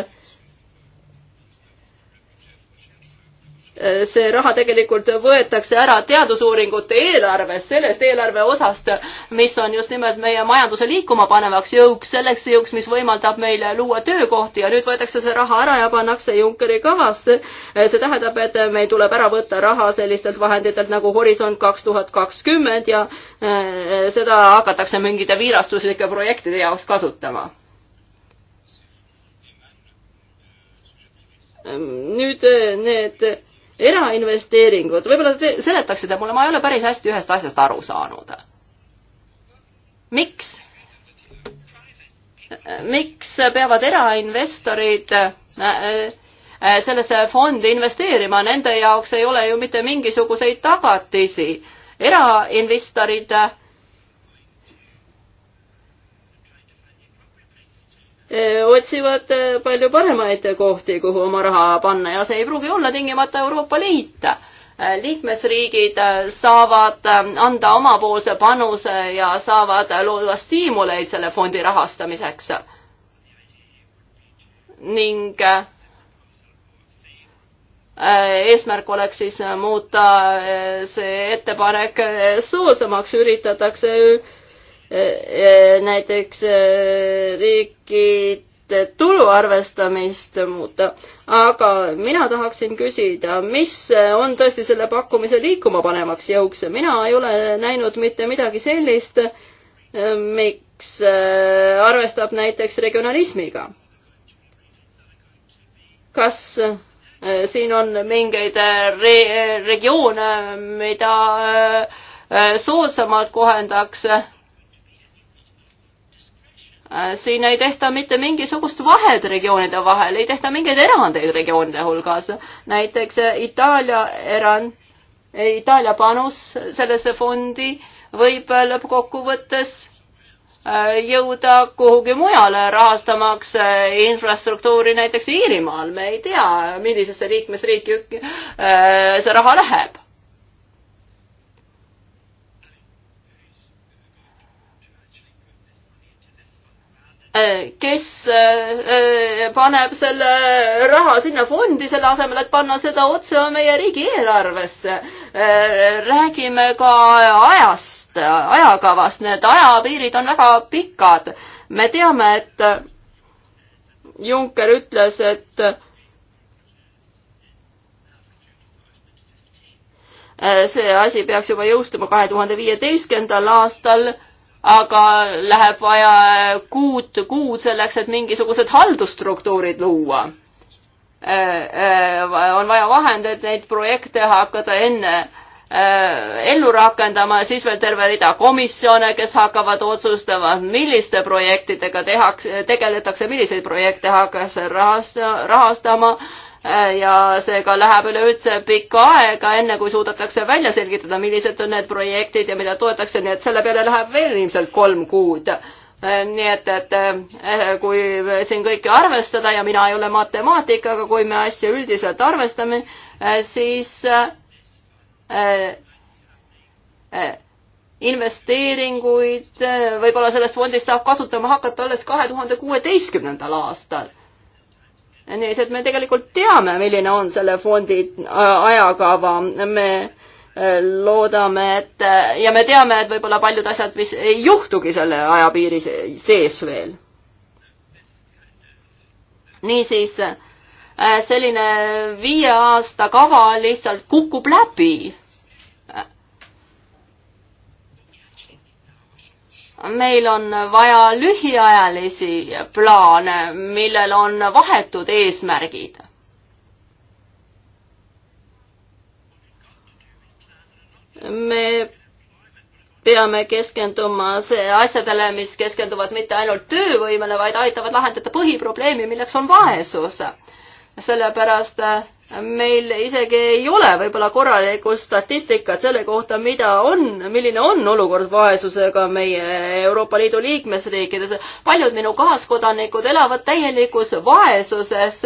see raha tegelikult võetakse ära teadusuuringute eelarvest, sellest eelarve osast, mis on just nimelt meie majanduse liikuma panevaks jõuks, selleks jõuks, mis võimaldab meile luua töökohti ja nüüd võetakse see raha ära ja pannakse Junckeri kavasse. see tähendab, et meil tuleb ära võtta raha sellistelt vahenditelt nagu Horisont kaks tuhat kakskümmend ja äh, seda hakatakse mingite viirastuslike projektide jaoks kasutama nüüd äh, need erainvesteeringud, võib-olla te seletaksite mulle, ma ei ole päris hästi ühest asjast aru saanud. miks? miks peavad erainvestorid äh, äh, sellesse fondi investeerima, nende jaoks ei ole ju mitte mingisuguseid tagatisi. erainvestorid äh, Eh, otsivad eh, palju paremaid kohti, kuhu oma raha panna ja see ei pruugi olla tingimata Euroopa Liit. Eh, liikmesriigid saavad anda omapoolse panuse ja saavad luua stiimuleid selle fondi rahastamiseks. ning eesmärk oleks siis muuta see ettepanek soosamaks, üritatakse Äh, äh, näiteks äh, riikide tulu arvestamist muuta. aga mina tahaksin küsida, mis on tõesti selle pakkumise liikuma panevaks jõuks ja mina ei ole näinud mitte midagi sellist, miks arvestab näiteks regionalismiga. kas siin on mingeid re regioone, mida soodsamalt koheldakse Äh, siin ei tehta mitte mingisugust vahet regioonide vahel, ei tehta mingeid erandeid regioonide hulgas. näiteks äh, Itaalia erand, äh, Itaalia panus sellesse fondi võib lõppkokkuvõttes jõuda kuhugi mujale rahastamaks infrastruktuuri näiteks Iirimaal, me ei tea, millisesse liikmesriiki see raha läheb kes äh, äh, paneb selle raha sinna fondi, selle asemel, et panna seda otse meie riigieelarvesse. Äh, räägime ka ajast, ajakavast, need ajapiirid on väga pikad. me teame, et Juncker ütles, et see asi peaks juba jõustuma kahe tuhande viieteistkümnendal aastal aga läheb vaja kuud, kuud selleks, et mingisugused haldusstruktuurid luua. Äh, äh, on vaja vahendeid, neid projekte hakata enne äh, ellu rakendama ja siis veel terve rida komisjone, kes hakkavad otsustama, milliste projektidega tehakse, tegeletakse, milliseid projekte hakatakse rahast-, rahastama Äh, ja seega läheb üleüldse pikka aega, enne kui suudetakse välja selgitada, millised on need projektid ja mida toetatakse, nii et selle peale läheb veel ilmselt kolm kuud. Äh, nii et, et äh, kui siin kõike arvestada ja mina ei ole matemaatik, aga kui me asju üldiselt arvestame, siis investeeringuid võib-olla sellest fondist saab kasutama hakata alles kahe tuhande kuueteistkümnendal aastal nii et me tegelikult teame, milline on selle fondi äh, ajakava, me äh, loodame, et äh, ja me teame, et võib-olla paljud asjad, mis ei juhtugi selle ajapiiri sees veel. niisiis, selline viie aasta kava lihtsalt kukub läbi meil on vaja lühiajalisi plaane, millel on vahetud eesmärgid. me peame keskenduma asjadele, mis keskenduvad mitte ainult töövõimele, vaid aitavad lahendada põhiprobleemi, milleks on vaesus sellepärast äh, meil isegi ei ole võib-olla korralikku statistikat selle kohta, mida on, milline on olukord vaesusega meie Euroopa Liidu liikmesriikides. paljud minu kaaskodanikud elavad täielikus vaesuses.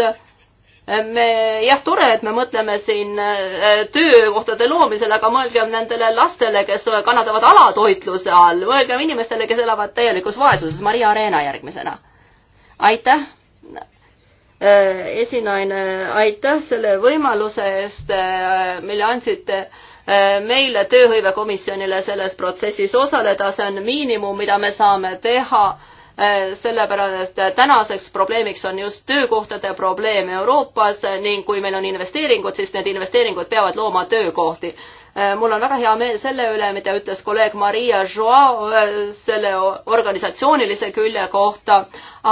me, jah, tore, et me mõtleme siin äh, töökohtade loomisele, aga mõelgem nendele lastele, kes kannatavad alatoitluse all, mõelgem inimestele, kes elavad täielikus vaesuses. Maria Reena järgmisena. aitäh Äh, esinaine, aitäh selle võimaluse eest, äh, mille andsite äh, meile, tööhõivekomisjonile selles protsessis osaleda, see on miinimum, mida me saame teha, sellepärast tänaseks probleemiks on just töökohtade probleem Euroopas ning kui meil on investeeringud, siis need investeeringud peavad looma töökohti Äh, mul on väga hea meel selle üle, mida ütles kolleeg Maria Joao äh, selle organisatsioonilise külje kohta,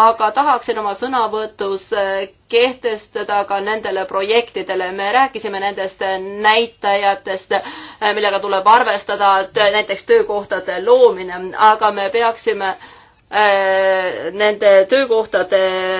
aga tahaksin oma sõnavõtus äh, kehtestada ka nendele projektidele. me rääkisime nendest näitajatest, millega tuleb arvestada, näiteks töökohtade loomine, aga me peaksime äh, Äh, nende töökohtade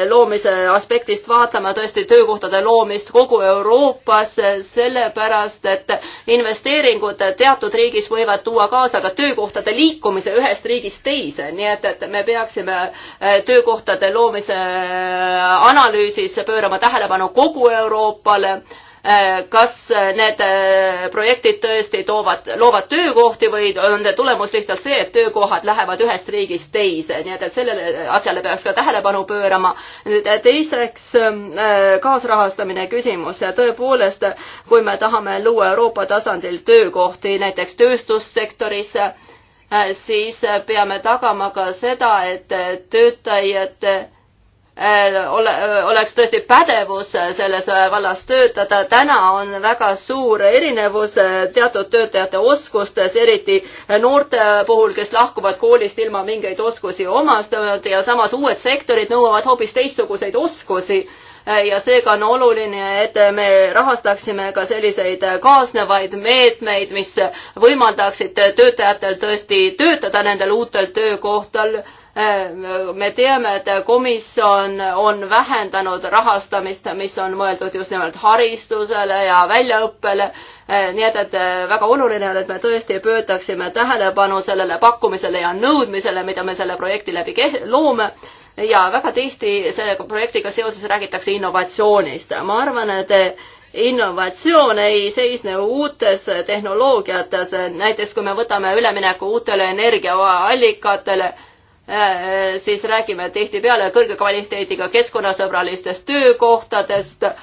loomise aspektist vaatama tõesti töökohtade loomist kogu Euroopas, sellepärast et investeeringud teatud riigis võivad tuua kaasa ka töökohtade liikumise ühest riigist teise, nii et, et me peaksime äh, töökohtade loomise äh, analüüsis pöörama tähelepanu kogu Euroopale Äh, kas äh, need äh, projektid tõesti toovad, loovad töökohti või on tulemus lihtsalt see, et töökohad lähevad ühest riigist teise, nii et, et sellele asjale peaks ka tähelepanu pöörama. nüüd teiseks ähm, kaasrahastamine küsimus, tõepoolest, kui me tahame luua Euroopa tasandil töökohti näiteks tööstussektoris, siis peame tagama ka seda, et töötajate Äh, ole, oleks tõesti pädevus selles vallas töötada. täna on väga suur erinevus äh, teatud töötajate oskustes, eriti noorte puhul, kes lahkuvad koolist ilma mingeid oskusi omastamata ja samas uued sektorid nõuavad hoopis teistsuguseid oskusi äh, ja seega on oluline, et me rahastaksime ka selliseid kaasnevaid meetmeid, mis võimaldaksid töötajatel tõesti töötada nendel uutel töökohtadel Äh, me teame, et komisjon on vähendanud rahastamist, mis on mõeldud just nimelt haristusele ja väljaõppele. Äh, nii et, et äh, väga oluline on, et me tõesti pöördaksime tähelepanu sellele pakkumisele ja nõudmisele, mida me selle projekti läbi loome ja väga tihti selle projektiga seoses räägitakse innovatsioonist. ma arvan, et innovatsioon ei seisne uutes tehnoloogiates, näiteks kui me võtame ülemineku uutele energiaallikatele Äh, äh, siis räägime tihtipeale kõrge kvaliteediga keskkonnasõbralistest töökohtadest, äh,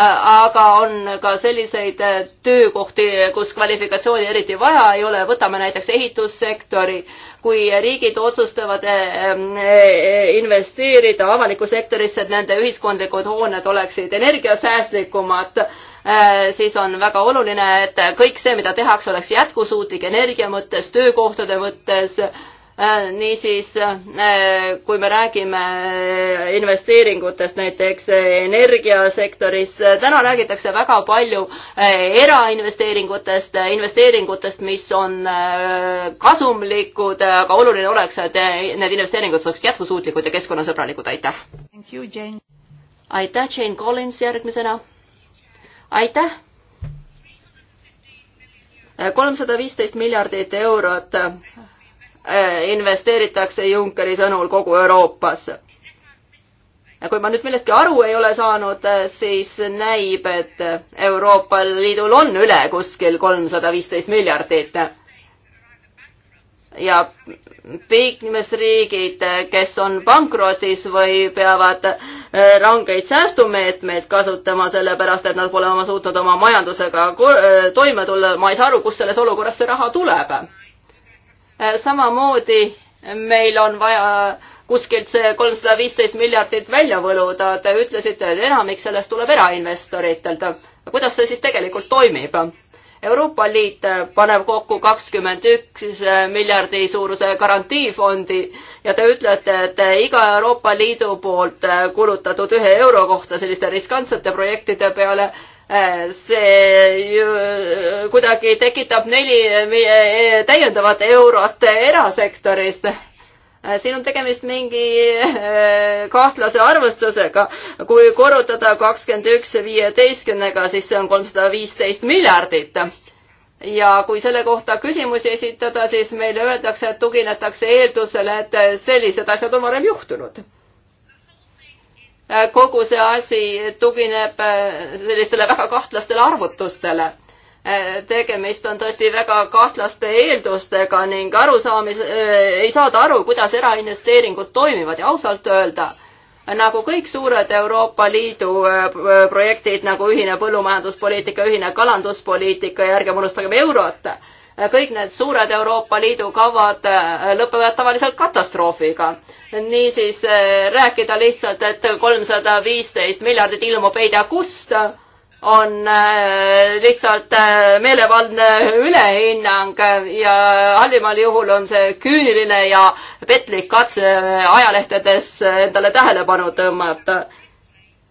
aga on ka selliseid töökohti, kus kvalifikatsiooni eriti vaja ei ole, võtame näiteks ehitussektori, kui riigid otsustavad investeerida avalikku sektorisse, et nende ühiskondlikud hooned oleksid energiasäästlikumad, siis on väga oluline, et kõik see, mida tehakse, oleks jätkusuutlik energia mõttes, töökohtade mõttes Äh, niisiis, äh, kui me räägime äh, investeeringutest näiteks energiasektoris, täna räägitakse väga palju erainvesteeringutest, investeeringutest, mis on kasumlikud, aga oluline oleks, et need investeeringud saaks jätkusuutlikud ja keskkonnasõbralikud, aitäh! aitäh, Jane Collins järgmisena! aitäh! kolmsada viisteist miljardit eurot Äh, investeeritakse Junckeri sõnul kogu Euroopas. ja kui ma nüüd millestki aru ei ole saanud, äh, siis näib, et Euroopa Liidul on üle kuskil kolmsada viisteist miljardit. ja liikmesriigid, kes on pankrotis või peavad äh, rangeid säästumeetmeid kasutama, sellepärast et nad pole oma suutnud oma majandusega toime tulla, ma ei saa aru, kust selles olukorras see raha tuleb Äh, samamoodi meil on vaja kuskilt see kolmsada viisteist miljardit välja võluda, te ütlesite, et enamik sellest tuleb erainvestoritelt. kuidas see siis tegelikult toimib? Euroopa Liit paneb kokku kakskümmend üks miljardi suuruse garantiifondi ja te ütlete, et iga Euroopa Liidu poolt kulutatud ühe euro kohta selliste riskantsete projektide peale see ju äh, kuidagi tekitab neli äh, täiendavat eurot erasektorist. Äh, siin on tegemist mingi kahtlase arvestusega. kui korrutada kakskümmend üks viieteistkümnega, siis see on kolmsada viisteist miljardit ja kui selle kohta küsimusi esitada, siis meile öeldakse, et tuginetakse eeldusele, et sellised asjad on varem juhtunud Äh, kogu see asi tugineb äh, sellistele väga kahtlastele arvutustele. Äh, tegemist on tõesti väga kahtlaste eeldustega ning arusaamis- äh,, ei saada aru, kuidas erainvesteeringud toimivad ja ausalt öelda, nagu kõik suured Euroopa Liidu projektid nagu ühine põllumajanduspoliitika, ühine kalanduspoliitika ja ärgem unustagem eurot kõik need suured Euroopa Liidu kavad äh, lõpevad tavaliselt katastroofiga. niisiis äh, rääkida lihtsalt, et kolmsada viisteist miljardit ilmub ei tea kust, on äh, lihtsalt meelevaldne ülehinnang ja halvimal juhul on see küüniline ja petlik katse ajalehtedes endale tähelepanu tõmmata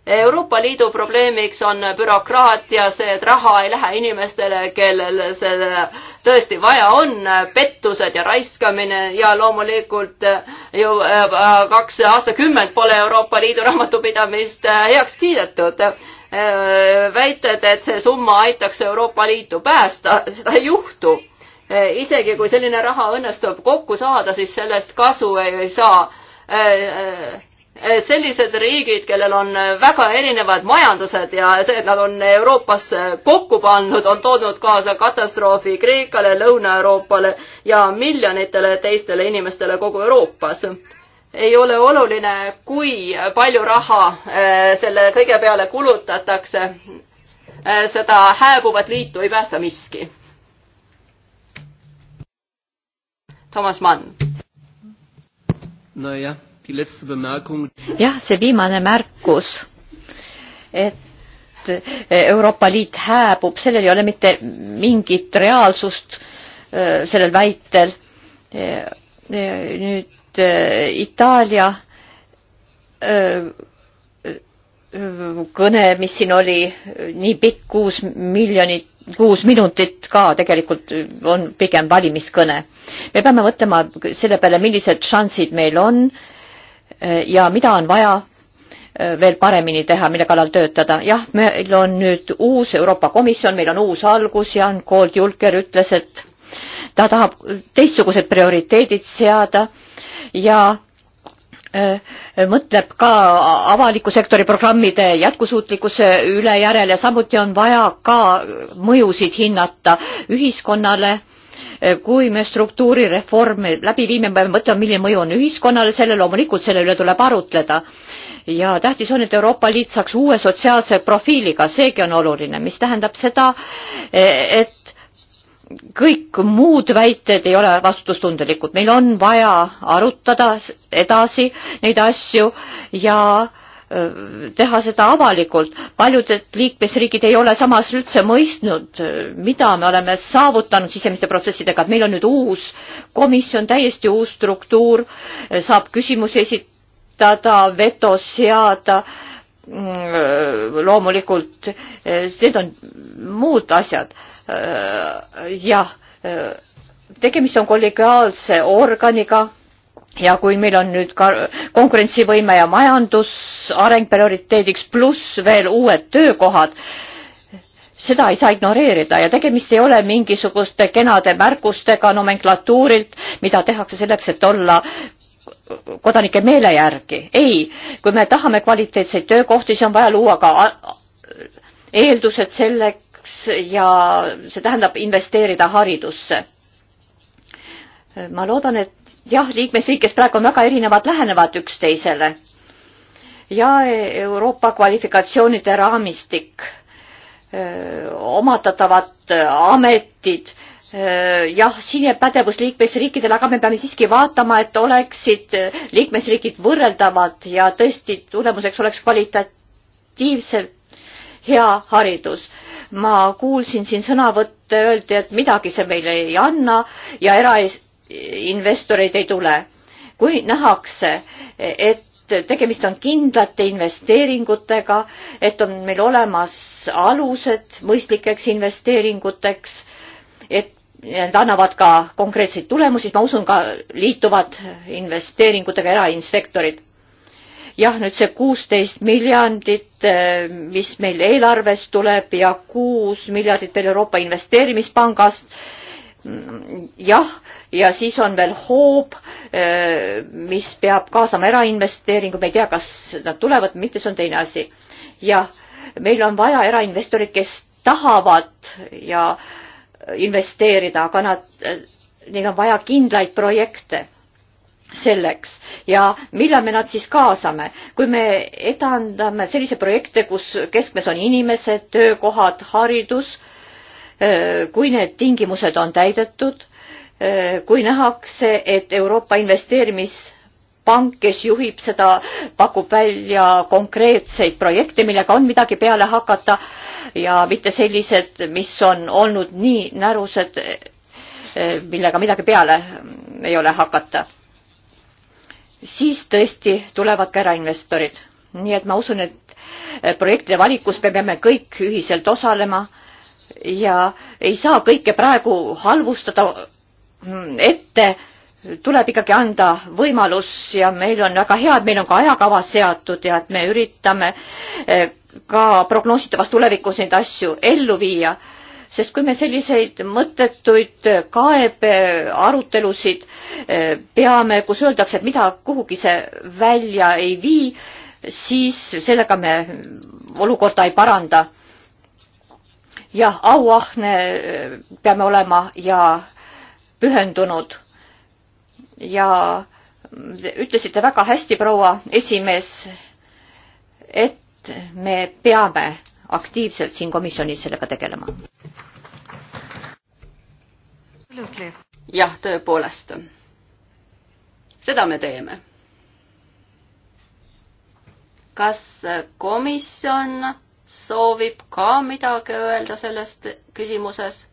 Euroopa Liidu probleemiks on bürokraatia, see, et raha ei lähe inimestele, kellel seda tõesti vaja on, pettused ja raiskamine ja loomulikult äh, ju äh, kaks aastakümmet pole Euroopa Liidu raamatupidamist äh, heaks kiidetud. väited, et see summa aitaks Euroopa Liitu päästa, seda ei juhtu. isegi kui selline raha õnnestub kokku saada, siis sellest kasu ei saa Eh, sellised riigid, kellel on eh, väga erinevad majandused ja see, et nad on Euroopas eh, kokku pannud, on toonud kaasa katastroofi Kreekale, Lõuna-Euroopale ja miljonitele teistele inimestele kogu Euroopas. ei ole oluline, kui palju raha selle kõige peale kulutatakse. seda hääbuvat liitu ei päästa miski. Thomas Mann. nojah jah, see viimane märkus, et eh, Euroopa Liit hääbub, sellel ei ole mitte mingit reaalsust, eh, sellel väitel. Eh, nüüd Itaalia kõne, mis siin oli nii pikk, kuus miljonit, kuus minutit ka tegelikult on pigem valimiskõne. me peame mõtlema selle peale, millised šansid meil on Eh, ja mida on vaja eh, veel paremini teha, mille kallal töötada. jah, meil on nüüd uus Euroopa Komisjon, meil on uus algus, Jan Kold Julker ütles, et ta tahab teistsugused prioriteedid seada ja eh, mõtleb ka avaliku sektori programmide jätkusuutlikkuse üle järele, samuti on vaja ka mõjusid hinnata ühiskonnale Eh, kui me struktuurireforme läbi viime, peame mõtlema, milline mõju on ühiskonnale, selle loomulikult, selle üle tuleb arutleda. ja tähtis on, et Euroopa Liit saaks uue sotsiaalse profiiliga, seegi on oluline, mis tähendab seda, eh, et kõik muud väited ei ole vastutustundlikud, meil on vaja arutada edasi neid asju ja äh, Äh, teha seda avalikult. paljud liikmesriigid ei ole samas üldse mõistnud, äh, mida me oleme saavutanud sisemiste protsessidega, et meil on nüüd uus komisjon, täiesti uus struktuur, äh, saab küsimusi esitada, veto seada, mm, loomulikult need on muud asjad. jah, tegemist on kollegiaalse organiga ja kui meil on nüüd ka konkurentsivõime ja majandusareng prioriteediks, pluss veel uued töökohad, seda ei saa ignoreerida ja tegemist ei ole mingisuguste kenade märkustega nomenklatuurilt, mida tehakse selleks, et olla kodanike meele järgi. ei, kui me tahame kvaliteetseid töökohti, siis on vaja luua ka eeldused selleks ja see tähendab investeerida haridusse. ma loodan, et jah, liikmesriikides praegu on väga erinevad, lähenevad üksteisele. ja Euroopa kvalifikatsioonide raamistik, omatatavad ametid, jah, siin jääb pädevus liikmesriikidele, aga me peame siiski vaatama, et oleksid liikmesriigid võrreldavad ja tõesti tulemuseks oleks kvalitatiivselt hea haridus ma kuulsin siin sõnavõtte, öeldi, et midagi see meile ei anna ja era-, investoreid ei tule. kui nähakse, et tegemist on kindlate investeeringutega, et on meil olemas alused mõistlikeks investeeringuteks, et need annavad ka konkreetseid tulemusi, ma usun, ka liituvad investeeringutega erainspektorid. jah, nüüd see kuusteist miljardit, eh, mis meil eelarvest tuleb ja kuus miljardit veel Euroopa Investeerimispangast jah, ja siis on veel hoob, eh, mis peab kaasama erainvesteeringu, me ei tea, kas nad tulevad või mitte, see on teine asi. jah, meil on vaja erainvestoreid, kes tahavad ja investeerida, aga nad, eh, neil on vaja kindlaid projekte selleks ja millal me nad siis kaasame, kui me edendame sellise projekte, kus keskmes on inimesed, töökohad, haridus Äh, kui need tingimused on täidetud, äh, kui nähakse, et Euroopa Investeerimispank, kes juhib seda, pakub välja konkreetseid projekte, millega on midagi peale hakata ja mitte sellised, mis on olnud nii närused, äh, millega midagi peale ei ole hakata. siis tõesti tulevad ka erainvestorid. nii et ma usun, et projektide valikus me peame kõik ühiselt osalema ja ei saa kõike praegu halvustada ette, tuleb ikkagi anda võimalus ja meil on väga hea, et meil on ka ajakava seatud ja et me üritame eh, ka prognoositavas tulevikus neid asju ellu viia. sest kui me selliseid mõttetuid kaebearutelusid eh, peame, kus öeldakse, et mida kuhugi see välja ei vii, siis sellega me olukorda ei paranda jah, auahne äh, peame olema ja pühendunud. ja ütlesite väga hästi, proua esimees, et me peame aktiivselt siin komisjonis sellega tegelema. jah, tõepoolest. seda me teeme. kas komisjon soovib ka midagi öelda sellest küsimuses?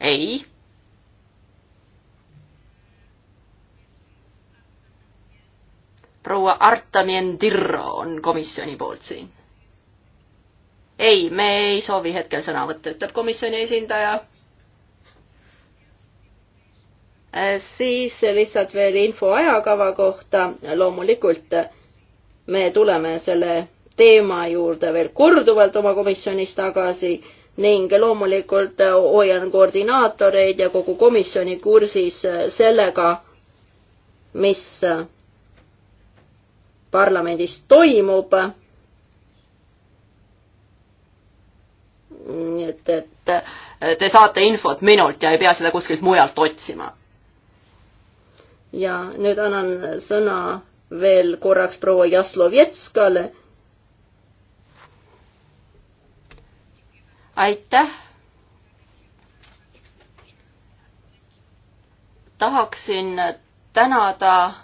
ei. proua Artamien Dirro on komisjoni poolt siin. ei, me ei soovi hetkel sõnavõttu, ütleb komisjoni esindaja äh, siis lihtsalt veel info ajakava kohta, loomulikult me tuleme selle teema juurde veel korduvalt oma komisjonis tagasi ning loomulikult hoian koordinaatoreid ja kogu komisjoni kursis sellega, mis parlamendis toimub. nii et, et te saate infot minult ja ei pea seda kuskilt mujalt otsima. ja nüüd annan sõna veel korraks proua Jaslovetskale. aitäh. tahaksin tänada äh,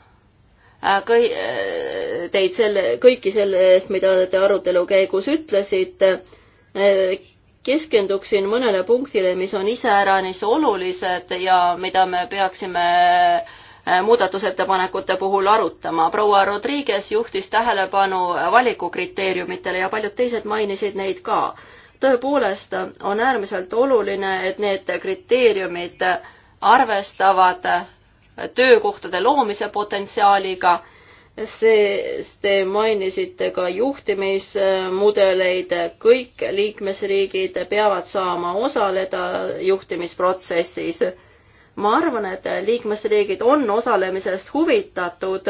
kõi-, äh, teid selle, kõiki selle eest, mida te arutelu käigus ütlesite. Äh, keskenduksin mõnele punktile, mis on iseäranis olulised ja mida me peaksime äh, Äh, muudatusettepanekute puhul arutama. proua Rodriguez juhtis tähelepanu valikukriteeriumitele ja paljud teised mainisid neid ka. tõepoolest on äärmiselt oluline, et need kriteeriumid arvestavad töökohtade loomise potentsiaaliga, sest te mainisite ka juhtimismudeleid, kõik liikmesriigid peavad saama osaleda juhtimisprotsessis ma arvan, et liikmesriigid on osalemisest huvitatud,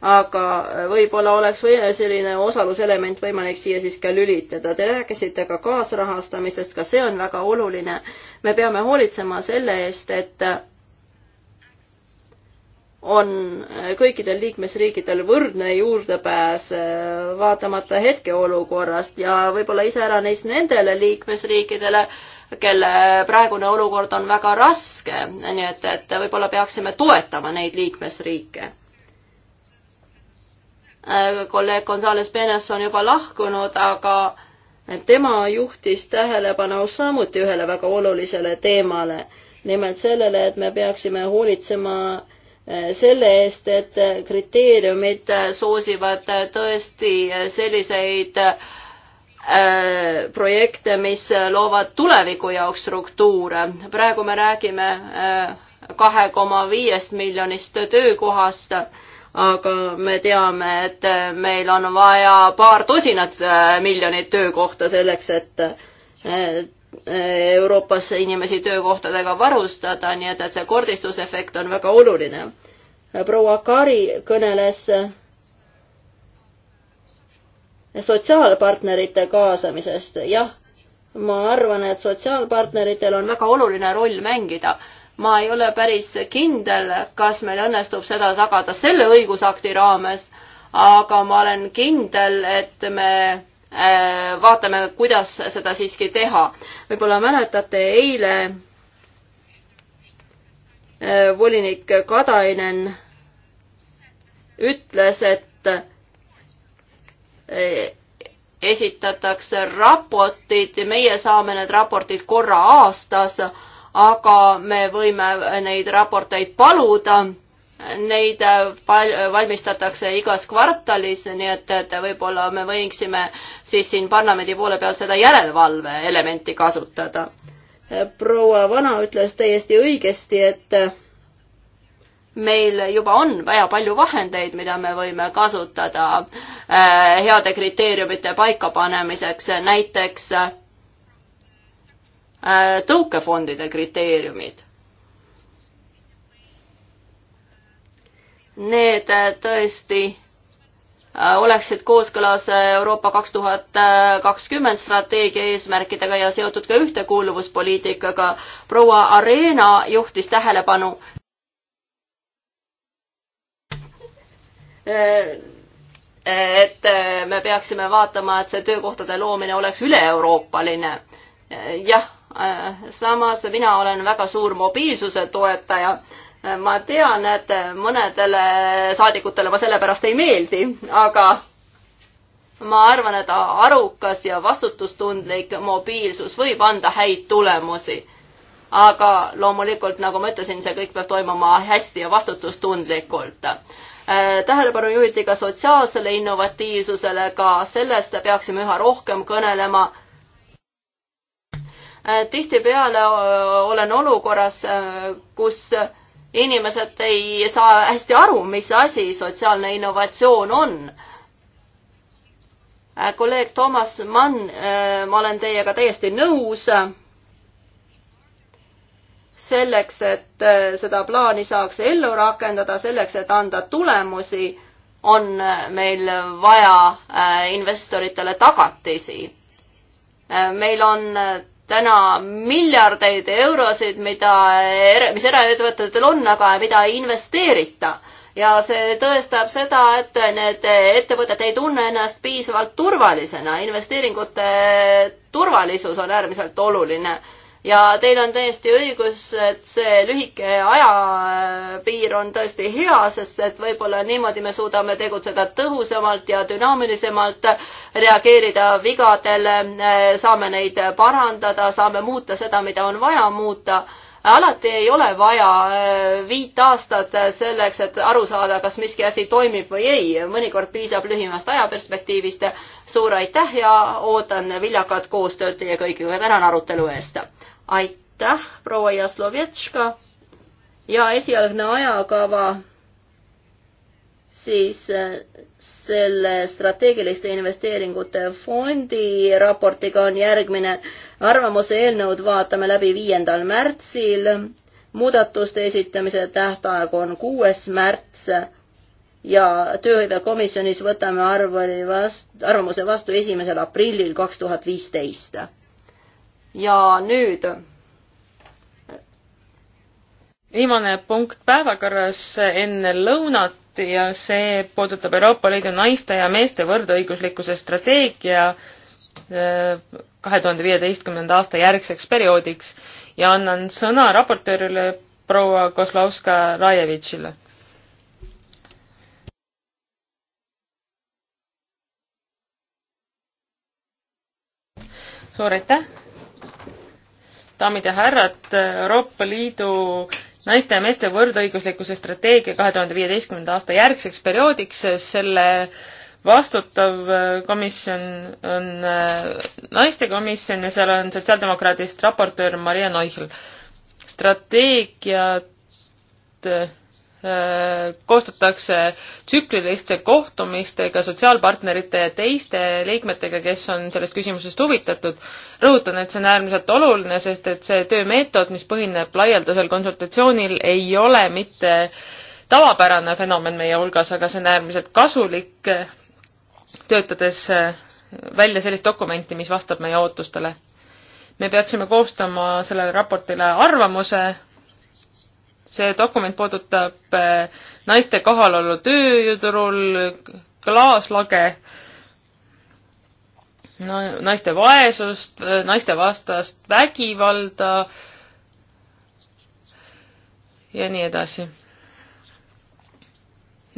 aga võib-olla oleks või selline osaluselement võimalik siia siis ka lülitada. Te rääkisite ka kaasrahastamisest, ka see on väga oluline. me peame hoolitsema selle eest, et on kõikidel liikmesriikidel võrdne juurdepääs vaatamata hetkeolukorrast ja võib-olla iseäranis nendele liikmesriikidele, kelle praegune olukord on väga raske, nii et, et võib-olla peaksime toetama neid liikmesriike. kolleeg Gonzales Penes on juba lahkunud, aga tema juhtis tähelepanu samuti ühele väga olulisele teemale, nimelt sellele, et me peaksime hoolitsema eh, selle eest, et kriteeriumid soosivad tõesti selliseid äh, Äh, projekte, mis loovad tuleviku jaoks struktuure. praegu me räägime äh, kahe koma viiest miljonist töökohast, aga me teame, et äh, meil on vaja paar tosinat miljonit töökohta selleks, et Euroopas inimesi töökohtadega varustada, nii et, et see kordistusefekt on väga oluline. proua Kari kõneles sotsiaalpartnerite kaasamisest, jah, ma arvan, et sotsiaalpartneritel on väga oluline roll mängida. ma ei ole päris kindel, kas meil õnnestub seda tagada selle õigusakti raames, aga ma olen kindel, et me äh, vaatame, kuidas seda siiski teha. võib-olla mäletate, eile äh, volinik Katainen ütles, et esitatakse raportid, meie saame need raportid korra aastas, aga me võime neid raporteid paluda. Neid valmistatakse igas kvartalis, nii et, et võib-olla me võiksime siis siin parlamendi poole peal seda järelevalve elementi kasutada. proua Vana ütles täiesti õigesti, et meil juba on väga palju vahendeid, mida me võime kasutada äh, heade kriteeriumite paikapanemiseks, näiteks äh, tõukefondide kriteeriumid. Need äh, tõesti oleksid kooskõlas Euroopa kaks tuhat kakskümmend strateegia eesmärkidega ja seotud ka ühtekuuluvuspoliitikaga. proua Arena juhtis tähelepanu et me peaksime vaatama, et see töökohtade loomine oleks üle-euroopaline. jah, samas mina olen väga suur mobiilsuse toetaja. ma tean, et mõnedele saadikutele ma sellepärast ei meeldi, aga ma arvan, et arukas ja vastutustundlik mobiilsus võib anda häid tulemusi. aga loomulikult, nagu ma ütlesin, see kõik peab toimuma hästi ja vastutustundlikult Äh, tähelepanu juhiti ka sotsiaalsele innovatiivsusele, ka sellest peaksime üha rohkem kõnelema äh, tihtipeale äh, olen olukorras, kus inimesed ei saa hästi aru, mis asi sotsiaalne innovatsioon on. kolleeg Toomas Mann, ma olen teiega täiesti nõus selleks, et äh, seda plaani saaks ellu rakendada, selleks, et anda tulemusi, on äh, meil vaja äh, investoritele tagatisi. meil on täna miljardeid eurosid, mida, mis eraettevõtetel on, aga mida ei investeerita. ja see tõestab seda, et need ettevõtted ei tunne ennast piisavalt turvalisena, investeeringute turvalisus on äärmiselt oluline ja teil on täiesti õigus, et see lühike ajapiir on tõesti hea, sest et võib-olla niimoodi me suudame tegutseda tõhusamalt ja dünaamilisemalt, reageerida vigadele, saame neid parandada, saame muuta seda, mida on vaja muuta. alati ei ole vaja eh, viit aastat selleks, et aru saada, kas miski asi toimib või ei. mõnikord piisab lühimast ajaperspektiivist. suur aitäh ja ootan viljakat koostööd teie kõigiga. tänan arutelu eest aitäh, proua Jaslovetška ja esialgne ajakava siis äh, selle strateegiliste investeeringute fondi raportiga on järgmine. arvamuse eelnõud vaatame läbi viiendal märtsil, muudatuste esitamise tähtaeg on kuues märts ja tööhõivekomisjonis võtame arvamuse vastu esimesel aprillil kaks tuhat viisteist ja nüüd viimane punkt päevakorras enne lõunat ja see puudutab Euroopa Liidu naiste ja meeste võrdõiguslikkuse strateegia eh, kahe tuhande viieteistkümnenda aasta järgseks perioodiks ja annan sõna raportöörile proua Kozlovska Rajevitšile. suur aitäh daamid ja härrad, Euroopa Liidu naiste ja meeste võrdõiguslikkuse strateegia kahe tuhande viieteistkümnenda aasta järgseks perioodiks, selle vastutav komisjon on äh, naistekomisjon ja seal on sotsiaaldemokraadist raportöör Maria Neuchel. strateegiat äh, Äh, koostatakse tsükliliste kohtumistega sotsiaalpartnerite ja teiste liikmetega, kes on sellest küsimusest huvitatud. rõhutan, et see on äärmiselt oluline, sest et see töömeetod, mis põhineb laialdasel konsultatsioonil, ei ole mitte tavapärane fenomen meie hulgas, aga see on äärmiselt kasulik, äh, töötades äh, välja sellist dokumenti, mis vastab meie ootustele. me peaksime koostama sellele raportile arvamuse, see dokument puudutab eh, naiste kohalolu tööjõuturul, klaaslage, no naiste vaesust, eh, naistevastast vägivalda ja nii edasi.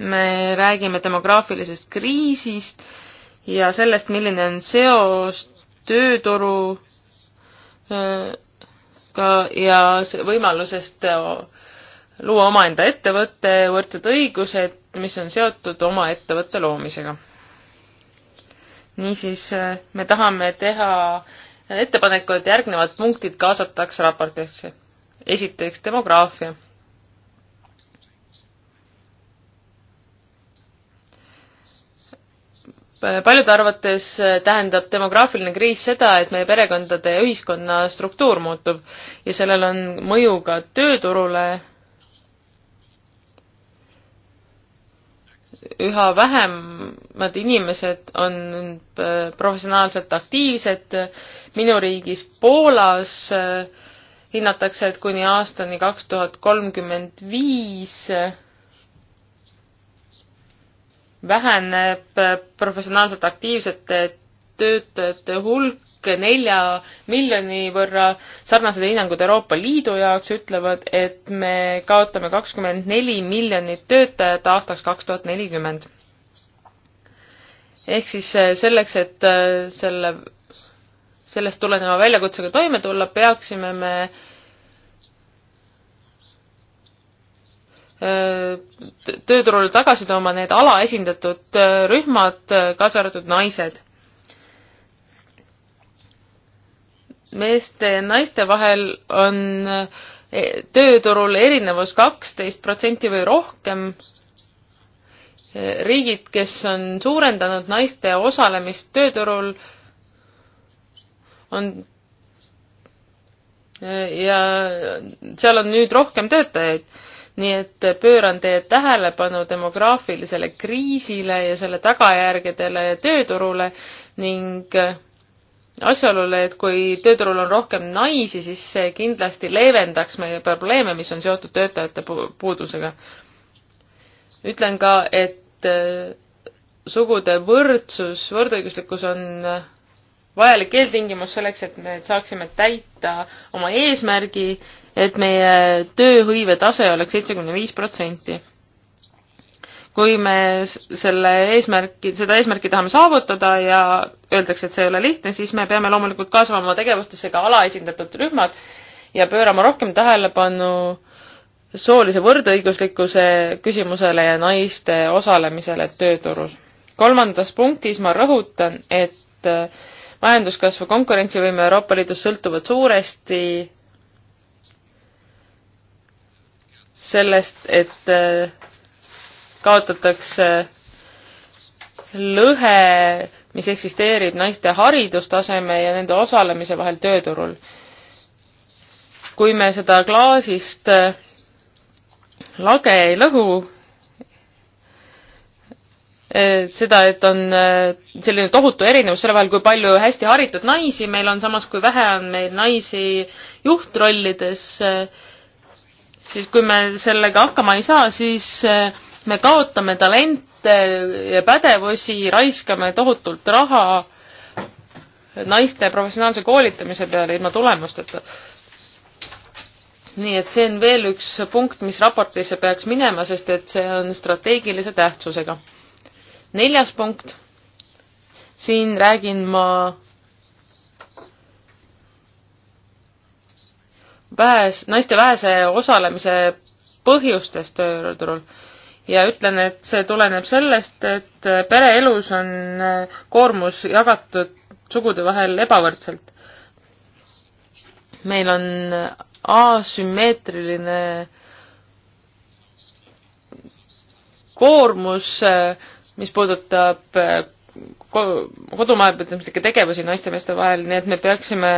me räägime demograafilisest kriisist ja sellest, milline on seos tööturu eh, ka ja võimalusest luua omaenda ettevõte, võrdsed õigused, mis on seotud oma ettevõtte loomisega. niisiis, äh, me tahame teha ettepaneku, et järgnevad punktid kaasataks raportisse. esiteks demograafia. Äh, paljude arvates äh, tähendab demograafiline kriis seda, et meie perekondade ja ühiskonna struktuur muutub ja sellel on mõju ka tööturule üha vähemad inimesed on professionaalselt aktiivsed. minu riigis Poolas äh, hinnatakse, et kuni aastani kaks tuhat kolmkümmend viis äh, väheneb äh, professionaalselt aktiivsete töötajate hulk nelja miljoni võrra, sarnased hinnangud Euroopa Liidu jaoks ütlevad, et me kaotame kakskümmend neli miljonit töötajat aastaks kaks tuhat nelikümmend. ehk siis äh, selleks, et äh, selle, sellest tuleneva väljakutsega toime tulla, peaksime me äh, tööturule tagasi tooma need alaesindatud rühmad, kaasa arvatud naised. meeste ja naiste vahel on e, tööturul erinevus kaksteist protsenti või rohkem. E, riigid, kes on suurendanud naiste osalemist tööturul, on e, ja seal on nüüd rohkem töötajaid. nii et pööran teie tähelepanu demograafilisele kriisile ja selle tagajärgedele tööturule ning asjaolule, et kui tööturul on rohkem naisi, siis see kindlasti leevendaks meie probleeme, mis on seotud töötajate puudusega. ütlen ka, et äh, sugude võrdsus, võrdõiguslikkus on äh, vajalik eeltingimus selleks, et me saaksime täita oma eesmärgi, et meie tööhõive tase oleks seitsekümmend viis protsenti kui me selle eesmärki, seda eesmärki tahame saavutada ja öeldakse, et see ei ole lihtne, siis me peame loomulikult kaasama oma tegevustesse ka alaesindatud rühmad ja pöörama rohkem tähelepanu soolise võrdõiguslikkuse küsimusele ja naiste osalemisele tööturul. kolmandas punktis ma rõhutan, et äh, majanduskasvu konkurentsivõime Euroopa Liidus sõltuvad suuresti sellest, et äh, kaotatakse lõhe, mis eksisteerib naiste haridustaseme ja nende osalemise vahel tööturul. kui me seda klaasist äh, lage ei lõhu, äh, seda, et on äh, selline tohutu erinevus selle vahel, kui palju hästi haritud naisi meil on, samas kui vähe on meil naisi juhtrollides, siis kui me sellega hakkama ei saa, siis me kaotame talente ja pädevusi, raiskame tohutult raha naiste professionaalse koolitamise peale ilma tulemusteta. nii et see on veel üks punkt, mis raportisse peaks minema, sest et see on strateegilise tähtsusega. neljas punkt. siin räägin ma vähes, naiste vähese osalemise põhjustest tööturul ja ütlen, et see tuleneb sellest, et pereelus on äh, koormus jagatud sugude vahel ebavõrdselt. meil on asümmeetriline koormus, äh, mis puudutab äh, kodumajapidamislikke tegevusi naiste ja meeste vahel, nii et me peaksime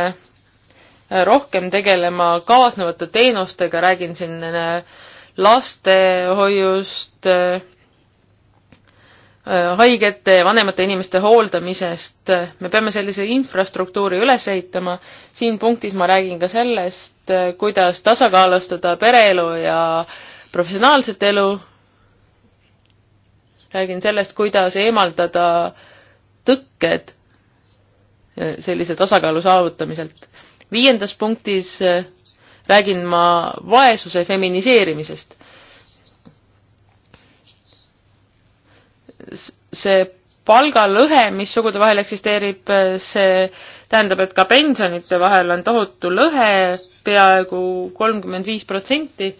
rohkem tegelema kaasnevate teenustega, räägin siin lastehoiust, äh, äh, haigete ja vanemate inimeste hooldamisest, me peame sellise infrastruktuuri üles ehitama. siin punktis ma räägin ka sellest, äh, kuidas tasakaalustada pereelu ja professionaalset elu. räägin sellest, kuidas eemaldada tõkked sellise tasakaalu saavutamiselt. viiendas punktis räägin ma vaesuse feminiseerimisest. see palgalõhe, mis sugude vahel eksisteerib, see tähendab, et ka pensionite vahel on tohutu lõhe, peaaegu kolmkümmend viis protsenti.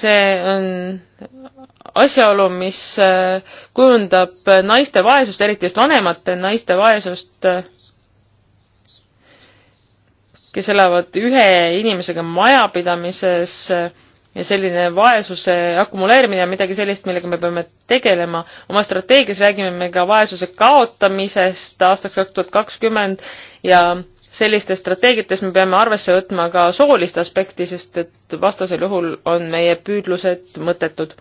see on asjaolu, mis kujundab naiste vaesust, eriti just vanemate naiste vaesust kes elavad ühe inimesega majapidamises ja selline vaesuse akumuleerimine on midagi sellist, millega me peame tegelema. oma strateegias räägime me ka vaesuse kaotamisest aastaks kaks tuhat kakskümmend ja sellistes strateegiates me peame arvesse võtma ka soolist aspekti, sest et vastasel juhul on meie püüdlused mõttetud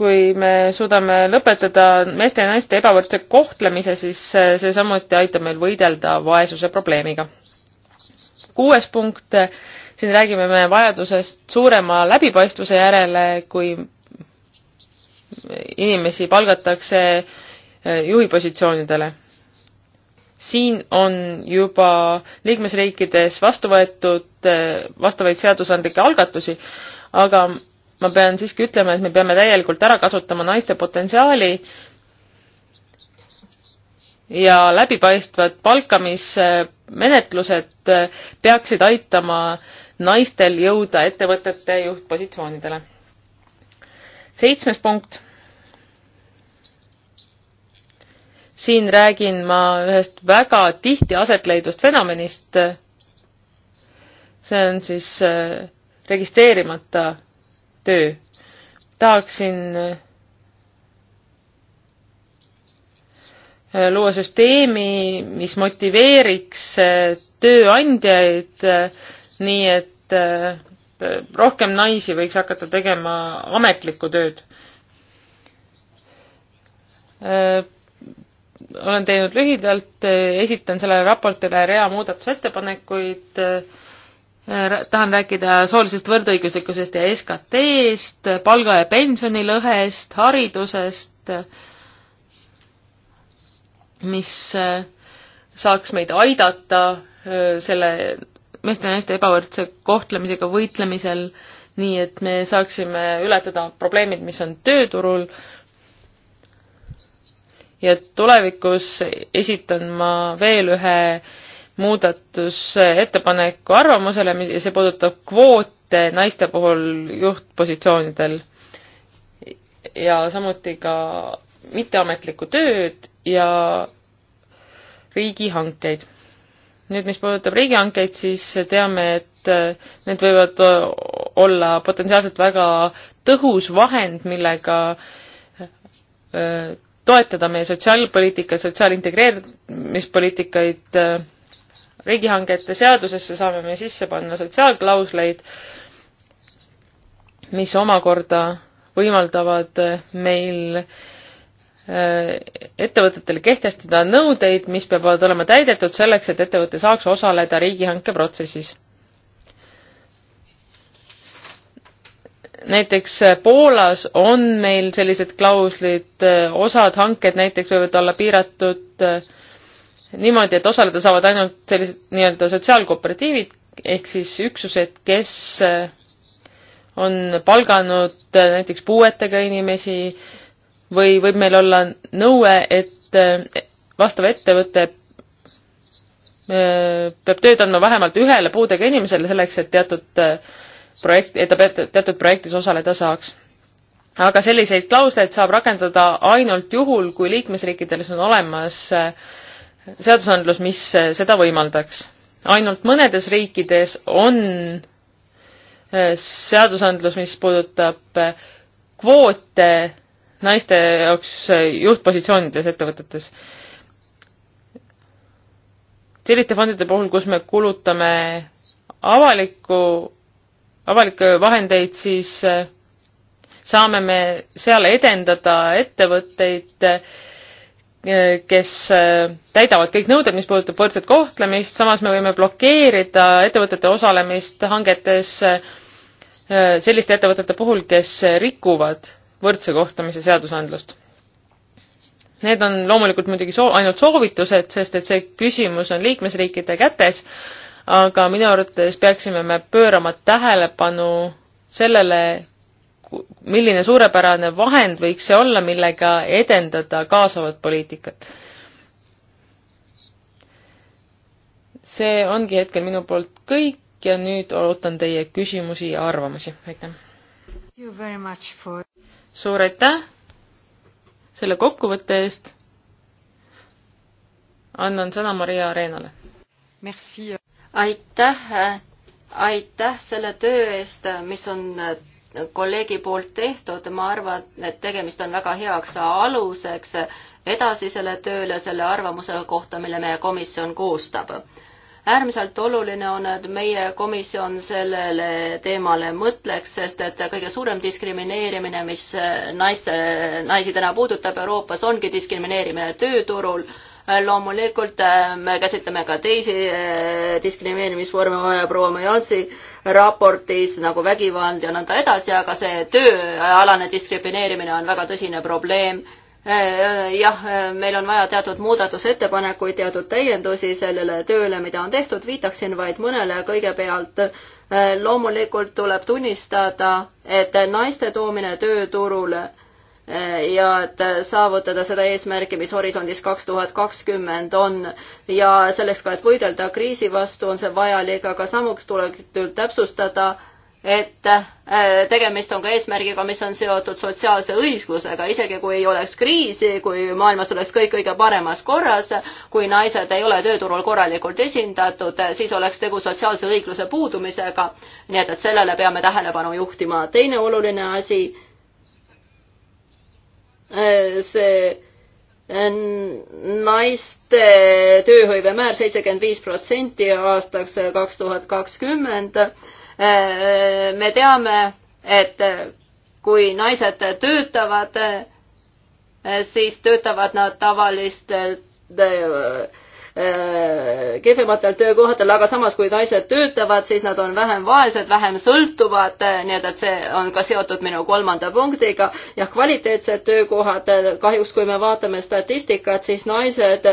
kui me suudame lõpetada meeste ja naiste ebavõrdse kohtlemise, siis äh, see samuti aitab meil võidelda vaesuse probleemiga. kuues punkt, äh, siin räägime me vajadusest suurema läbipaistvuse järele, kui inimesi palgatakse äh, juhipositsioonidele. siin on juba liikmesriikides vastu võetud vastavaid seadusandlikke algatusi, aga ma pean siiski ütlema, et me peame täielikult ära kasutama naiste potentsiaali ja läbipaistvad palkamismenetlused peaksid aitama naistel jõuda ettevõtete juhtpositsioonidele. seitsmes punkt. siin räägin ma ühest väga tihti aset leidvast fenomenist. see on siis äh, registreerimata töö. tahaksin äh, luua süsteemi, mis motiveeriks äh, tööandjaid äh, nii, et rohkem naisi võiks hakata tegema ametlikku tööd. olen teinud lühidalt, esitan sellele raportile rea muudatusettepanekuid tahan rääkida soolisest võrdõiguslikkusest ja SKT-st, palga ja pensioni lõhest, haridusest, mis äh, saaks meid aidata äh, selle meeste ja naiste ebavõrdse kohtlemisega võitlemisel, nii et me saaksime ületada probleemid, mis on tööturul. ja tulevikus esitan ma veel ühe muudatusettepaneku arvamusele, see puudutab kvoote naiste puhul juhtpositsioonidel ja samuti ka mitteametlikku tööd ja riigihankeid. nüüd, mis puudutab riigihankeid, siis teame, et need võivad olla potentsiaalselt väga tõhus vahend, millega toetada meie sotsiaalpoliitika, sotsiaalintegreerimispoliitikaid riigihangete seadusesse saame me sisse panna sotsiaalklausleid, mis omakorda võimaldavad meil äh, ettevõtetele kehtestada nõudeid, mis peavad olema täidetud selleks, et ettevõte saaks osaleda riigihanke protsessis. näiteks äh, Poolas on meil sellised klauslid, äh, osad hanked näiteks võivad olla piiratud äh, niimoodi, et osaleda saavad ainult sellised nii-öelda sotsiaalkooperatiivid ehk siis üksused, kes eh, on palganud eh, näiteks puuetega inimesi või võib meil olla nõue, et eh, vastav ettevõte peab tööd andma vähemalt ühele puudega inimesele selleks, et teatud projekt, et ta teatud projektis osaleda saaks. aga selliseid klausleid saab rakendada ainult juhul, kui liikmesriikidel on olemas äh, seadusandlus, mis äh, seda võimaldaks. ainult mõnedes riikides on äh, seadusandlus, mis puudutab äh, kvoote naiste jaoks juhtpositsioonides ettevõtetes. selliste fondide puhul, kus me kulutame avalikku, avalikke vahendeid, siis saame me seal edendada ettevõtteid, kes äh, täidavad kõik nõuded, mis puudutab võrdset kohtlemist, samas me võime blokeerida ettevõtete osalemist hangetes äh, selliste ettevõtete puhul, kes rikuvad võrdse kohtlemise seadusandlust. Need on loomulikult muidugi soo-, ainult soovitused, sest et see küsimus on liikmesriikide kätes, aga minu arvates peaksime me pöörama tähelepanu sellele, milline suurepärane vahend võiks see olla, millega edendada kaasavat poliitikat. see ongi hetkel minu poolt kõik ja nüüd ootan teie küsimusi ja arvamusi, aitäh! For... suur aitäh selle kokkuvõtte eest. annan sõna Maria Areenale. aitäh, aitäh selle töö eest, mis on kolleegi poolt tehtud, ma arvan, et tegemist on väga heaks aluseks edasisele tööle selle arvamuse kohta, mille meie komisjon koostab. äärmiselt oluline on, et meie komisjon sellele teemale mõtleks, sest et kõige suurem diskrimineerimine, mis naiste, naisi täna puudutab Euroopas, ongi diskrimineerimine tööturul loomulikult äh, me käsitleme ka teisi äh, diskrimineerimisvorme proua Majansi raportis nagu vägivald ja nõnda edasi, aga see tööalane diskrimineerimine on väga tõsine probleem äh, jah, meil on vaja teatud muudatusettepanekuid, teatud täiendusi sellele tööle, mida on tehtud, viitaksin vaid mõnele kõigepealt. loomulikult tuleb tunnistada, et naiste toomine tööturule ja et saavutada seda eesmärki, mis horisondis kaks tuhat kakskümmend on ja selleks ka, et võidelda kriisi vastu, on see vajalik, aga samuks tuleb täpsustada, et äh, tegemist on ka eesmärgiga, mis on seotud sotsiaalse õiglusega, isegi kui ei oleks kriisi, kui maailmas oleks kõik kõige paremas korras, kui naised ei ole tööturul korralikult esindatud, siis oleks tegu sotsiaalse õigluse puudumisega. nii et, et sellele peame tähelepanu juhtima. teine oluline asi Äh, see äh, naiste tööhõive määr seitsekümmend viis protsenti aastaks äh, kaks tuhat kakskümmend. me teame, et kui naised töötavad, siis töötavad nad tavaliselt Äh, kehvematel töökohtadel, aga samas, kui naised töötavad, siis nad on vähem vaesed, vähem sõltuvad, äh, nii et, et see on ka seotud minu kolmanda punktiga. jah, kvaliteetsed töökohad, äh, kahjuks kui me vaatame statistikat, siis naised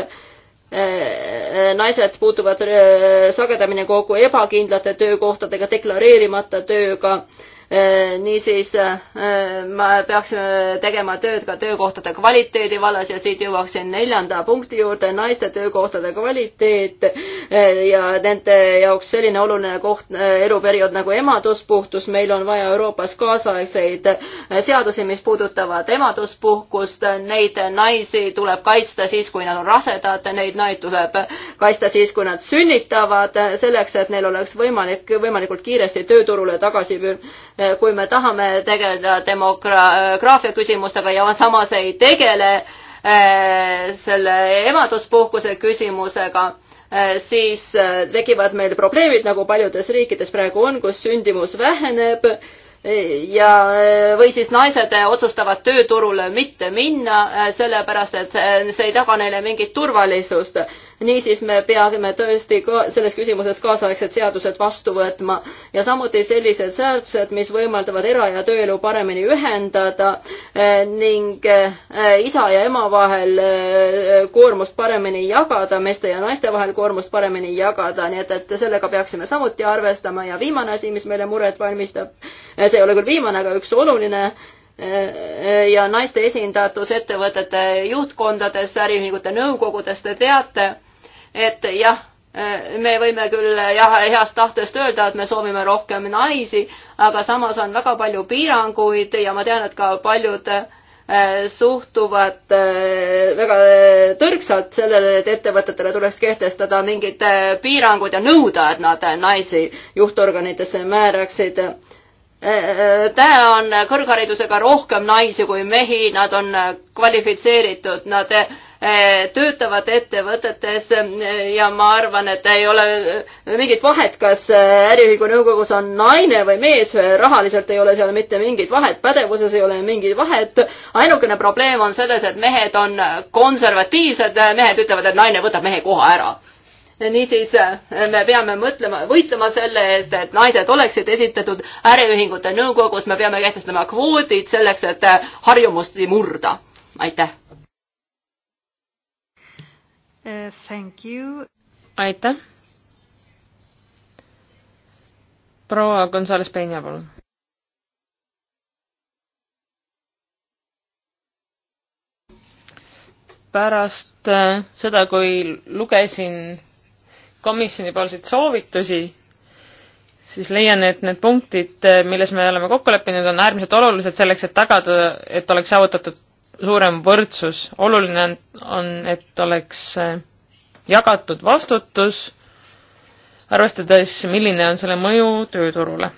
naised puutuvad sagedamini kokku ebakindlate töökohtadega, deklareerimata tööga Äh, niisiis äh, me peaksime tegema tööd ka töökohtade kvaliteedi vallas ja siit jõuaksin neljanda punkti juurde, naiste töökohtade kvaliteet äh, ja nende jaoks selline oluline koht, eluperiood nagu emaduspuhtus, meil on vaja Euroopas kaasaegseid seadusi, mis puudutavad emaduspuhkust, neid naisi tuleb kaitsta siis, kui nad on rasedad, neid naid tuleb kaitsta siis, kui nad sünnitavad, selleks et neil oleks võimalik, võimalikult kiiresti tööturule tagasi pöörduda kui me tahame tegeleda demograafia küsimustega ja samas ei tegele eh, selle emaduspuhkuse küsimusega, eh, siis eh, tekivad meil probleemid, nagu paljudes riikides praegu on, kus sündimus väheneb ja, või siis naised otsustavad tööturule mitte minna, sellepärast et see ei taga neile mingit turvalisust niisiis me peame tõesti ka selles küsimuses kaasaegsed seadused vastu võtma ja samuti sellised seadused, mis võimaldavad era- ja tööelu paremini ühendada eh, ning eh, isa ja ema vahel eh, koormust paremini jagada, meeste ja naiste vahel koormust paremini jagada, nii et, et sellega peaksime samuti arvestama ja viimane asi, mis meile muret valmistab, see ei ole küll viimane, aga üks oluline ja naiste esindatus ettevõtete juhtkondades, äriühingute nõukogudes, te teate, et jah, me võime küll jah, heast tahtest öelda, et me soovime rohkem naisi, aga samas on väga palju piiranguid ja ma tean, et ka paljud äh, suhtuvad äh, väga tõrksalt sellele, et ettevõtetele tuleks kehtestada mingid äh, piirangud ja nõuda, et nad naisi juhtorganitesse määraksid. Tähe on kõrgharidusega rohkem naisi kui mehi, nad on kvalifitseeritud, nad Eh, töötavad ettevõtetes eh, ja ma arvan, et ei ole eh, mingit vahet, kas äriühingu nõukogus on naine või mees, rahaliselt ei ole seal mitte mingit vahet, pädevuses ei ole mingit vahet. ainukene probleem on selles, et mehed on konservatiivsed, mehed ütlevad, et naine võtab mehe koha ära niisiis me peame mõtlema, võitlema selle eest, et naised oleksid esitatud äriühingute nõukogus, me peame kehtestama kvoodid selleks, et harjumust murda. aitäh! Uh, aitäh. proua Gonzales Peña, palun. pärast äh, seda, kui lugesin komisjonipoolseid soovitusi, siis leian, et need punktid, äh, milles me oleme kokku leppinud, on äärmiselt olulised selleks, et tagada, et oleks saavutatud suurem võrdsus. oluline on, on, et oleks eh, jagatud vastutus, arvestades, milline on selle mõju tööturule.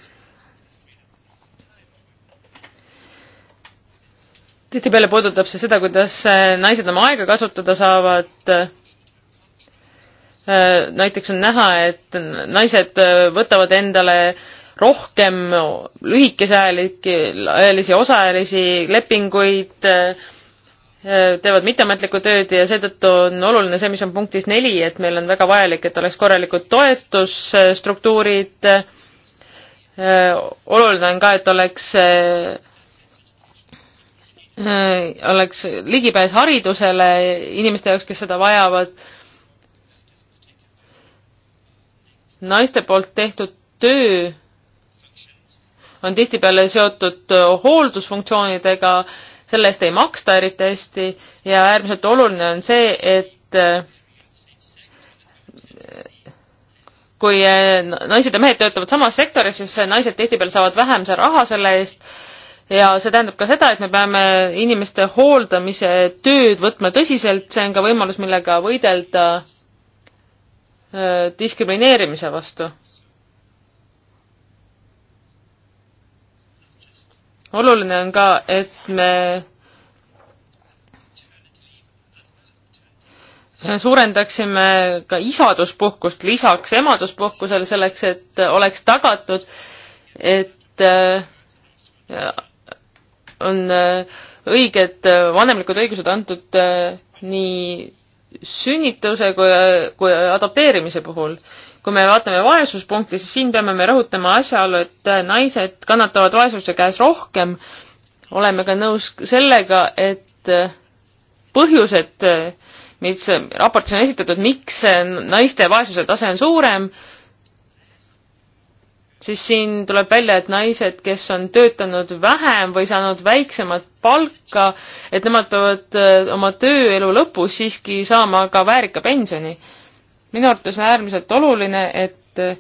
tihtipeale puudutab see seda, kuidas eh, naised oma aega kasutada saavad. Eh, näiteks on näha, et naised võtavad endale äh, rohkem lühikeseajalisi, osaajalisi lepinguid, äh, teevad mitteametlikku tööd ja seetõttu on oluline see, mis on punktis neli, et meil on väga vajalik, et oleks korralikud toetusstruktuurid. Äh, oluline on ka, et oleks äh, oleks ligipääs haridusele inimeste jaoks, kes seda vajavad. naiste poolt tehtud töö on tihtipeale seotud hooldusfunktsioonidega, selle eest ei maksta eriti hästi ja äärmiselt oluline on see, et kui naised ja mehed töötavad samas sektoris, siis naised tihtipeale saavad vähem raha selle eest ja see tähendab ka seda, et me peame inimeste hooldamise tööd võtma tõsiselt, see on ka võimalus, millega võidelda diskrimineerimise vastu oluline on ka, et me suurendaksime ka isaduspuhkust lisaks emaduspuhkusele selleks, et oleks tagatud, et äh, on äh, õiged vanemlikud õigused antud äh, nii sünnituse kui, kui adopteerimise puhul kui me vaatame vaesuspunkti, siis siin peame me rõhutama asjaolu, et äh, naised kannatavad vaesuse käes rohkem. oleme ka nõus sellega, et äh, põhjused, äh, mis raportis on esitatud, miks naiste vaesuse tase on suurem, siis siin tuleb välja, et naised, kes on töötanud vähem või saanud väiksemat palka, et nemad peavad oma tööelu lõpus siiski saama ka väärika pensioni minu arvates on äärmiselt oluline, et äh,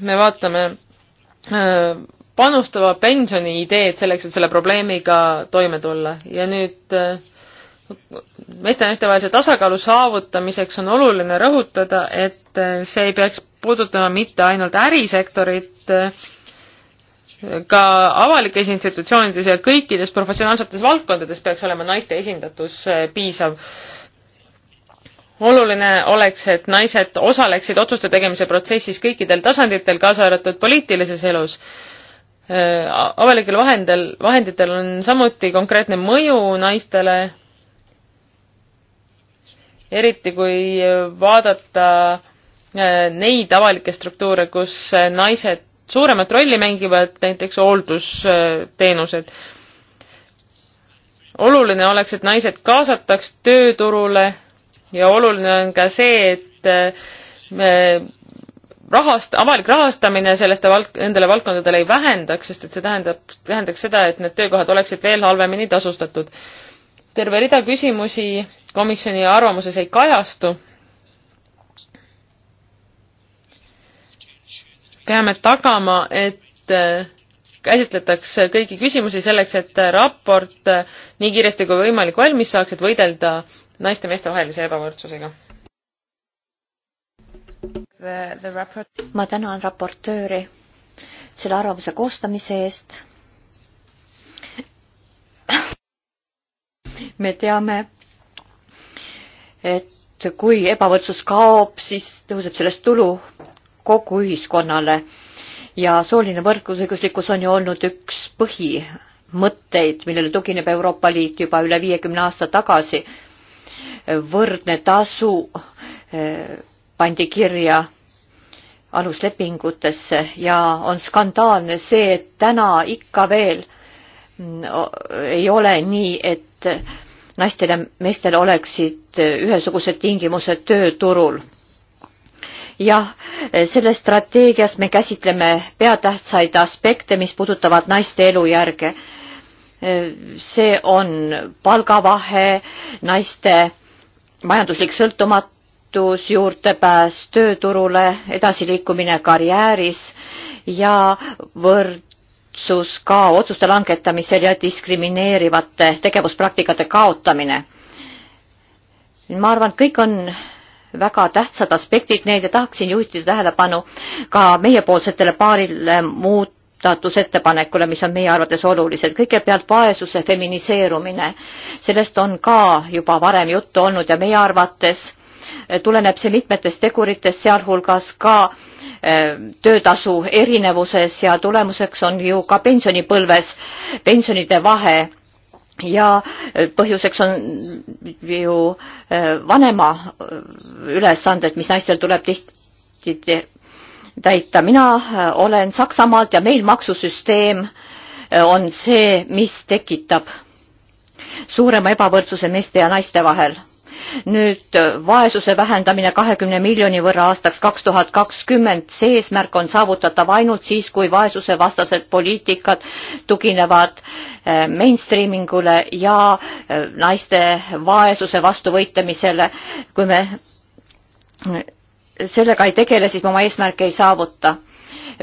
me vaatame äh, panustava pensioni ideed selleks, et selle probleemiga toime tulla ja nüüd äh, meeste ja naiste vahelise tasakaalu saavutamiseks on oluline rõhutada, et see ei peaks puudutama mitte ainult ärisektorit, ka avalikes institutsioonides ja kõikides professionaalsetes valdkondades peaks olema naiste esindatus piisav oluline oleks, et naised osaleksid otsuste tegemise protsessis kõikidel tasanditel, kaasa arvatud poliitilises elus. avalikel vahendel, vahenditel on samuti konkreetne mõju naistele, eriti kui vaadata neid avalikke struktuure, kus naised suuremat rolli mängivad, näiteks hooldusteenused. oluline oleks, et naised kaasataks tööturule ja oluline on ka see, et äh, me rahast-, avalik rahastamine selleste valk-, nendele valdkondadele ei vähendaks, sest et see tähendab, tähendaks seda, et need töökohad oleksid veel halvemini tasustatud. terve rida küsimusi komisjoni arvamuses ei kajastu. peame tagama, et äh, käsitletaks kõiki küsimusi selleks, et raport äh, nii kiiresti kui võimalik valmis saaks, et võidelda naiste ja meeste vahelise ebavõrdsusega. ma tänan raportööri selle arvamuse koostamise eest. me teame, et kui ebavõrdsus kaob, siis tõuseb sellest tulu kogu ühiskonnale ja sooline võrdõiguslikkus on ju olnud üks põhimõtteid, millele tugineb Euroopa Liit juba üle viiekümne aasta tagasi võrdne tasu eh, pandi kirja aluslepingutesse ja on skandaalne see, et täna ikka veel mm, ei ole nii, et naistel ja meestel oleksid eh, ühesugused tingimused tööturul jah, eh, selles strateegias me käsitleme peatähtsaid aspekte, mis puudutavad naiste elujärge. see on palgavahe, naiste majanduslik sõltumatus, juurdepääs tööturule, edasiliikumine karjääris ja võrdsus ka otsuste langetamisel ja diskrimineerivate tegevuspraktikate kaotamine. ma arvan, et kõik on väga tähtsad aspektid neid ja tahaksin juhtida tähelepanu ka meiepoolsetele paarile muud muudatusettepanekule, mis on meie arvates olulised. kõigepealt vaesuse feminiseerumine. sellest on ka juba varem juttu olnud ja meie arvates tuleneb see mitmetest teguritest, sealhulgas ka e, töötasu erinevuses ja tulemuseks on ju ka pensionipõlves pensionide vahe ja põhjuseks on ju e, vanema e, ülesanded, mis naistel tuleb tihti täita. mina äh, olen Saksamaalt ja meil maksusüsteem äh, on see, mis tekitab suurema ebavõrdsuse meeste ja naiste vahel. nüüd äh, vaesuse vähendamine kahekümne miljoni võrra aastaks kaks tuhat kakskümmend, see eesmärk on saavutatav ainult siis, kui vaesusevastased poliitikad tuginevad mainstreamingule ja naiste vaesuse vastu võitlemisele, kui me sellega ei tegele, siis me oma eesmärke ei saavuta.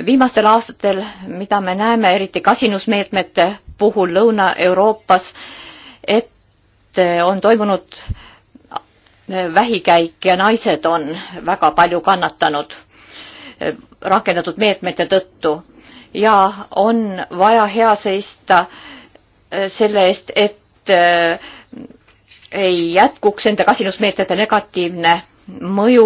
viimastel aastatel, mida me näeme eriti kasinusmeetmete puhul Lõuna-Euroopas, et eh, on toimunud eh, vähikäik ja naised on väga palju kannatanud eh, rakendatud meetmete tõttu ja on vaja hea seista selle eest, et ei jätkuks nende kasinusmeetmete negatiivne mõju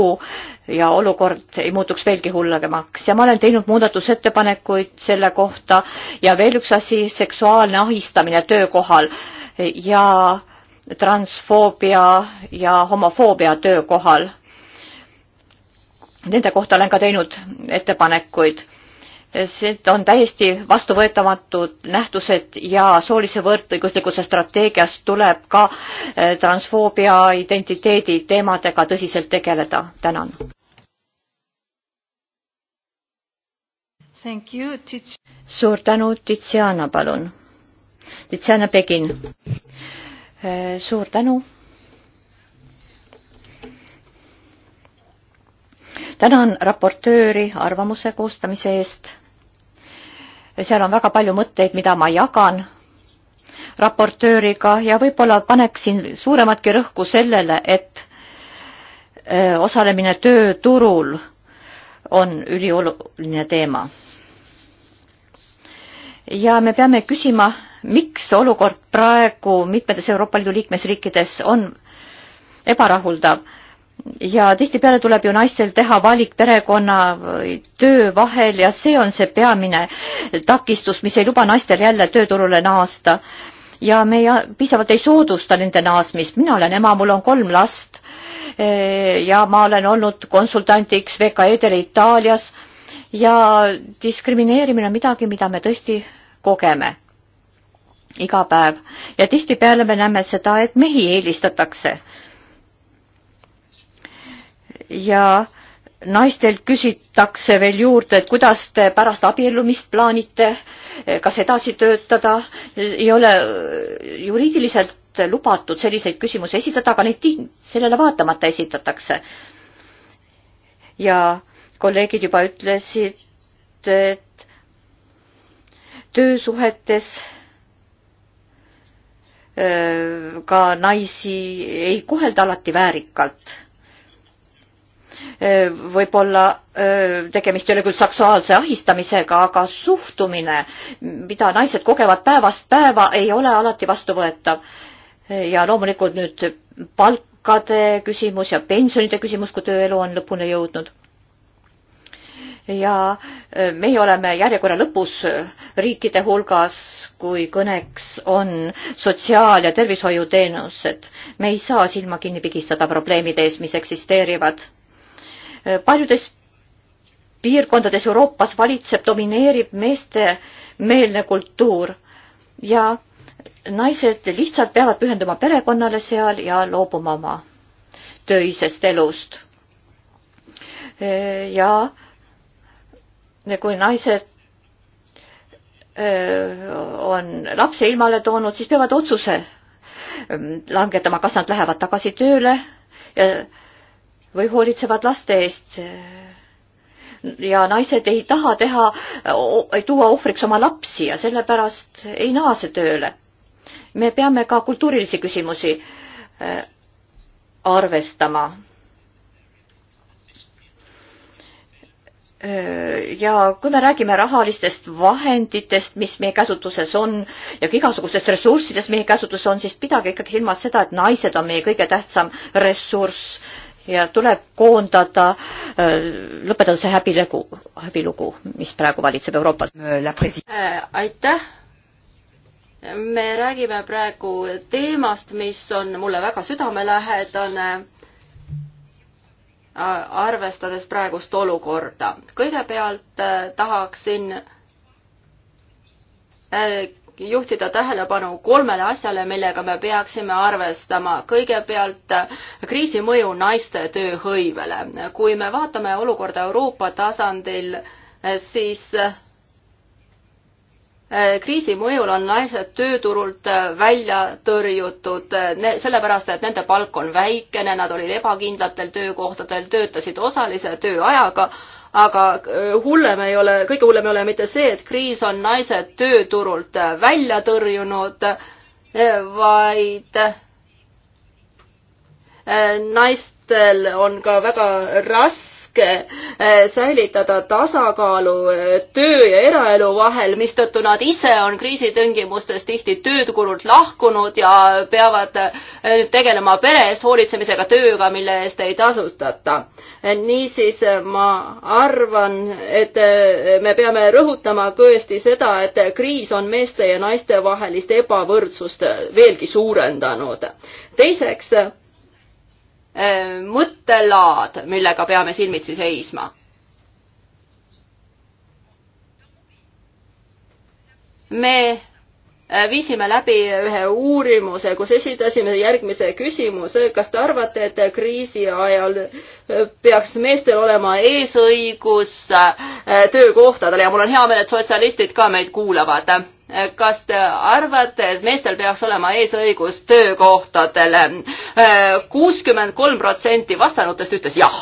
ja olukord ei muutuks veelgi hullemaks ja ma olen teinud muudatusettepanekuid selle kohta ja veel üks asi, seksuaalne ahistamine töökohal ja transfoobia ja homofoobia töökohal. Nende kohta olen ka teinud ettepanekuid see on täiesti vastuvõetamatud nähtused ja soolise võrdõiguslikkuse strateegias tuleb ka eh, transfoobia identiteedi teemadega tõsiselt tegeleda. tänan. suur tänu, Tiziana, palun. Tiziana Begin. Eh, suur tänu. tänan raportööri arvamuse koostamise eest seal on väga palju mõtteid, mida ma jagan raportööriga ja võib-olla paneksin suurematki rõhku sellele, et osalemine tööturul on ülioluline teema. ja me peame küsima, miks olukord praegu mitmetes Euroopa Liidu liikmesriikides on ebarahuldav ja tihtipeale tuleb ju naistel teha valik perekonna või töö vahel ja see on see peamine takistus, mis ei luba naistel jälle tööturule naasta. ja me ei, piisavalt ei soodusta nende naasmist, mina olen ema, mul on kolm last eh, ja ma olen olnud konsultandiks VKE-dele Itaalias ja diskrimineerimine on midagi, mida me tõesti kogeme iga päev ja tihtipeale me näeme seda, et mehi eelistatakse äh, ja naistelt küsitakse veel juurde, et kuidas te pärast abiellumist plaanite, kas edasi töötada, ei ole äh, juriidiliselt lubatud selliseid küsimusi esitada, aga neid sellele vaatamata esitatakse. ja kolleegid juba ütlesid, et töösuhetes äh, ka naisi ei kohelda alati väärikalt võib-olla tegemist ei ole küll seksuaalse ahistamisega, aga suhtumine, mida naised kogevad päevast päeva, ei ole alati vastuvõetav. ja loomulikult nüüd palkade küsimus ja pensionide küsimus, kui tööelu on lõpuni jõudnud. ja meie oleme järjekorra lõpus riikide hulgas, kui kõneks on sotsiaal- ja tervishoiuteenused. me ei saa silma kinni pigistada probleemide ees, mis eksisteerivad paljudes piirkondades Euroopas valitseb, domineerib meeste meelne kultuur ja naised lihtsalt peavad pühenduma perekonnale seal ja loobuma oma töisest elust. ja kui naised on lapse ilmale toonud, siis peavad otsuse langetama, kas nad lähevad tagasi tööle ja või hoolitsevad laste eest. ja naised ei taha teha, ei tuua ohvriks oma lapsi ja sellepärast ei naase tööle. me peame ka kultuurilisi küsimusi äh, arvestama. Äh, ja kui me räägime rahalistest vahenditest, mis meie käsutuses on ja ka igasugustest ressurssidest meie käsutuses on, siis pidage ikkagi silmas seda, et naised on meie kõige tähtsam ressurss ja tuleb koondada, äh, lõpetada see häbilugu, häbilugu, mis praegu valitseb Euroopas. Äh, aitäh. me räägime praegu teemast, mis on mulle väga südamelähedane, äh, arvestades praegust olukorda. kõigepealt tahaksin juhtida tähelepanu kolmele asjale, millega me peaksime arvestama. kõigepealt kriisi mõju naiste tööhõivele. kui me vaatame olukorda Euroopa tasandil, siis eh, kriisi mõjul on naised tööturult eh, välja tõrjutud, sellepärast et nende palk on väikene, nad olid ebakindlatel töökohtadel, töötasid osalise tööajaga aga äh, hullem ei ole, kõige hullem ei ole mitte see, et kriis on naised tööturult äh, välja tõrjunud, äh, vaid Äh, naistel on ka väga raske äh, säilitada tasakaalu äh, töö ja eraelu vahel, mistõttu nad ise on kriisi tingimustes tihti tööturult lahkunud ja peavad tegelema pere eest hoolitsemisega tööga, mille eest ei tasustata. niisiis ma arvan, et me peame rõhutama tõesti seda, et kriis on meeste ja naiste vahelist ebavõrdsust veelgi suurendanud. teiseks Äh, mõttelaad, millega peame silmitsi seisma. me äh, viisime läbi ühe uurimuse, kus esitasime järgmise küsimuse, kas te arvate, et kriisi ajal äh, peaks meestel olema eesõigus töökohtadele ja mul on hea meel, et sotsialistid ka meid kuulavad kas te arvate, et meestel peaks olema eesõigus töökohtadele? kuuskümmend kolm protsenti vastanutest ütles jah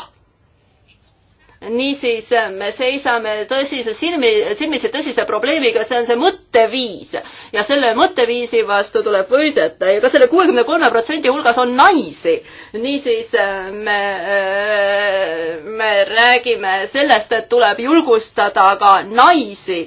niisiis me seisame tõsise silmi, silmitsi tõsise probleemiga, see on see mõtteviis ja selle mõtteviisi vastu tuleb võidelda ja ka selle kuuekümne kolme protsendi hulgas on naisi. niisiis me, me räägime sellest, et tuleb julgustada ka naisi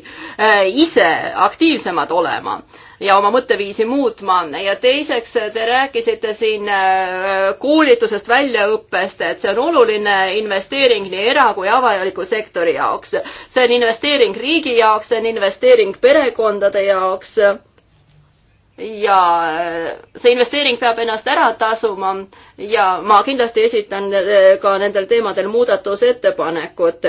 ise aktiivsemad olema ja oma mõtteviisi muutma. ja teiseks, te rääkisite siin äh, koolitusest, väljaõppest, et see on oluline investeering nii era- kui avaliku sektori jaoks. see on investeering riigi jaoks, see on investeering perekondade jaoks ja äh, see investeering peab ennast ära tasuma ja ma kindlasti esitan äh, ka nendel teemadel muudatusettepanekut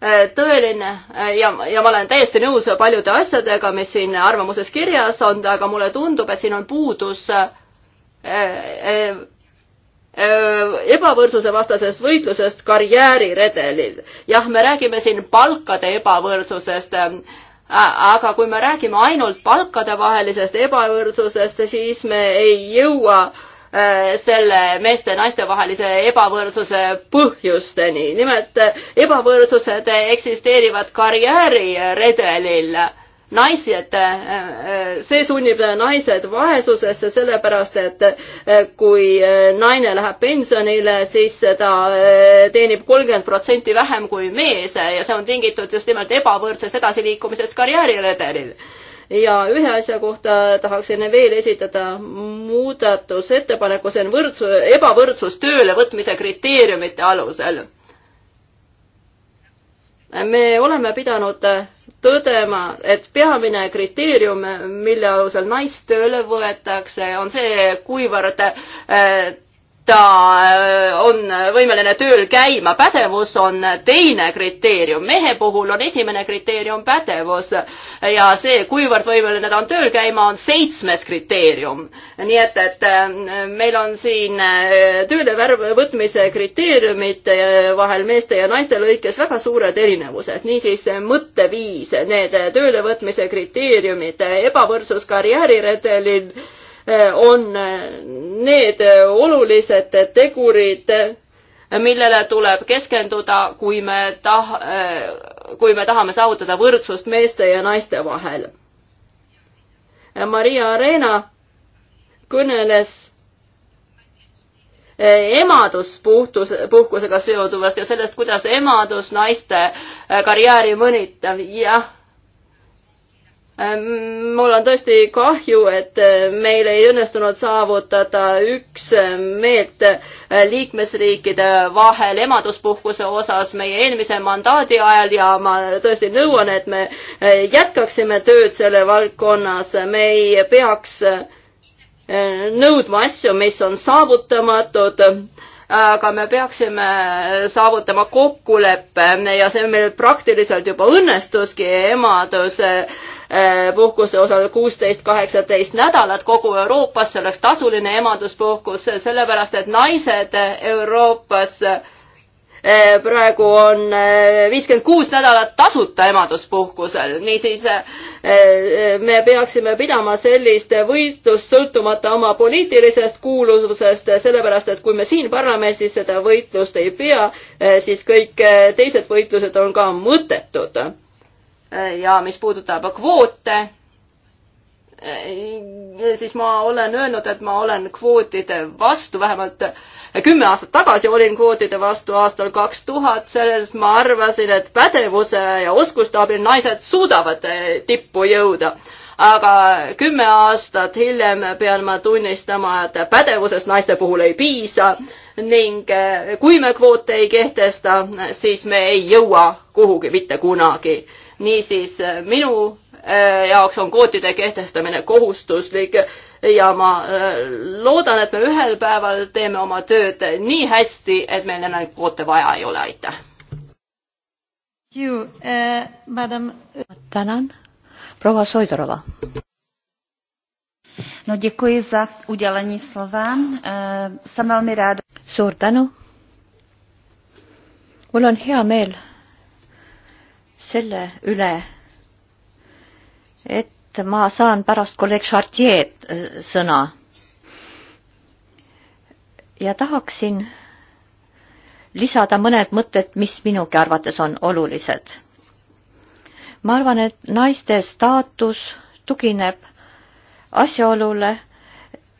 Äh, tõeline äh, ja, ja ma olen täiesti nõus paljude asjadega, mis siin arvamuses kirjas on, aga mulle tundub, et siin on puudus äh, ebavõrdsuse vastasest võitlusest karjääriredelil. jah, me räägime siin palkade ebavõrdsusest, aga kui me räägime ainult palkadevahelisest ebavõrdsusest, siis me ei jõua äh, Äh, selle meeste ja naiste vahelise ebavõrdsuse põhjusteni. nimelt äh, ebavõrdsused eksisteerivad karjääriredelil. naised, äh, see sunnib naised vaesusesse, sellepärast et kui naine läheb pensionile, siis ta teenib kolmkümmend protsenti vähem kui mees ja see on tingitud just nimelt ebavõrdsest edasiliikumisest karjääriredelil ja ühe asja kohta tahaksin veel esitada muudatusettepaneku, see on võrdsu, ebavõrdsus töölevõtmise kriteeriumite alusel. me oleme pidanud tõdema, et peamine kriteerium, mille alusel naist tööle võetakse, on see, kuivõrd äh, ta äh, on võimeline tööl käima, pädevus on teine kriteerium. mehe puhul on esimene kriteerium pädevus ja see, kuivõrd võimeline ta on tööl käima, on seitsmes kriteerium. nii et, et äh, meil on siin äh, tööle võtmise kriteeriumite vahel meeste ja naiste lõikes väga suured erinevused. niisiis mõtteviis, need töölevõtmise kriteeriumid, ebavõrdsus karjääriredelil Eh, on eh, need eh, olulised tegurid, millele tuleb keskenduda, kui me tah-, kui me tahame saavutada võrdsust meeste ja naiste vahel. Maria Arena kõneles emaduspuhtus, puhkusega seonduvast ja sellest, kuidas emadus naiste karjääri mõnitab. jah, Ähm, mul on tõesti kahju, et äh, meil ei õnnestunud saavutada üksmeelt äh, äh, liikmesriikide vahel emaduspuhkuse osas meie eelmise mandaadi ajal ja ma tõesti nõuan, et me jätkaksime tööd selle valdkonnas, me ei peaks nõudma asju, mis on saavutamatud aga me peaksime saavutama kokkuleppe ja see meil praktiliselt juba õnnestuski emaduse Äh, puhkuse osal kuusteist, kaheksateist nädalat kogu Euroopas, see oleks tasuline emaduspuhkus, sellepärast et naised Euroopas äh, praegu on äh, viiskümmend kuus nädalat tasuta emaduspuhkusel, niisiis me peaksime pidama sellist võitlust sõltumata oma poliitilisest kuuluvusest, sellepärast et kui me siin parlamendis seda võitlust ei pea, siis kõik teised võitlused on ka mõttetud ja mis puudutab kvoote, siis ma olen öelnud, et ma olen kvootide vastu, vähemalt kümme aastat tagasi olin kvootide vastu aastal kaks tuhat, selles ma arvasin, et pädevuse ja oskuste abil naised suudavad tippu jõuda. aga kümme aastat hiljem pean ma tunnistama, et pädevusest naiste puhul ei piisa ning kui me kvoote ei kehtesta, siis me ei jõua kuhugi mitte kunagi niisiis äh, minu äh, jaoks on kvootide kehtestamine kohustuslik ja ma äh, loodan, et me ühel päeval teeme oma tööd nii hästi, et meil enam kvoote vaja ei ole, aitäh. tänan, proua Soidorova. No děkuji za udělení slova. Jsem velmi ráda. Suur tänu. Mul on hea meel selle üle, et ma saan pärast kolleeg Chartier'd äh, sõna. ja tahaksin lisada mõned mõtted, mis minugi arvates on olulised. ma arvan, et naiste staatus tugineb asjaolule,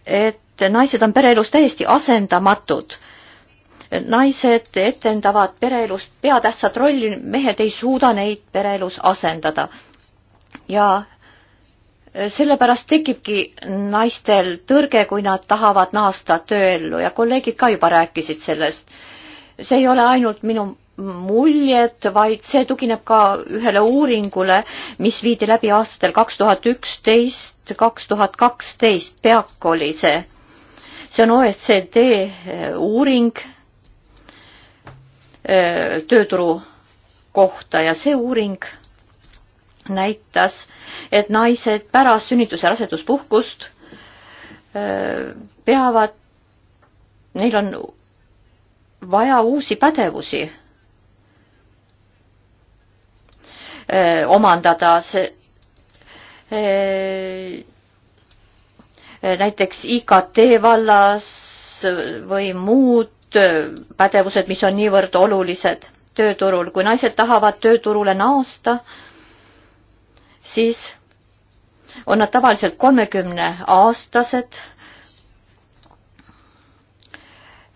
et naised on pereelus täiesti asendamatud naised etendavad pereelus peatähtsat rolli, mehed ei suuda neid pereelus asendada. ja e, sellepärast tekibki naistel tõrge, kui nad tahavad naasta tööellu ja kolleegid ka juba rääkisid sellest. see ei ole ainult minu muljet, vaid see tugineb ka ühele uuringule, mis viidi läbi aastatel kaks tuhat üksteist, kaks tuhat kaksteist, peak oli see. see on OECD e, uuring Äh, tööturu kohta ja see uuring näitas, et naised pärast sünnituse raseduspuhkust äh, peavad, neil on vaja uusi pädevusi äh, omandada, see näiteks IKT vallas või muud pädevused, mis on niivõrd olulised tööturul. kui naised tahavad tööturule naasta, siis on nad tavaliselt kolmekümneaastased.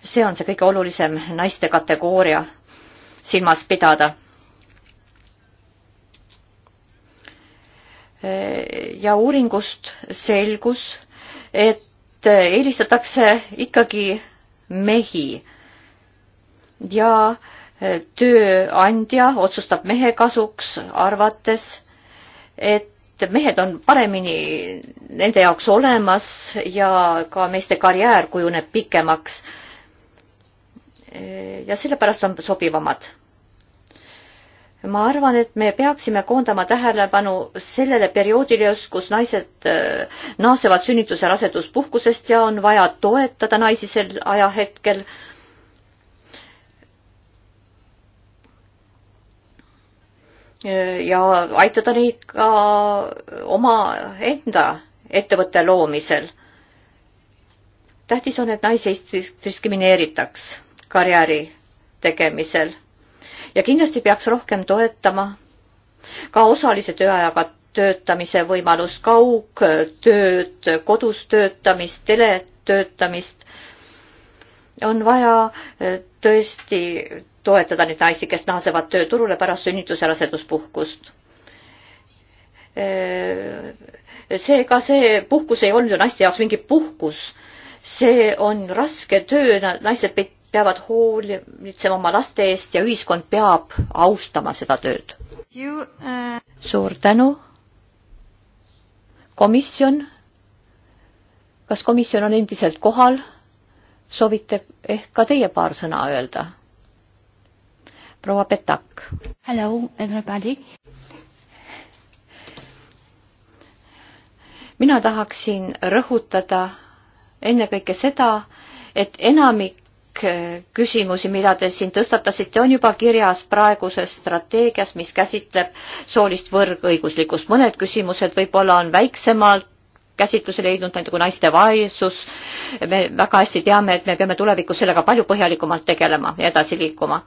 see on see kõige olulisem naiste kategooria silmas pidada. ja uuringust selgus, et eelistatakse ikkagi mehi ja eh, tööandja otsustab mehe kasuks, arvates, et mehed on paremini nende jaoks olemas ja ka meeste karjäär kujuneb pikemaks. Eh, ja sellepärast on sobivamad ma arvan, et me peaksime koondama tähelepanu sellele perioodile, kus naised äh, naasevad sünnituse raseduspuhkusest ja on vaja toetada naisi sel ajahetkel. Äh, ja aitada neid ka omaenda ettevõtte loomisel. tähtis on, et naisi diskrimineeritaks karjääri tegemisel ja kindlasti peaks rohkem toetama ka osalise tööajaga töötamise võimalust, kaugtööd, kodus töötamist, teletöötamist. on vaja e, tõesti toetada neid naisi, kes naasevad tööturule pärast sünnitus- ja raseduspuhkust. E, seega see puhkus ei olnud ju naiste jaoks mingi puhkus, see on raske töö, naised peavad hoolitsema oma laste eest ja ühiskond peab austama seda tööd. Uh... suur tänu. komisjon, kas komisjon on endiselt kohal? soovite ehk ka teie paar sõna öelda? proua Petak. Hello everybody. mina tahaksin rõhutada ennekõike seda, et enamik küsimusi, mida te siin tõstatasite, on juba kirjas praeguses strateegias, mis käsitleb soolist võrgõiguslikkust. mõned küsimused võib-olla on väiksemalt käsitluse leidnud, nagu naiste vaesus. me väga hästi teame, et me peame tulevikus sellega palju põhjalikumalt tegelema ja edasi liikuma.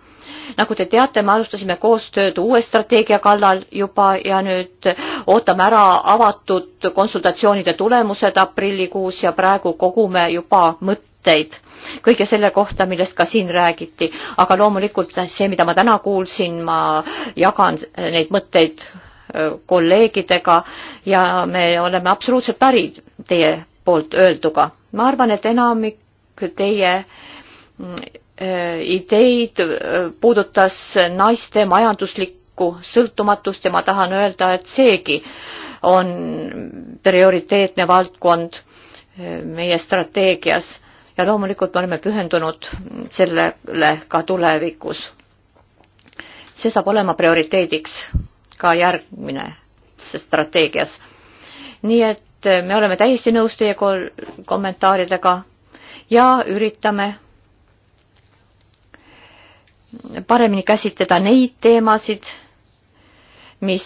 nagu te teate, me alustasime koostööd uue strateegia kallal juba ja nüüd ootame ära avatud konsultatsioonide tulemused aprillikuus ja praegu kogume juba mõtteid kõige selle kohta, millest ka siin räägiti, aga loomulikult see, mida ma täna kuulsin, ma jagan neid mõtteid Äh, kolleegidega ja me oleme absoluutselt päri teie poolt öelduga. ma arvan, et enamik teie mm, äh, ideid äh, puudutas naiste majanduslikku sõltumatust ja ma tahan öelda, et seegi on prioriteetne valdkond meie strateegias ja loomulikult me oleme pühendunud sellele ka tulevikus. see saab olema prioriteediks ka järgmine strateegias. nii et eh, me oleme täiesti nõus teie kommentaaridega ja üritame paremini käsitleda neid teemasid, mis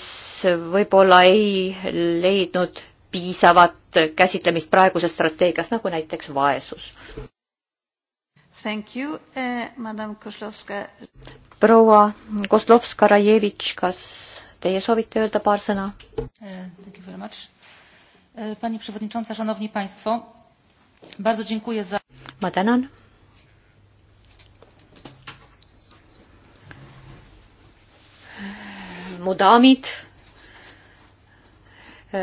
võib-olla ei leidnud piisavat käsitlemist praeguses strateegias, nagu näiteks vaesus. Thank you eh,, madam Kozlovska. proua Kozlovska-Rajevitš, kas teie soovite öelda paar sõna? E, e, ma tänan. mu daamid, e,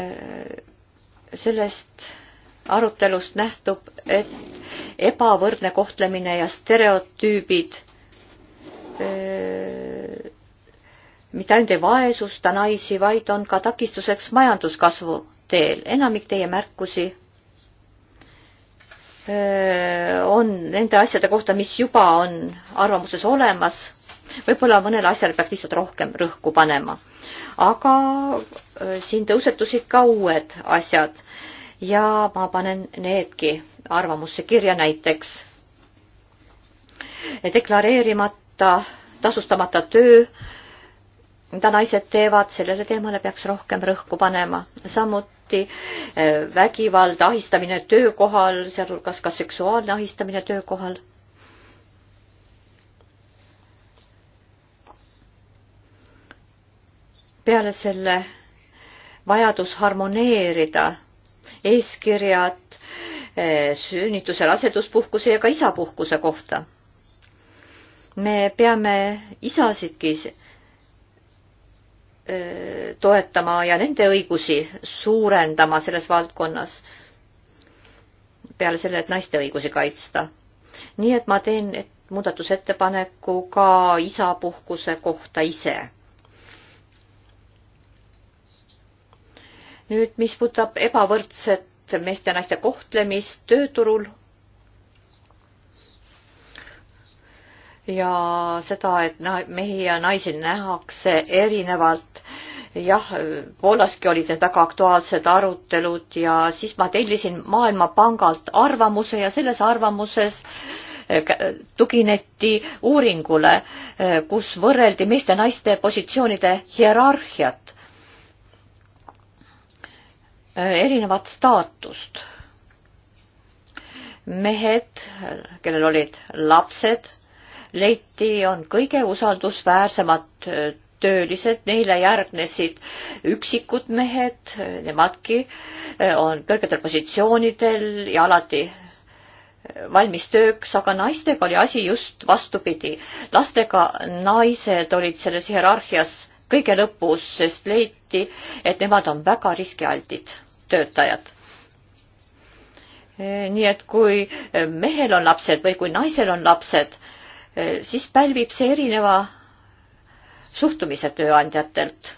sellest arutelust nähtub, et ebavõrdne kohtlemine ja stereotüübid öö, mitte ainult ei vaesusta naisi, vaid on ka takistuseks majanduskasvu teel. enamik teie märkusi on nende asjade kohta, mis juba on arvamuses olemas. võib-olla mõnele asjale peaks lihtsalt rohkem rõhku panema. aga siin tõusetusid ka uued asjad ja ma panen needki arvamusse kirja näiteks. deklareerimata, tasustamata töö mida naised teevad, sellele teemale peaks rohkem rõhku panema. samuti eh, vägivald, ahistamine töökohal, sealhulgas ka seksuaalne ahistamine töökohal. peale selle vajadus harmoneerida eeskirjad eh, sünnitusel asenduspuhkuse ja ka isapuhkuse kohta. me peame isasidki toetama ja nende õigusi suurendama selles valdkonnas. peale selle, et naiste õigusi kaitsta. nii et ma teen et muudatusettepaneku ka isapuhkuse kohta ise. nüüd, mis puudutab ebavõrdset meeste ja naiste kohtlemist tööturul ja seda, et mehi ja naisi nähakse erinevalt. jah, Poolaski olid need väga aktuaalsed arutelud ja siis ma tellisin Maailmapangalt arvamuse ja selles arvamuses eh, tugineti uuringule, eh, kus võrreldi meeste ja naiste positsioonide hierarhiat, eh, erinevat staatust. mehed, kellel olid lapsed leiti, on kõige usaldusväärsemad äh, töölised, neile järgnesid üksikud mehed, nemadki äh, on kõrgetel positsioonidel ja alati äh, valmis tööks, aga naistega oli asi just vastupidi. lastega naised olid selles hierarhias kõige lõpus, sest leiti, et nemad on väga riskialdid töötajad nii et kui mehel on lapsed või kui naisel on lapsed, Äh, siis pälvib see erineva suhtumise tööandjatelt.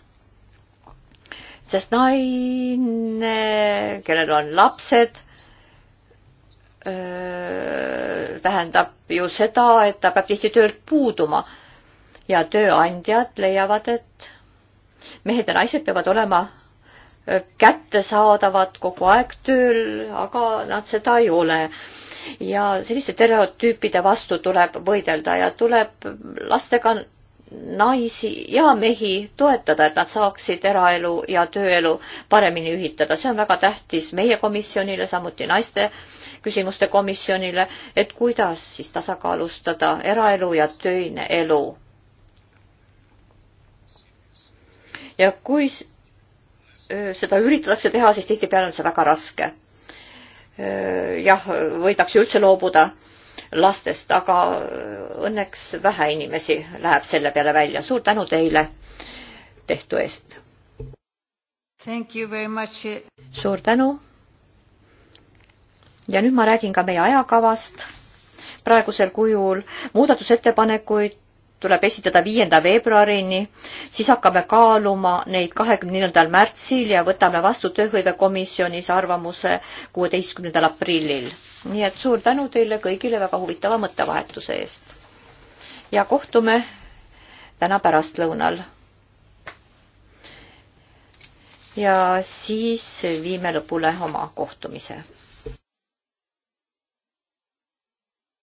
sest naine, kellel on lapsed, äh, tähendab ju seda, et ta peab tihti töölt puuduma ja tööandjad leiavad, et mehed ja naised peavad olema äh, kättesaadavad kogu aeg tööl, aga nad seda ei ole ja selliste stereotüüpide vastu tuleb võidelda ja tuleb lastega naisi ja mehi toetada, et nad saaksid eraelu ja tööelu paremini ühitada. see on väga tähtis meie komisjonile, samuti naiste küsimuste komisjonile, et kuidas siis tasakaalustada eraelu ja töine elu. ja kui seda üritatakse teha, siis tihtipeale on see väga raske Äh, jah, võidakse üldse loobuda lastest, aga äh, õnneks vähe inimesi läheb selle peale välja. suur tänu teile tehtu eest. suur tänu. ja nüüd ma räägin ka meie ajakavast. praegusel kujul muudatusettepanekuid tuleb esitada viienda veebruarini, siis hakkame kaaluma neid kahekümne neljandal märtsil ja võtame vastu tööhõivekomisjonis arvamuse kuueteistkümnendal aprillil. nii et suur tänu teile kõigile väga huvitava mõttevahetuse eest. ja kohtume täna pärastlõunal. ja siis viime lõpule oma kohtumise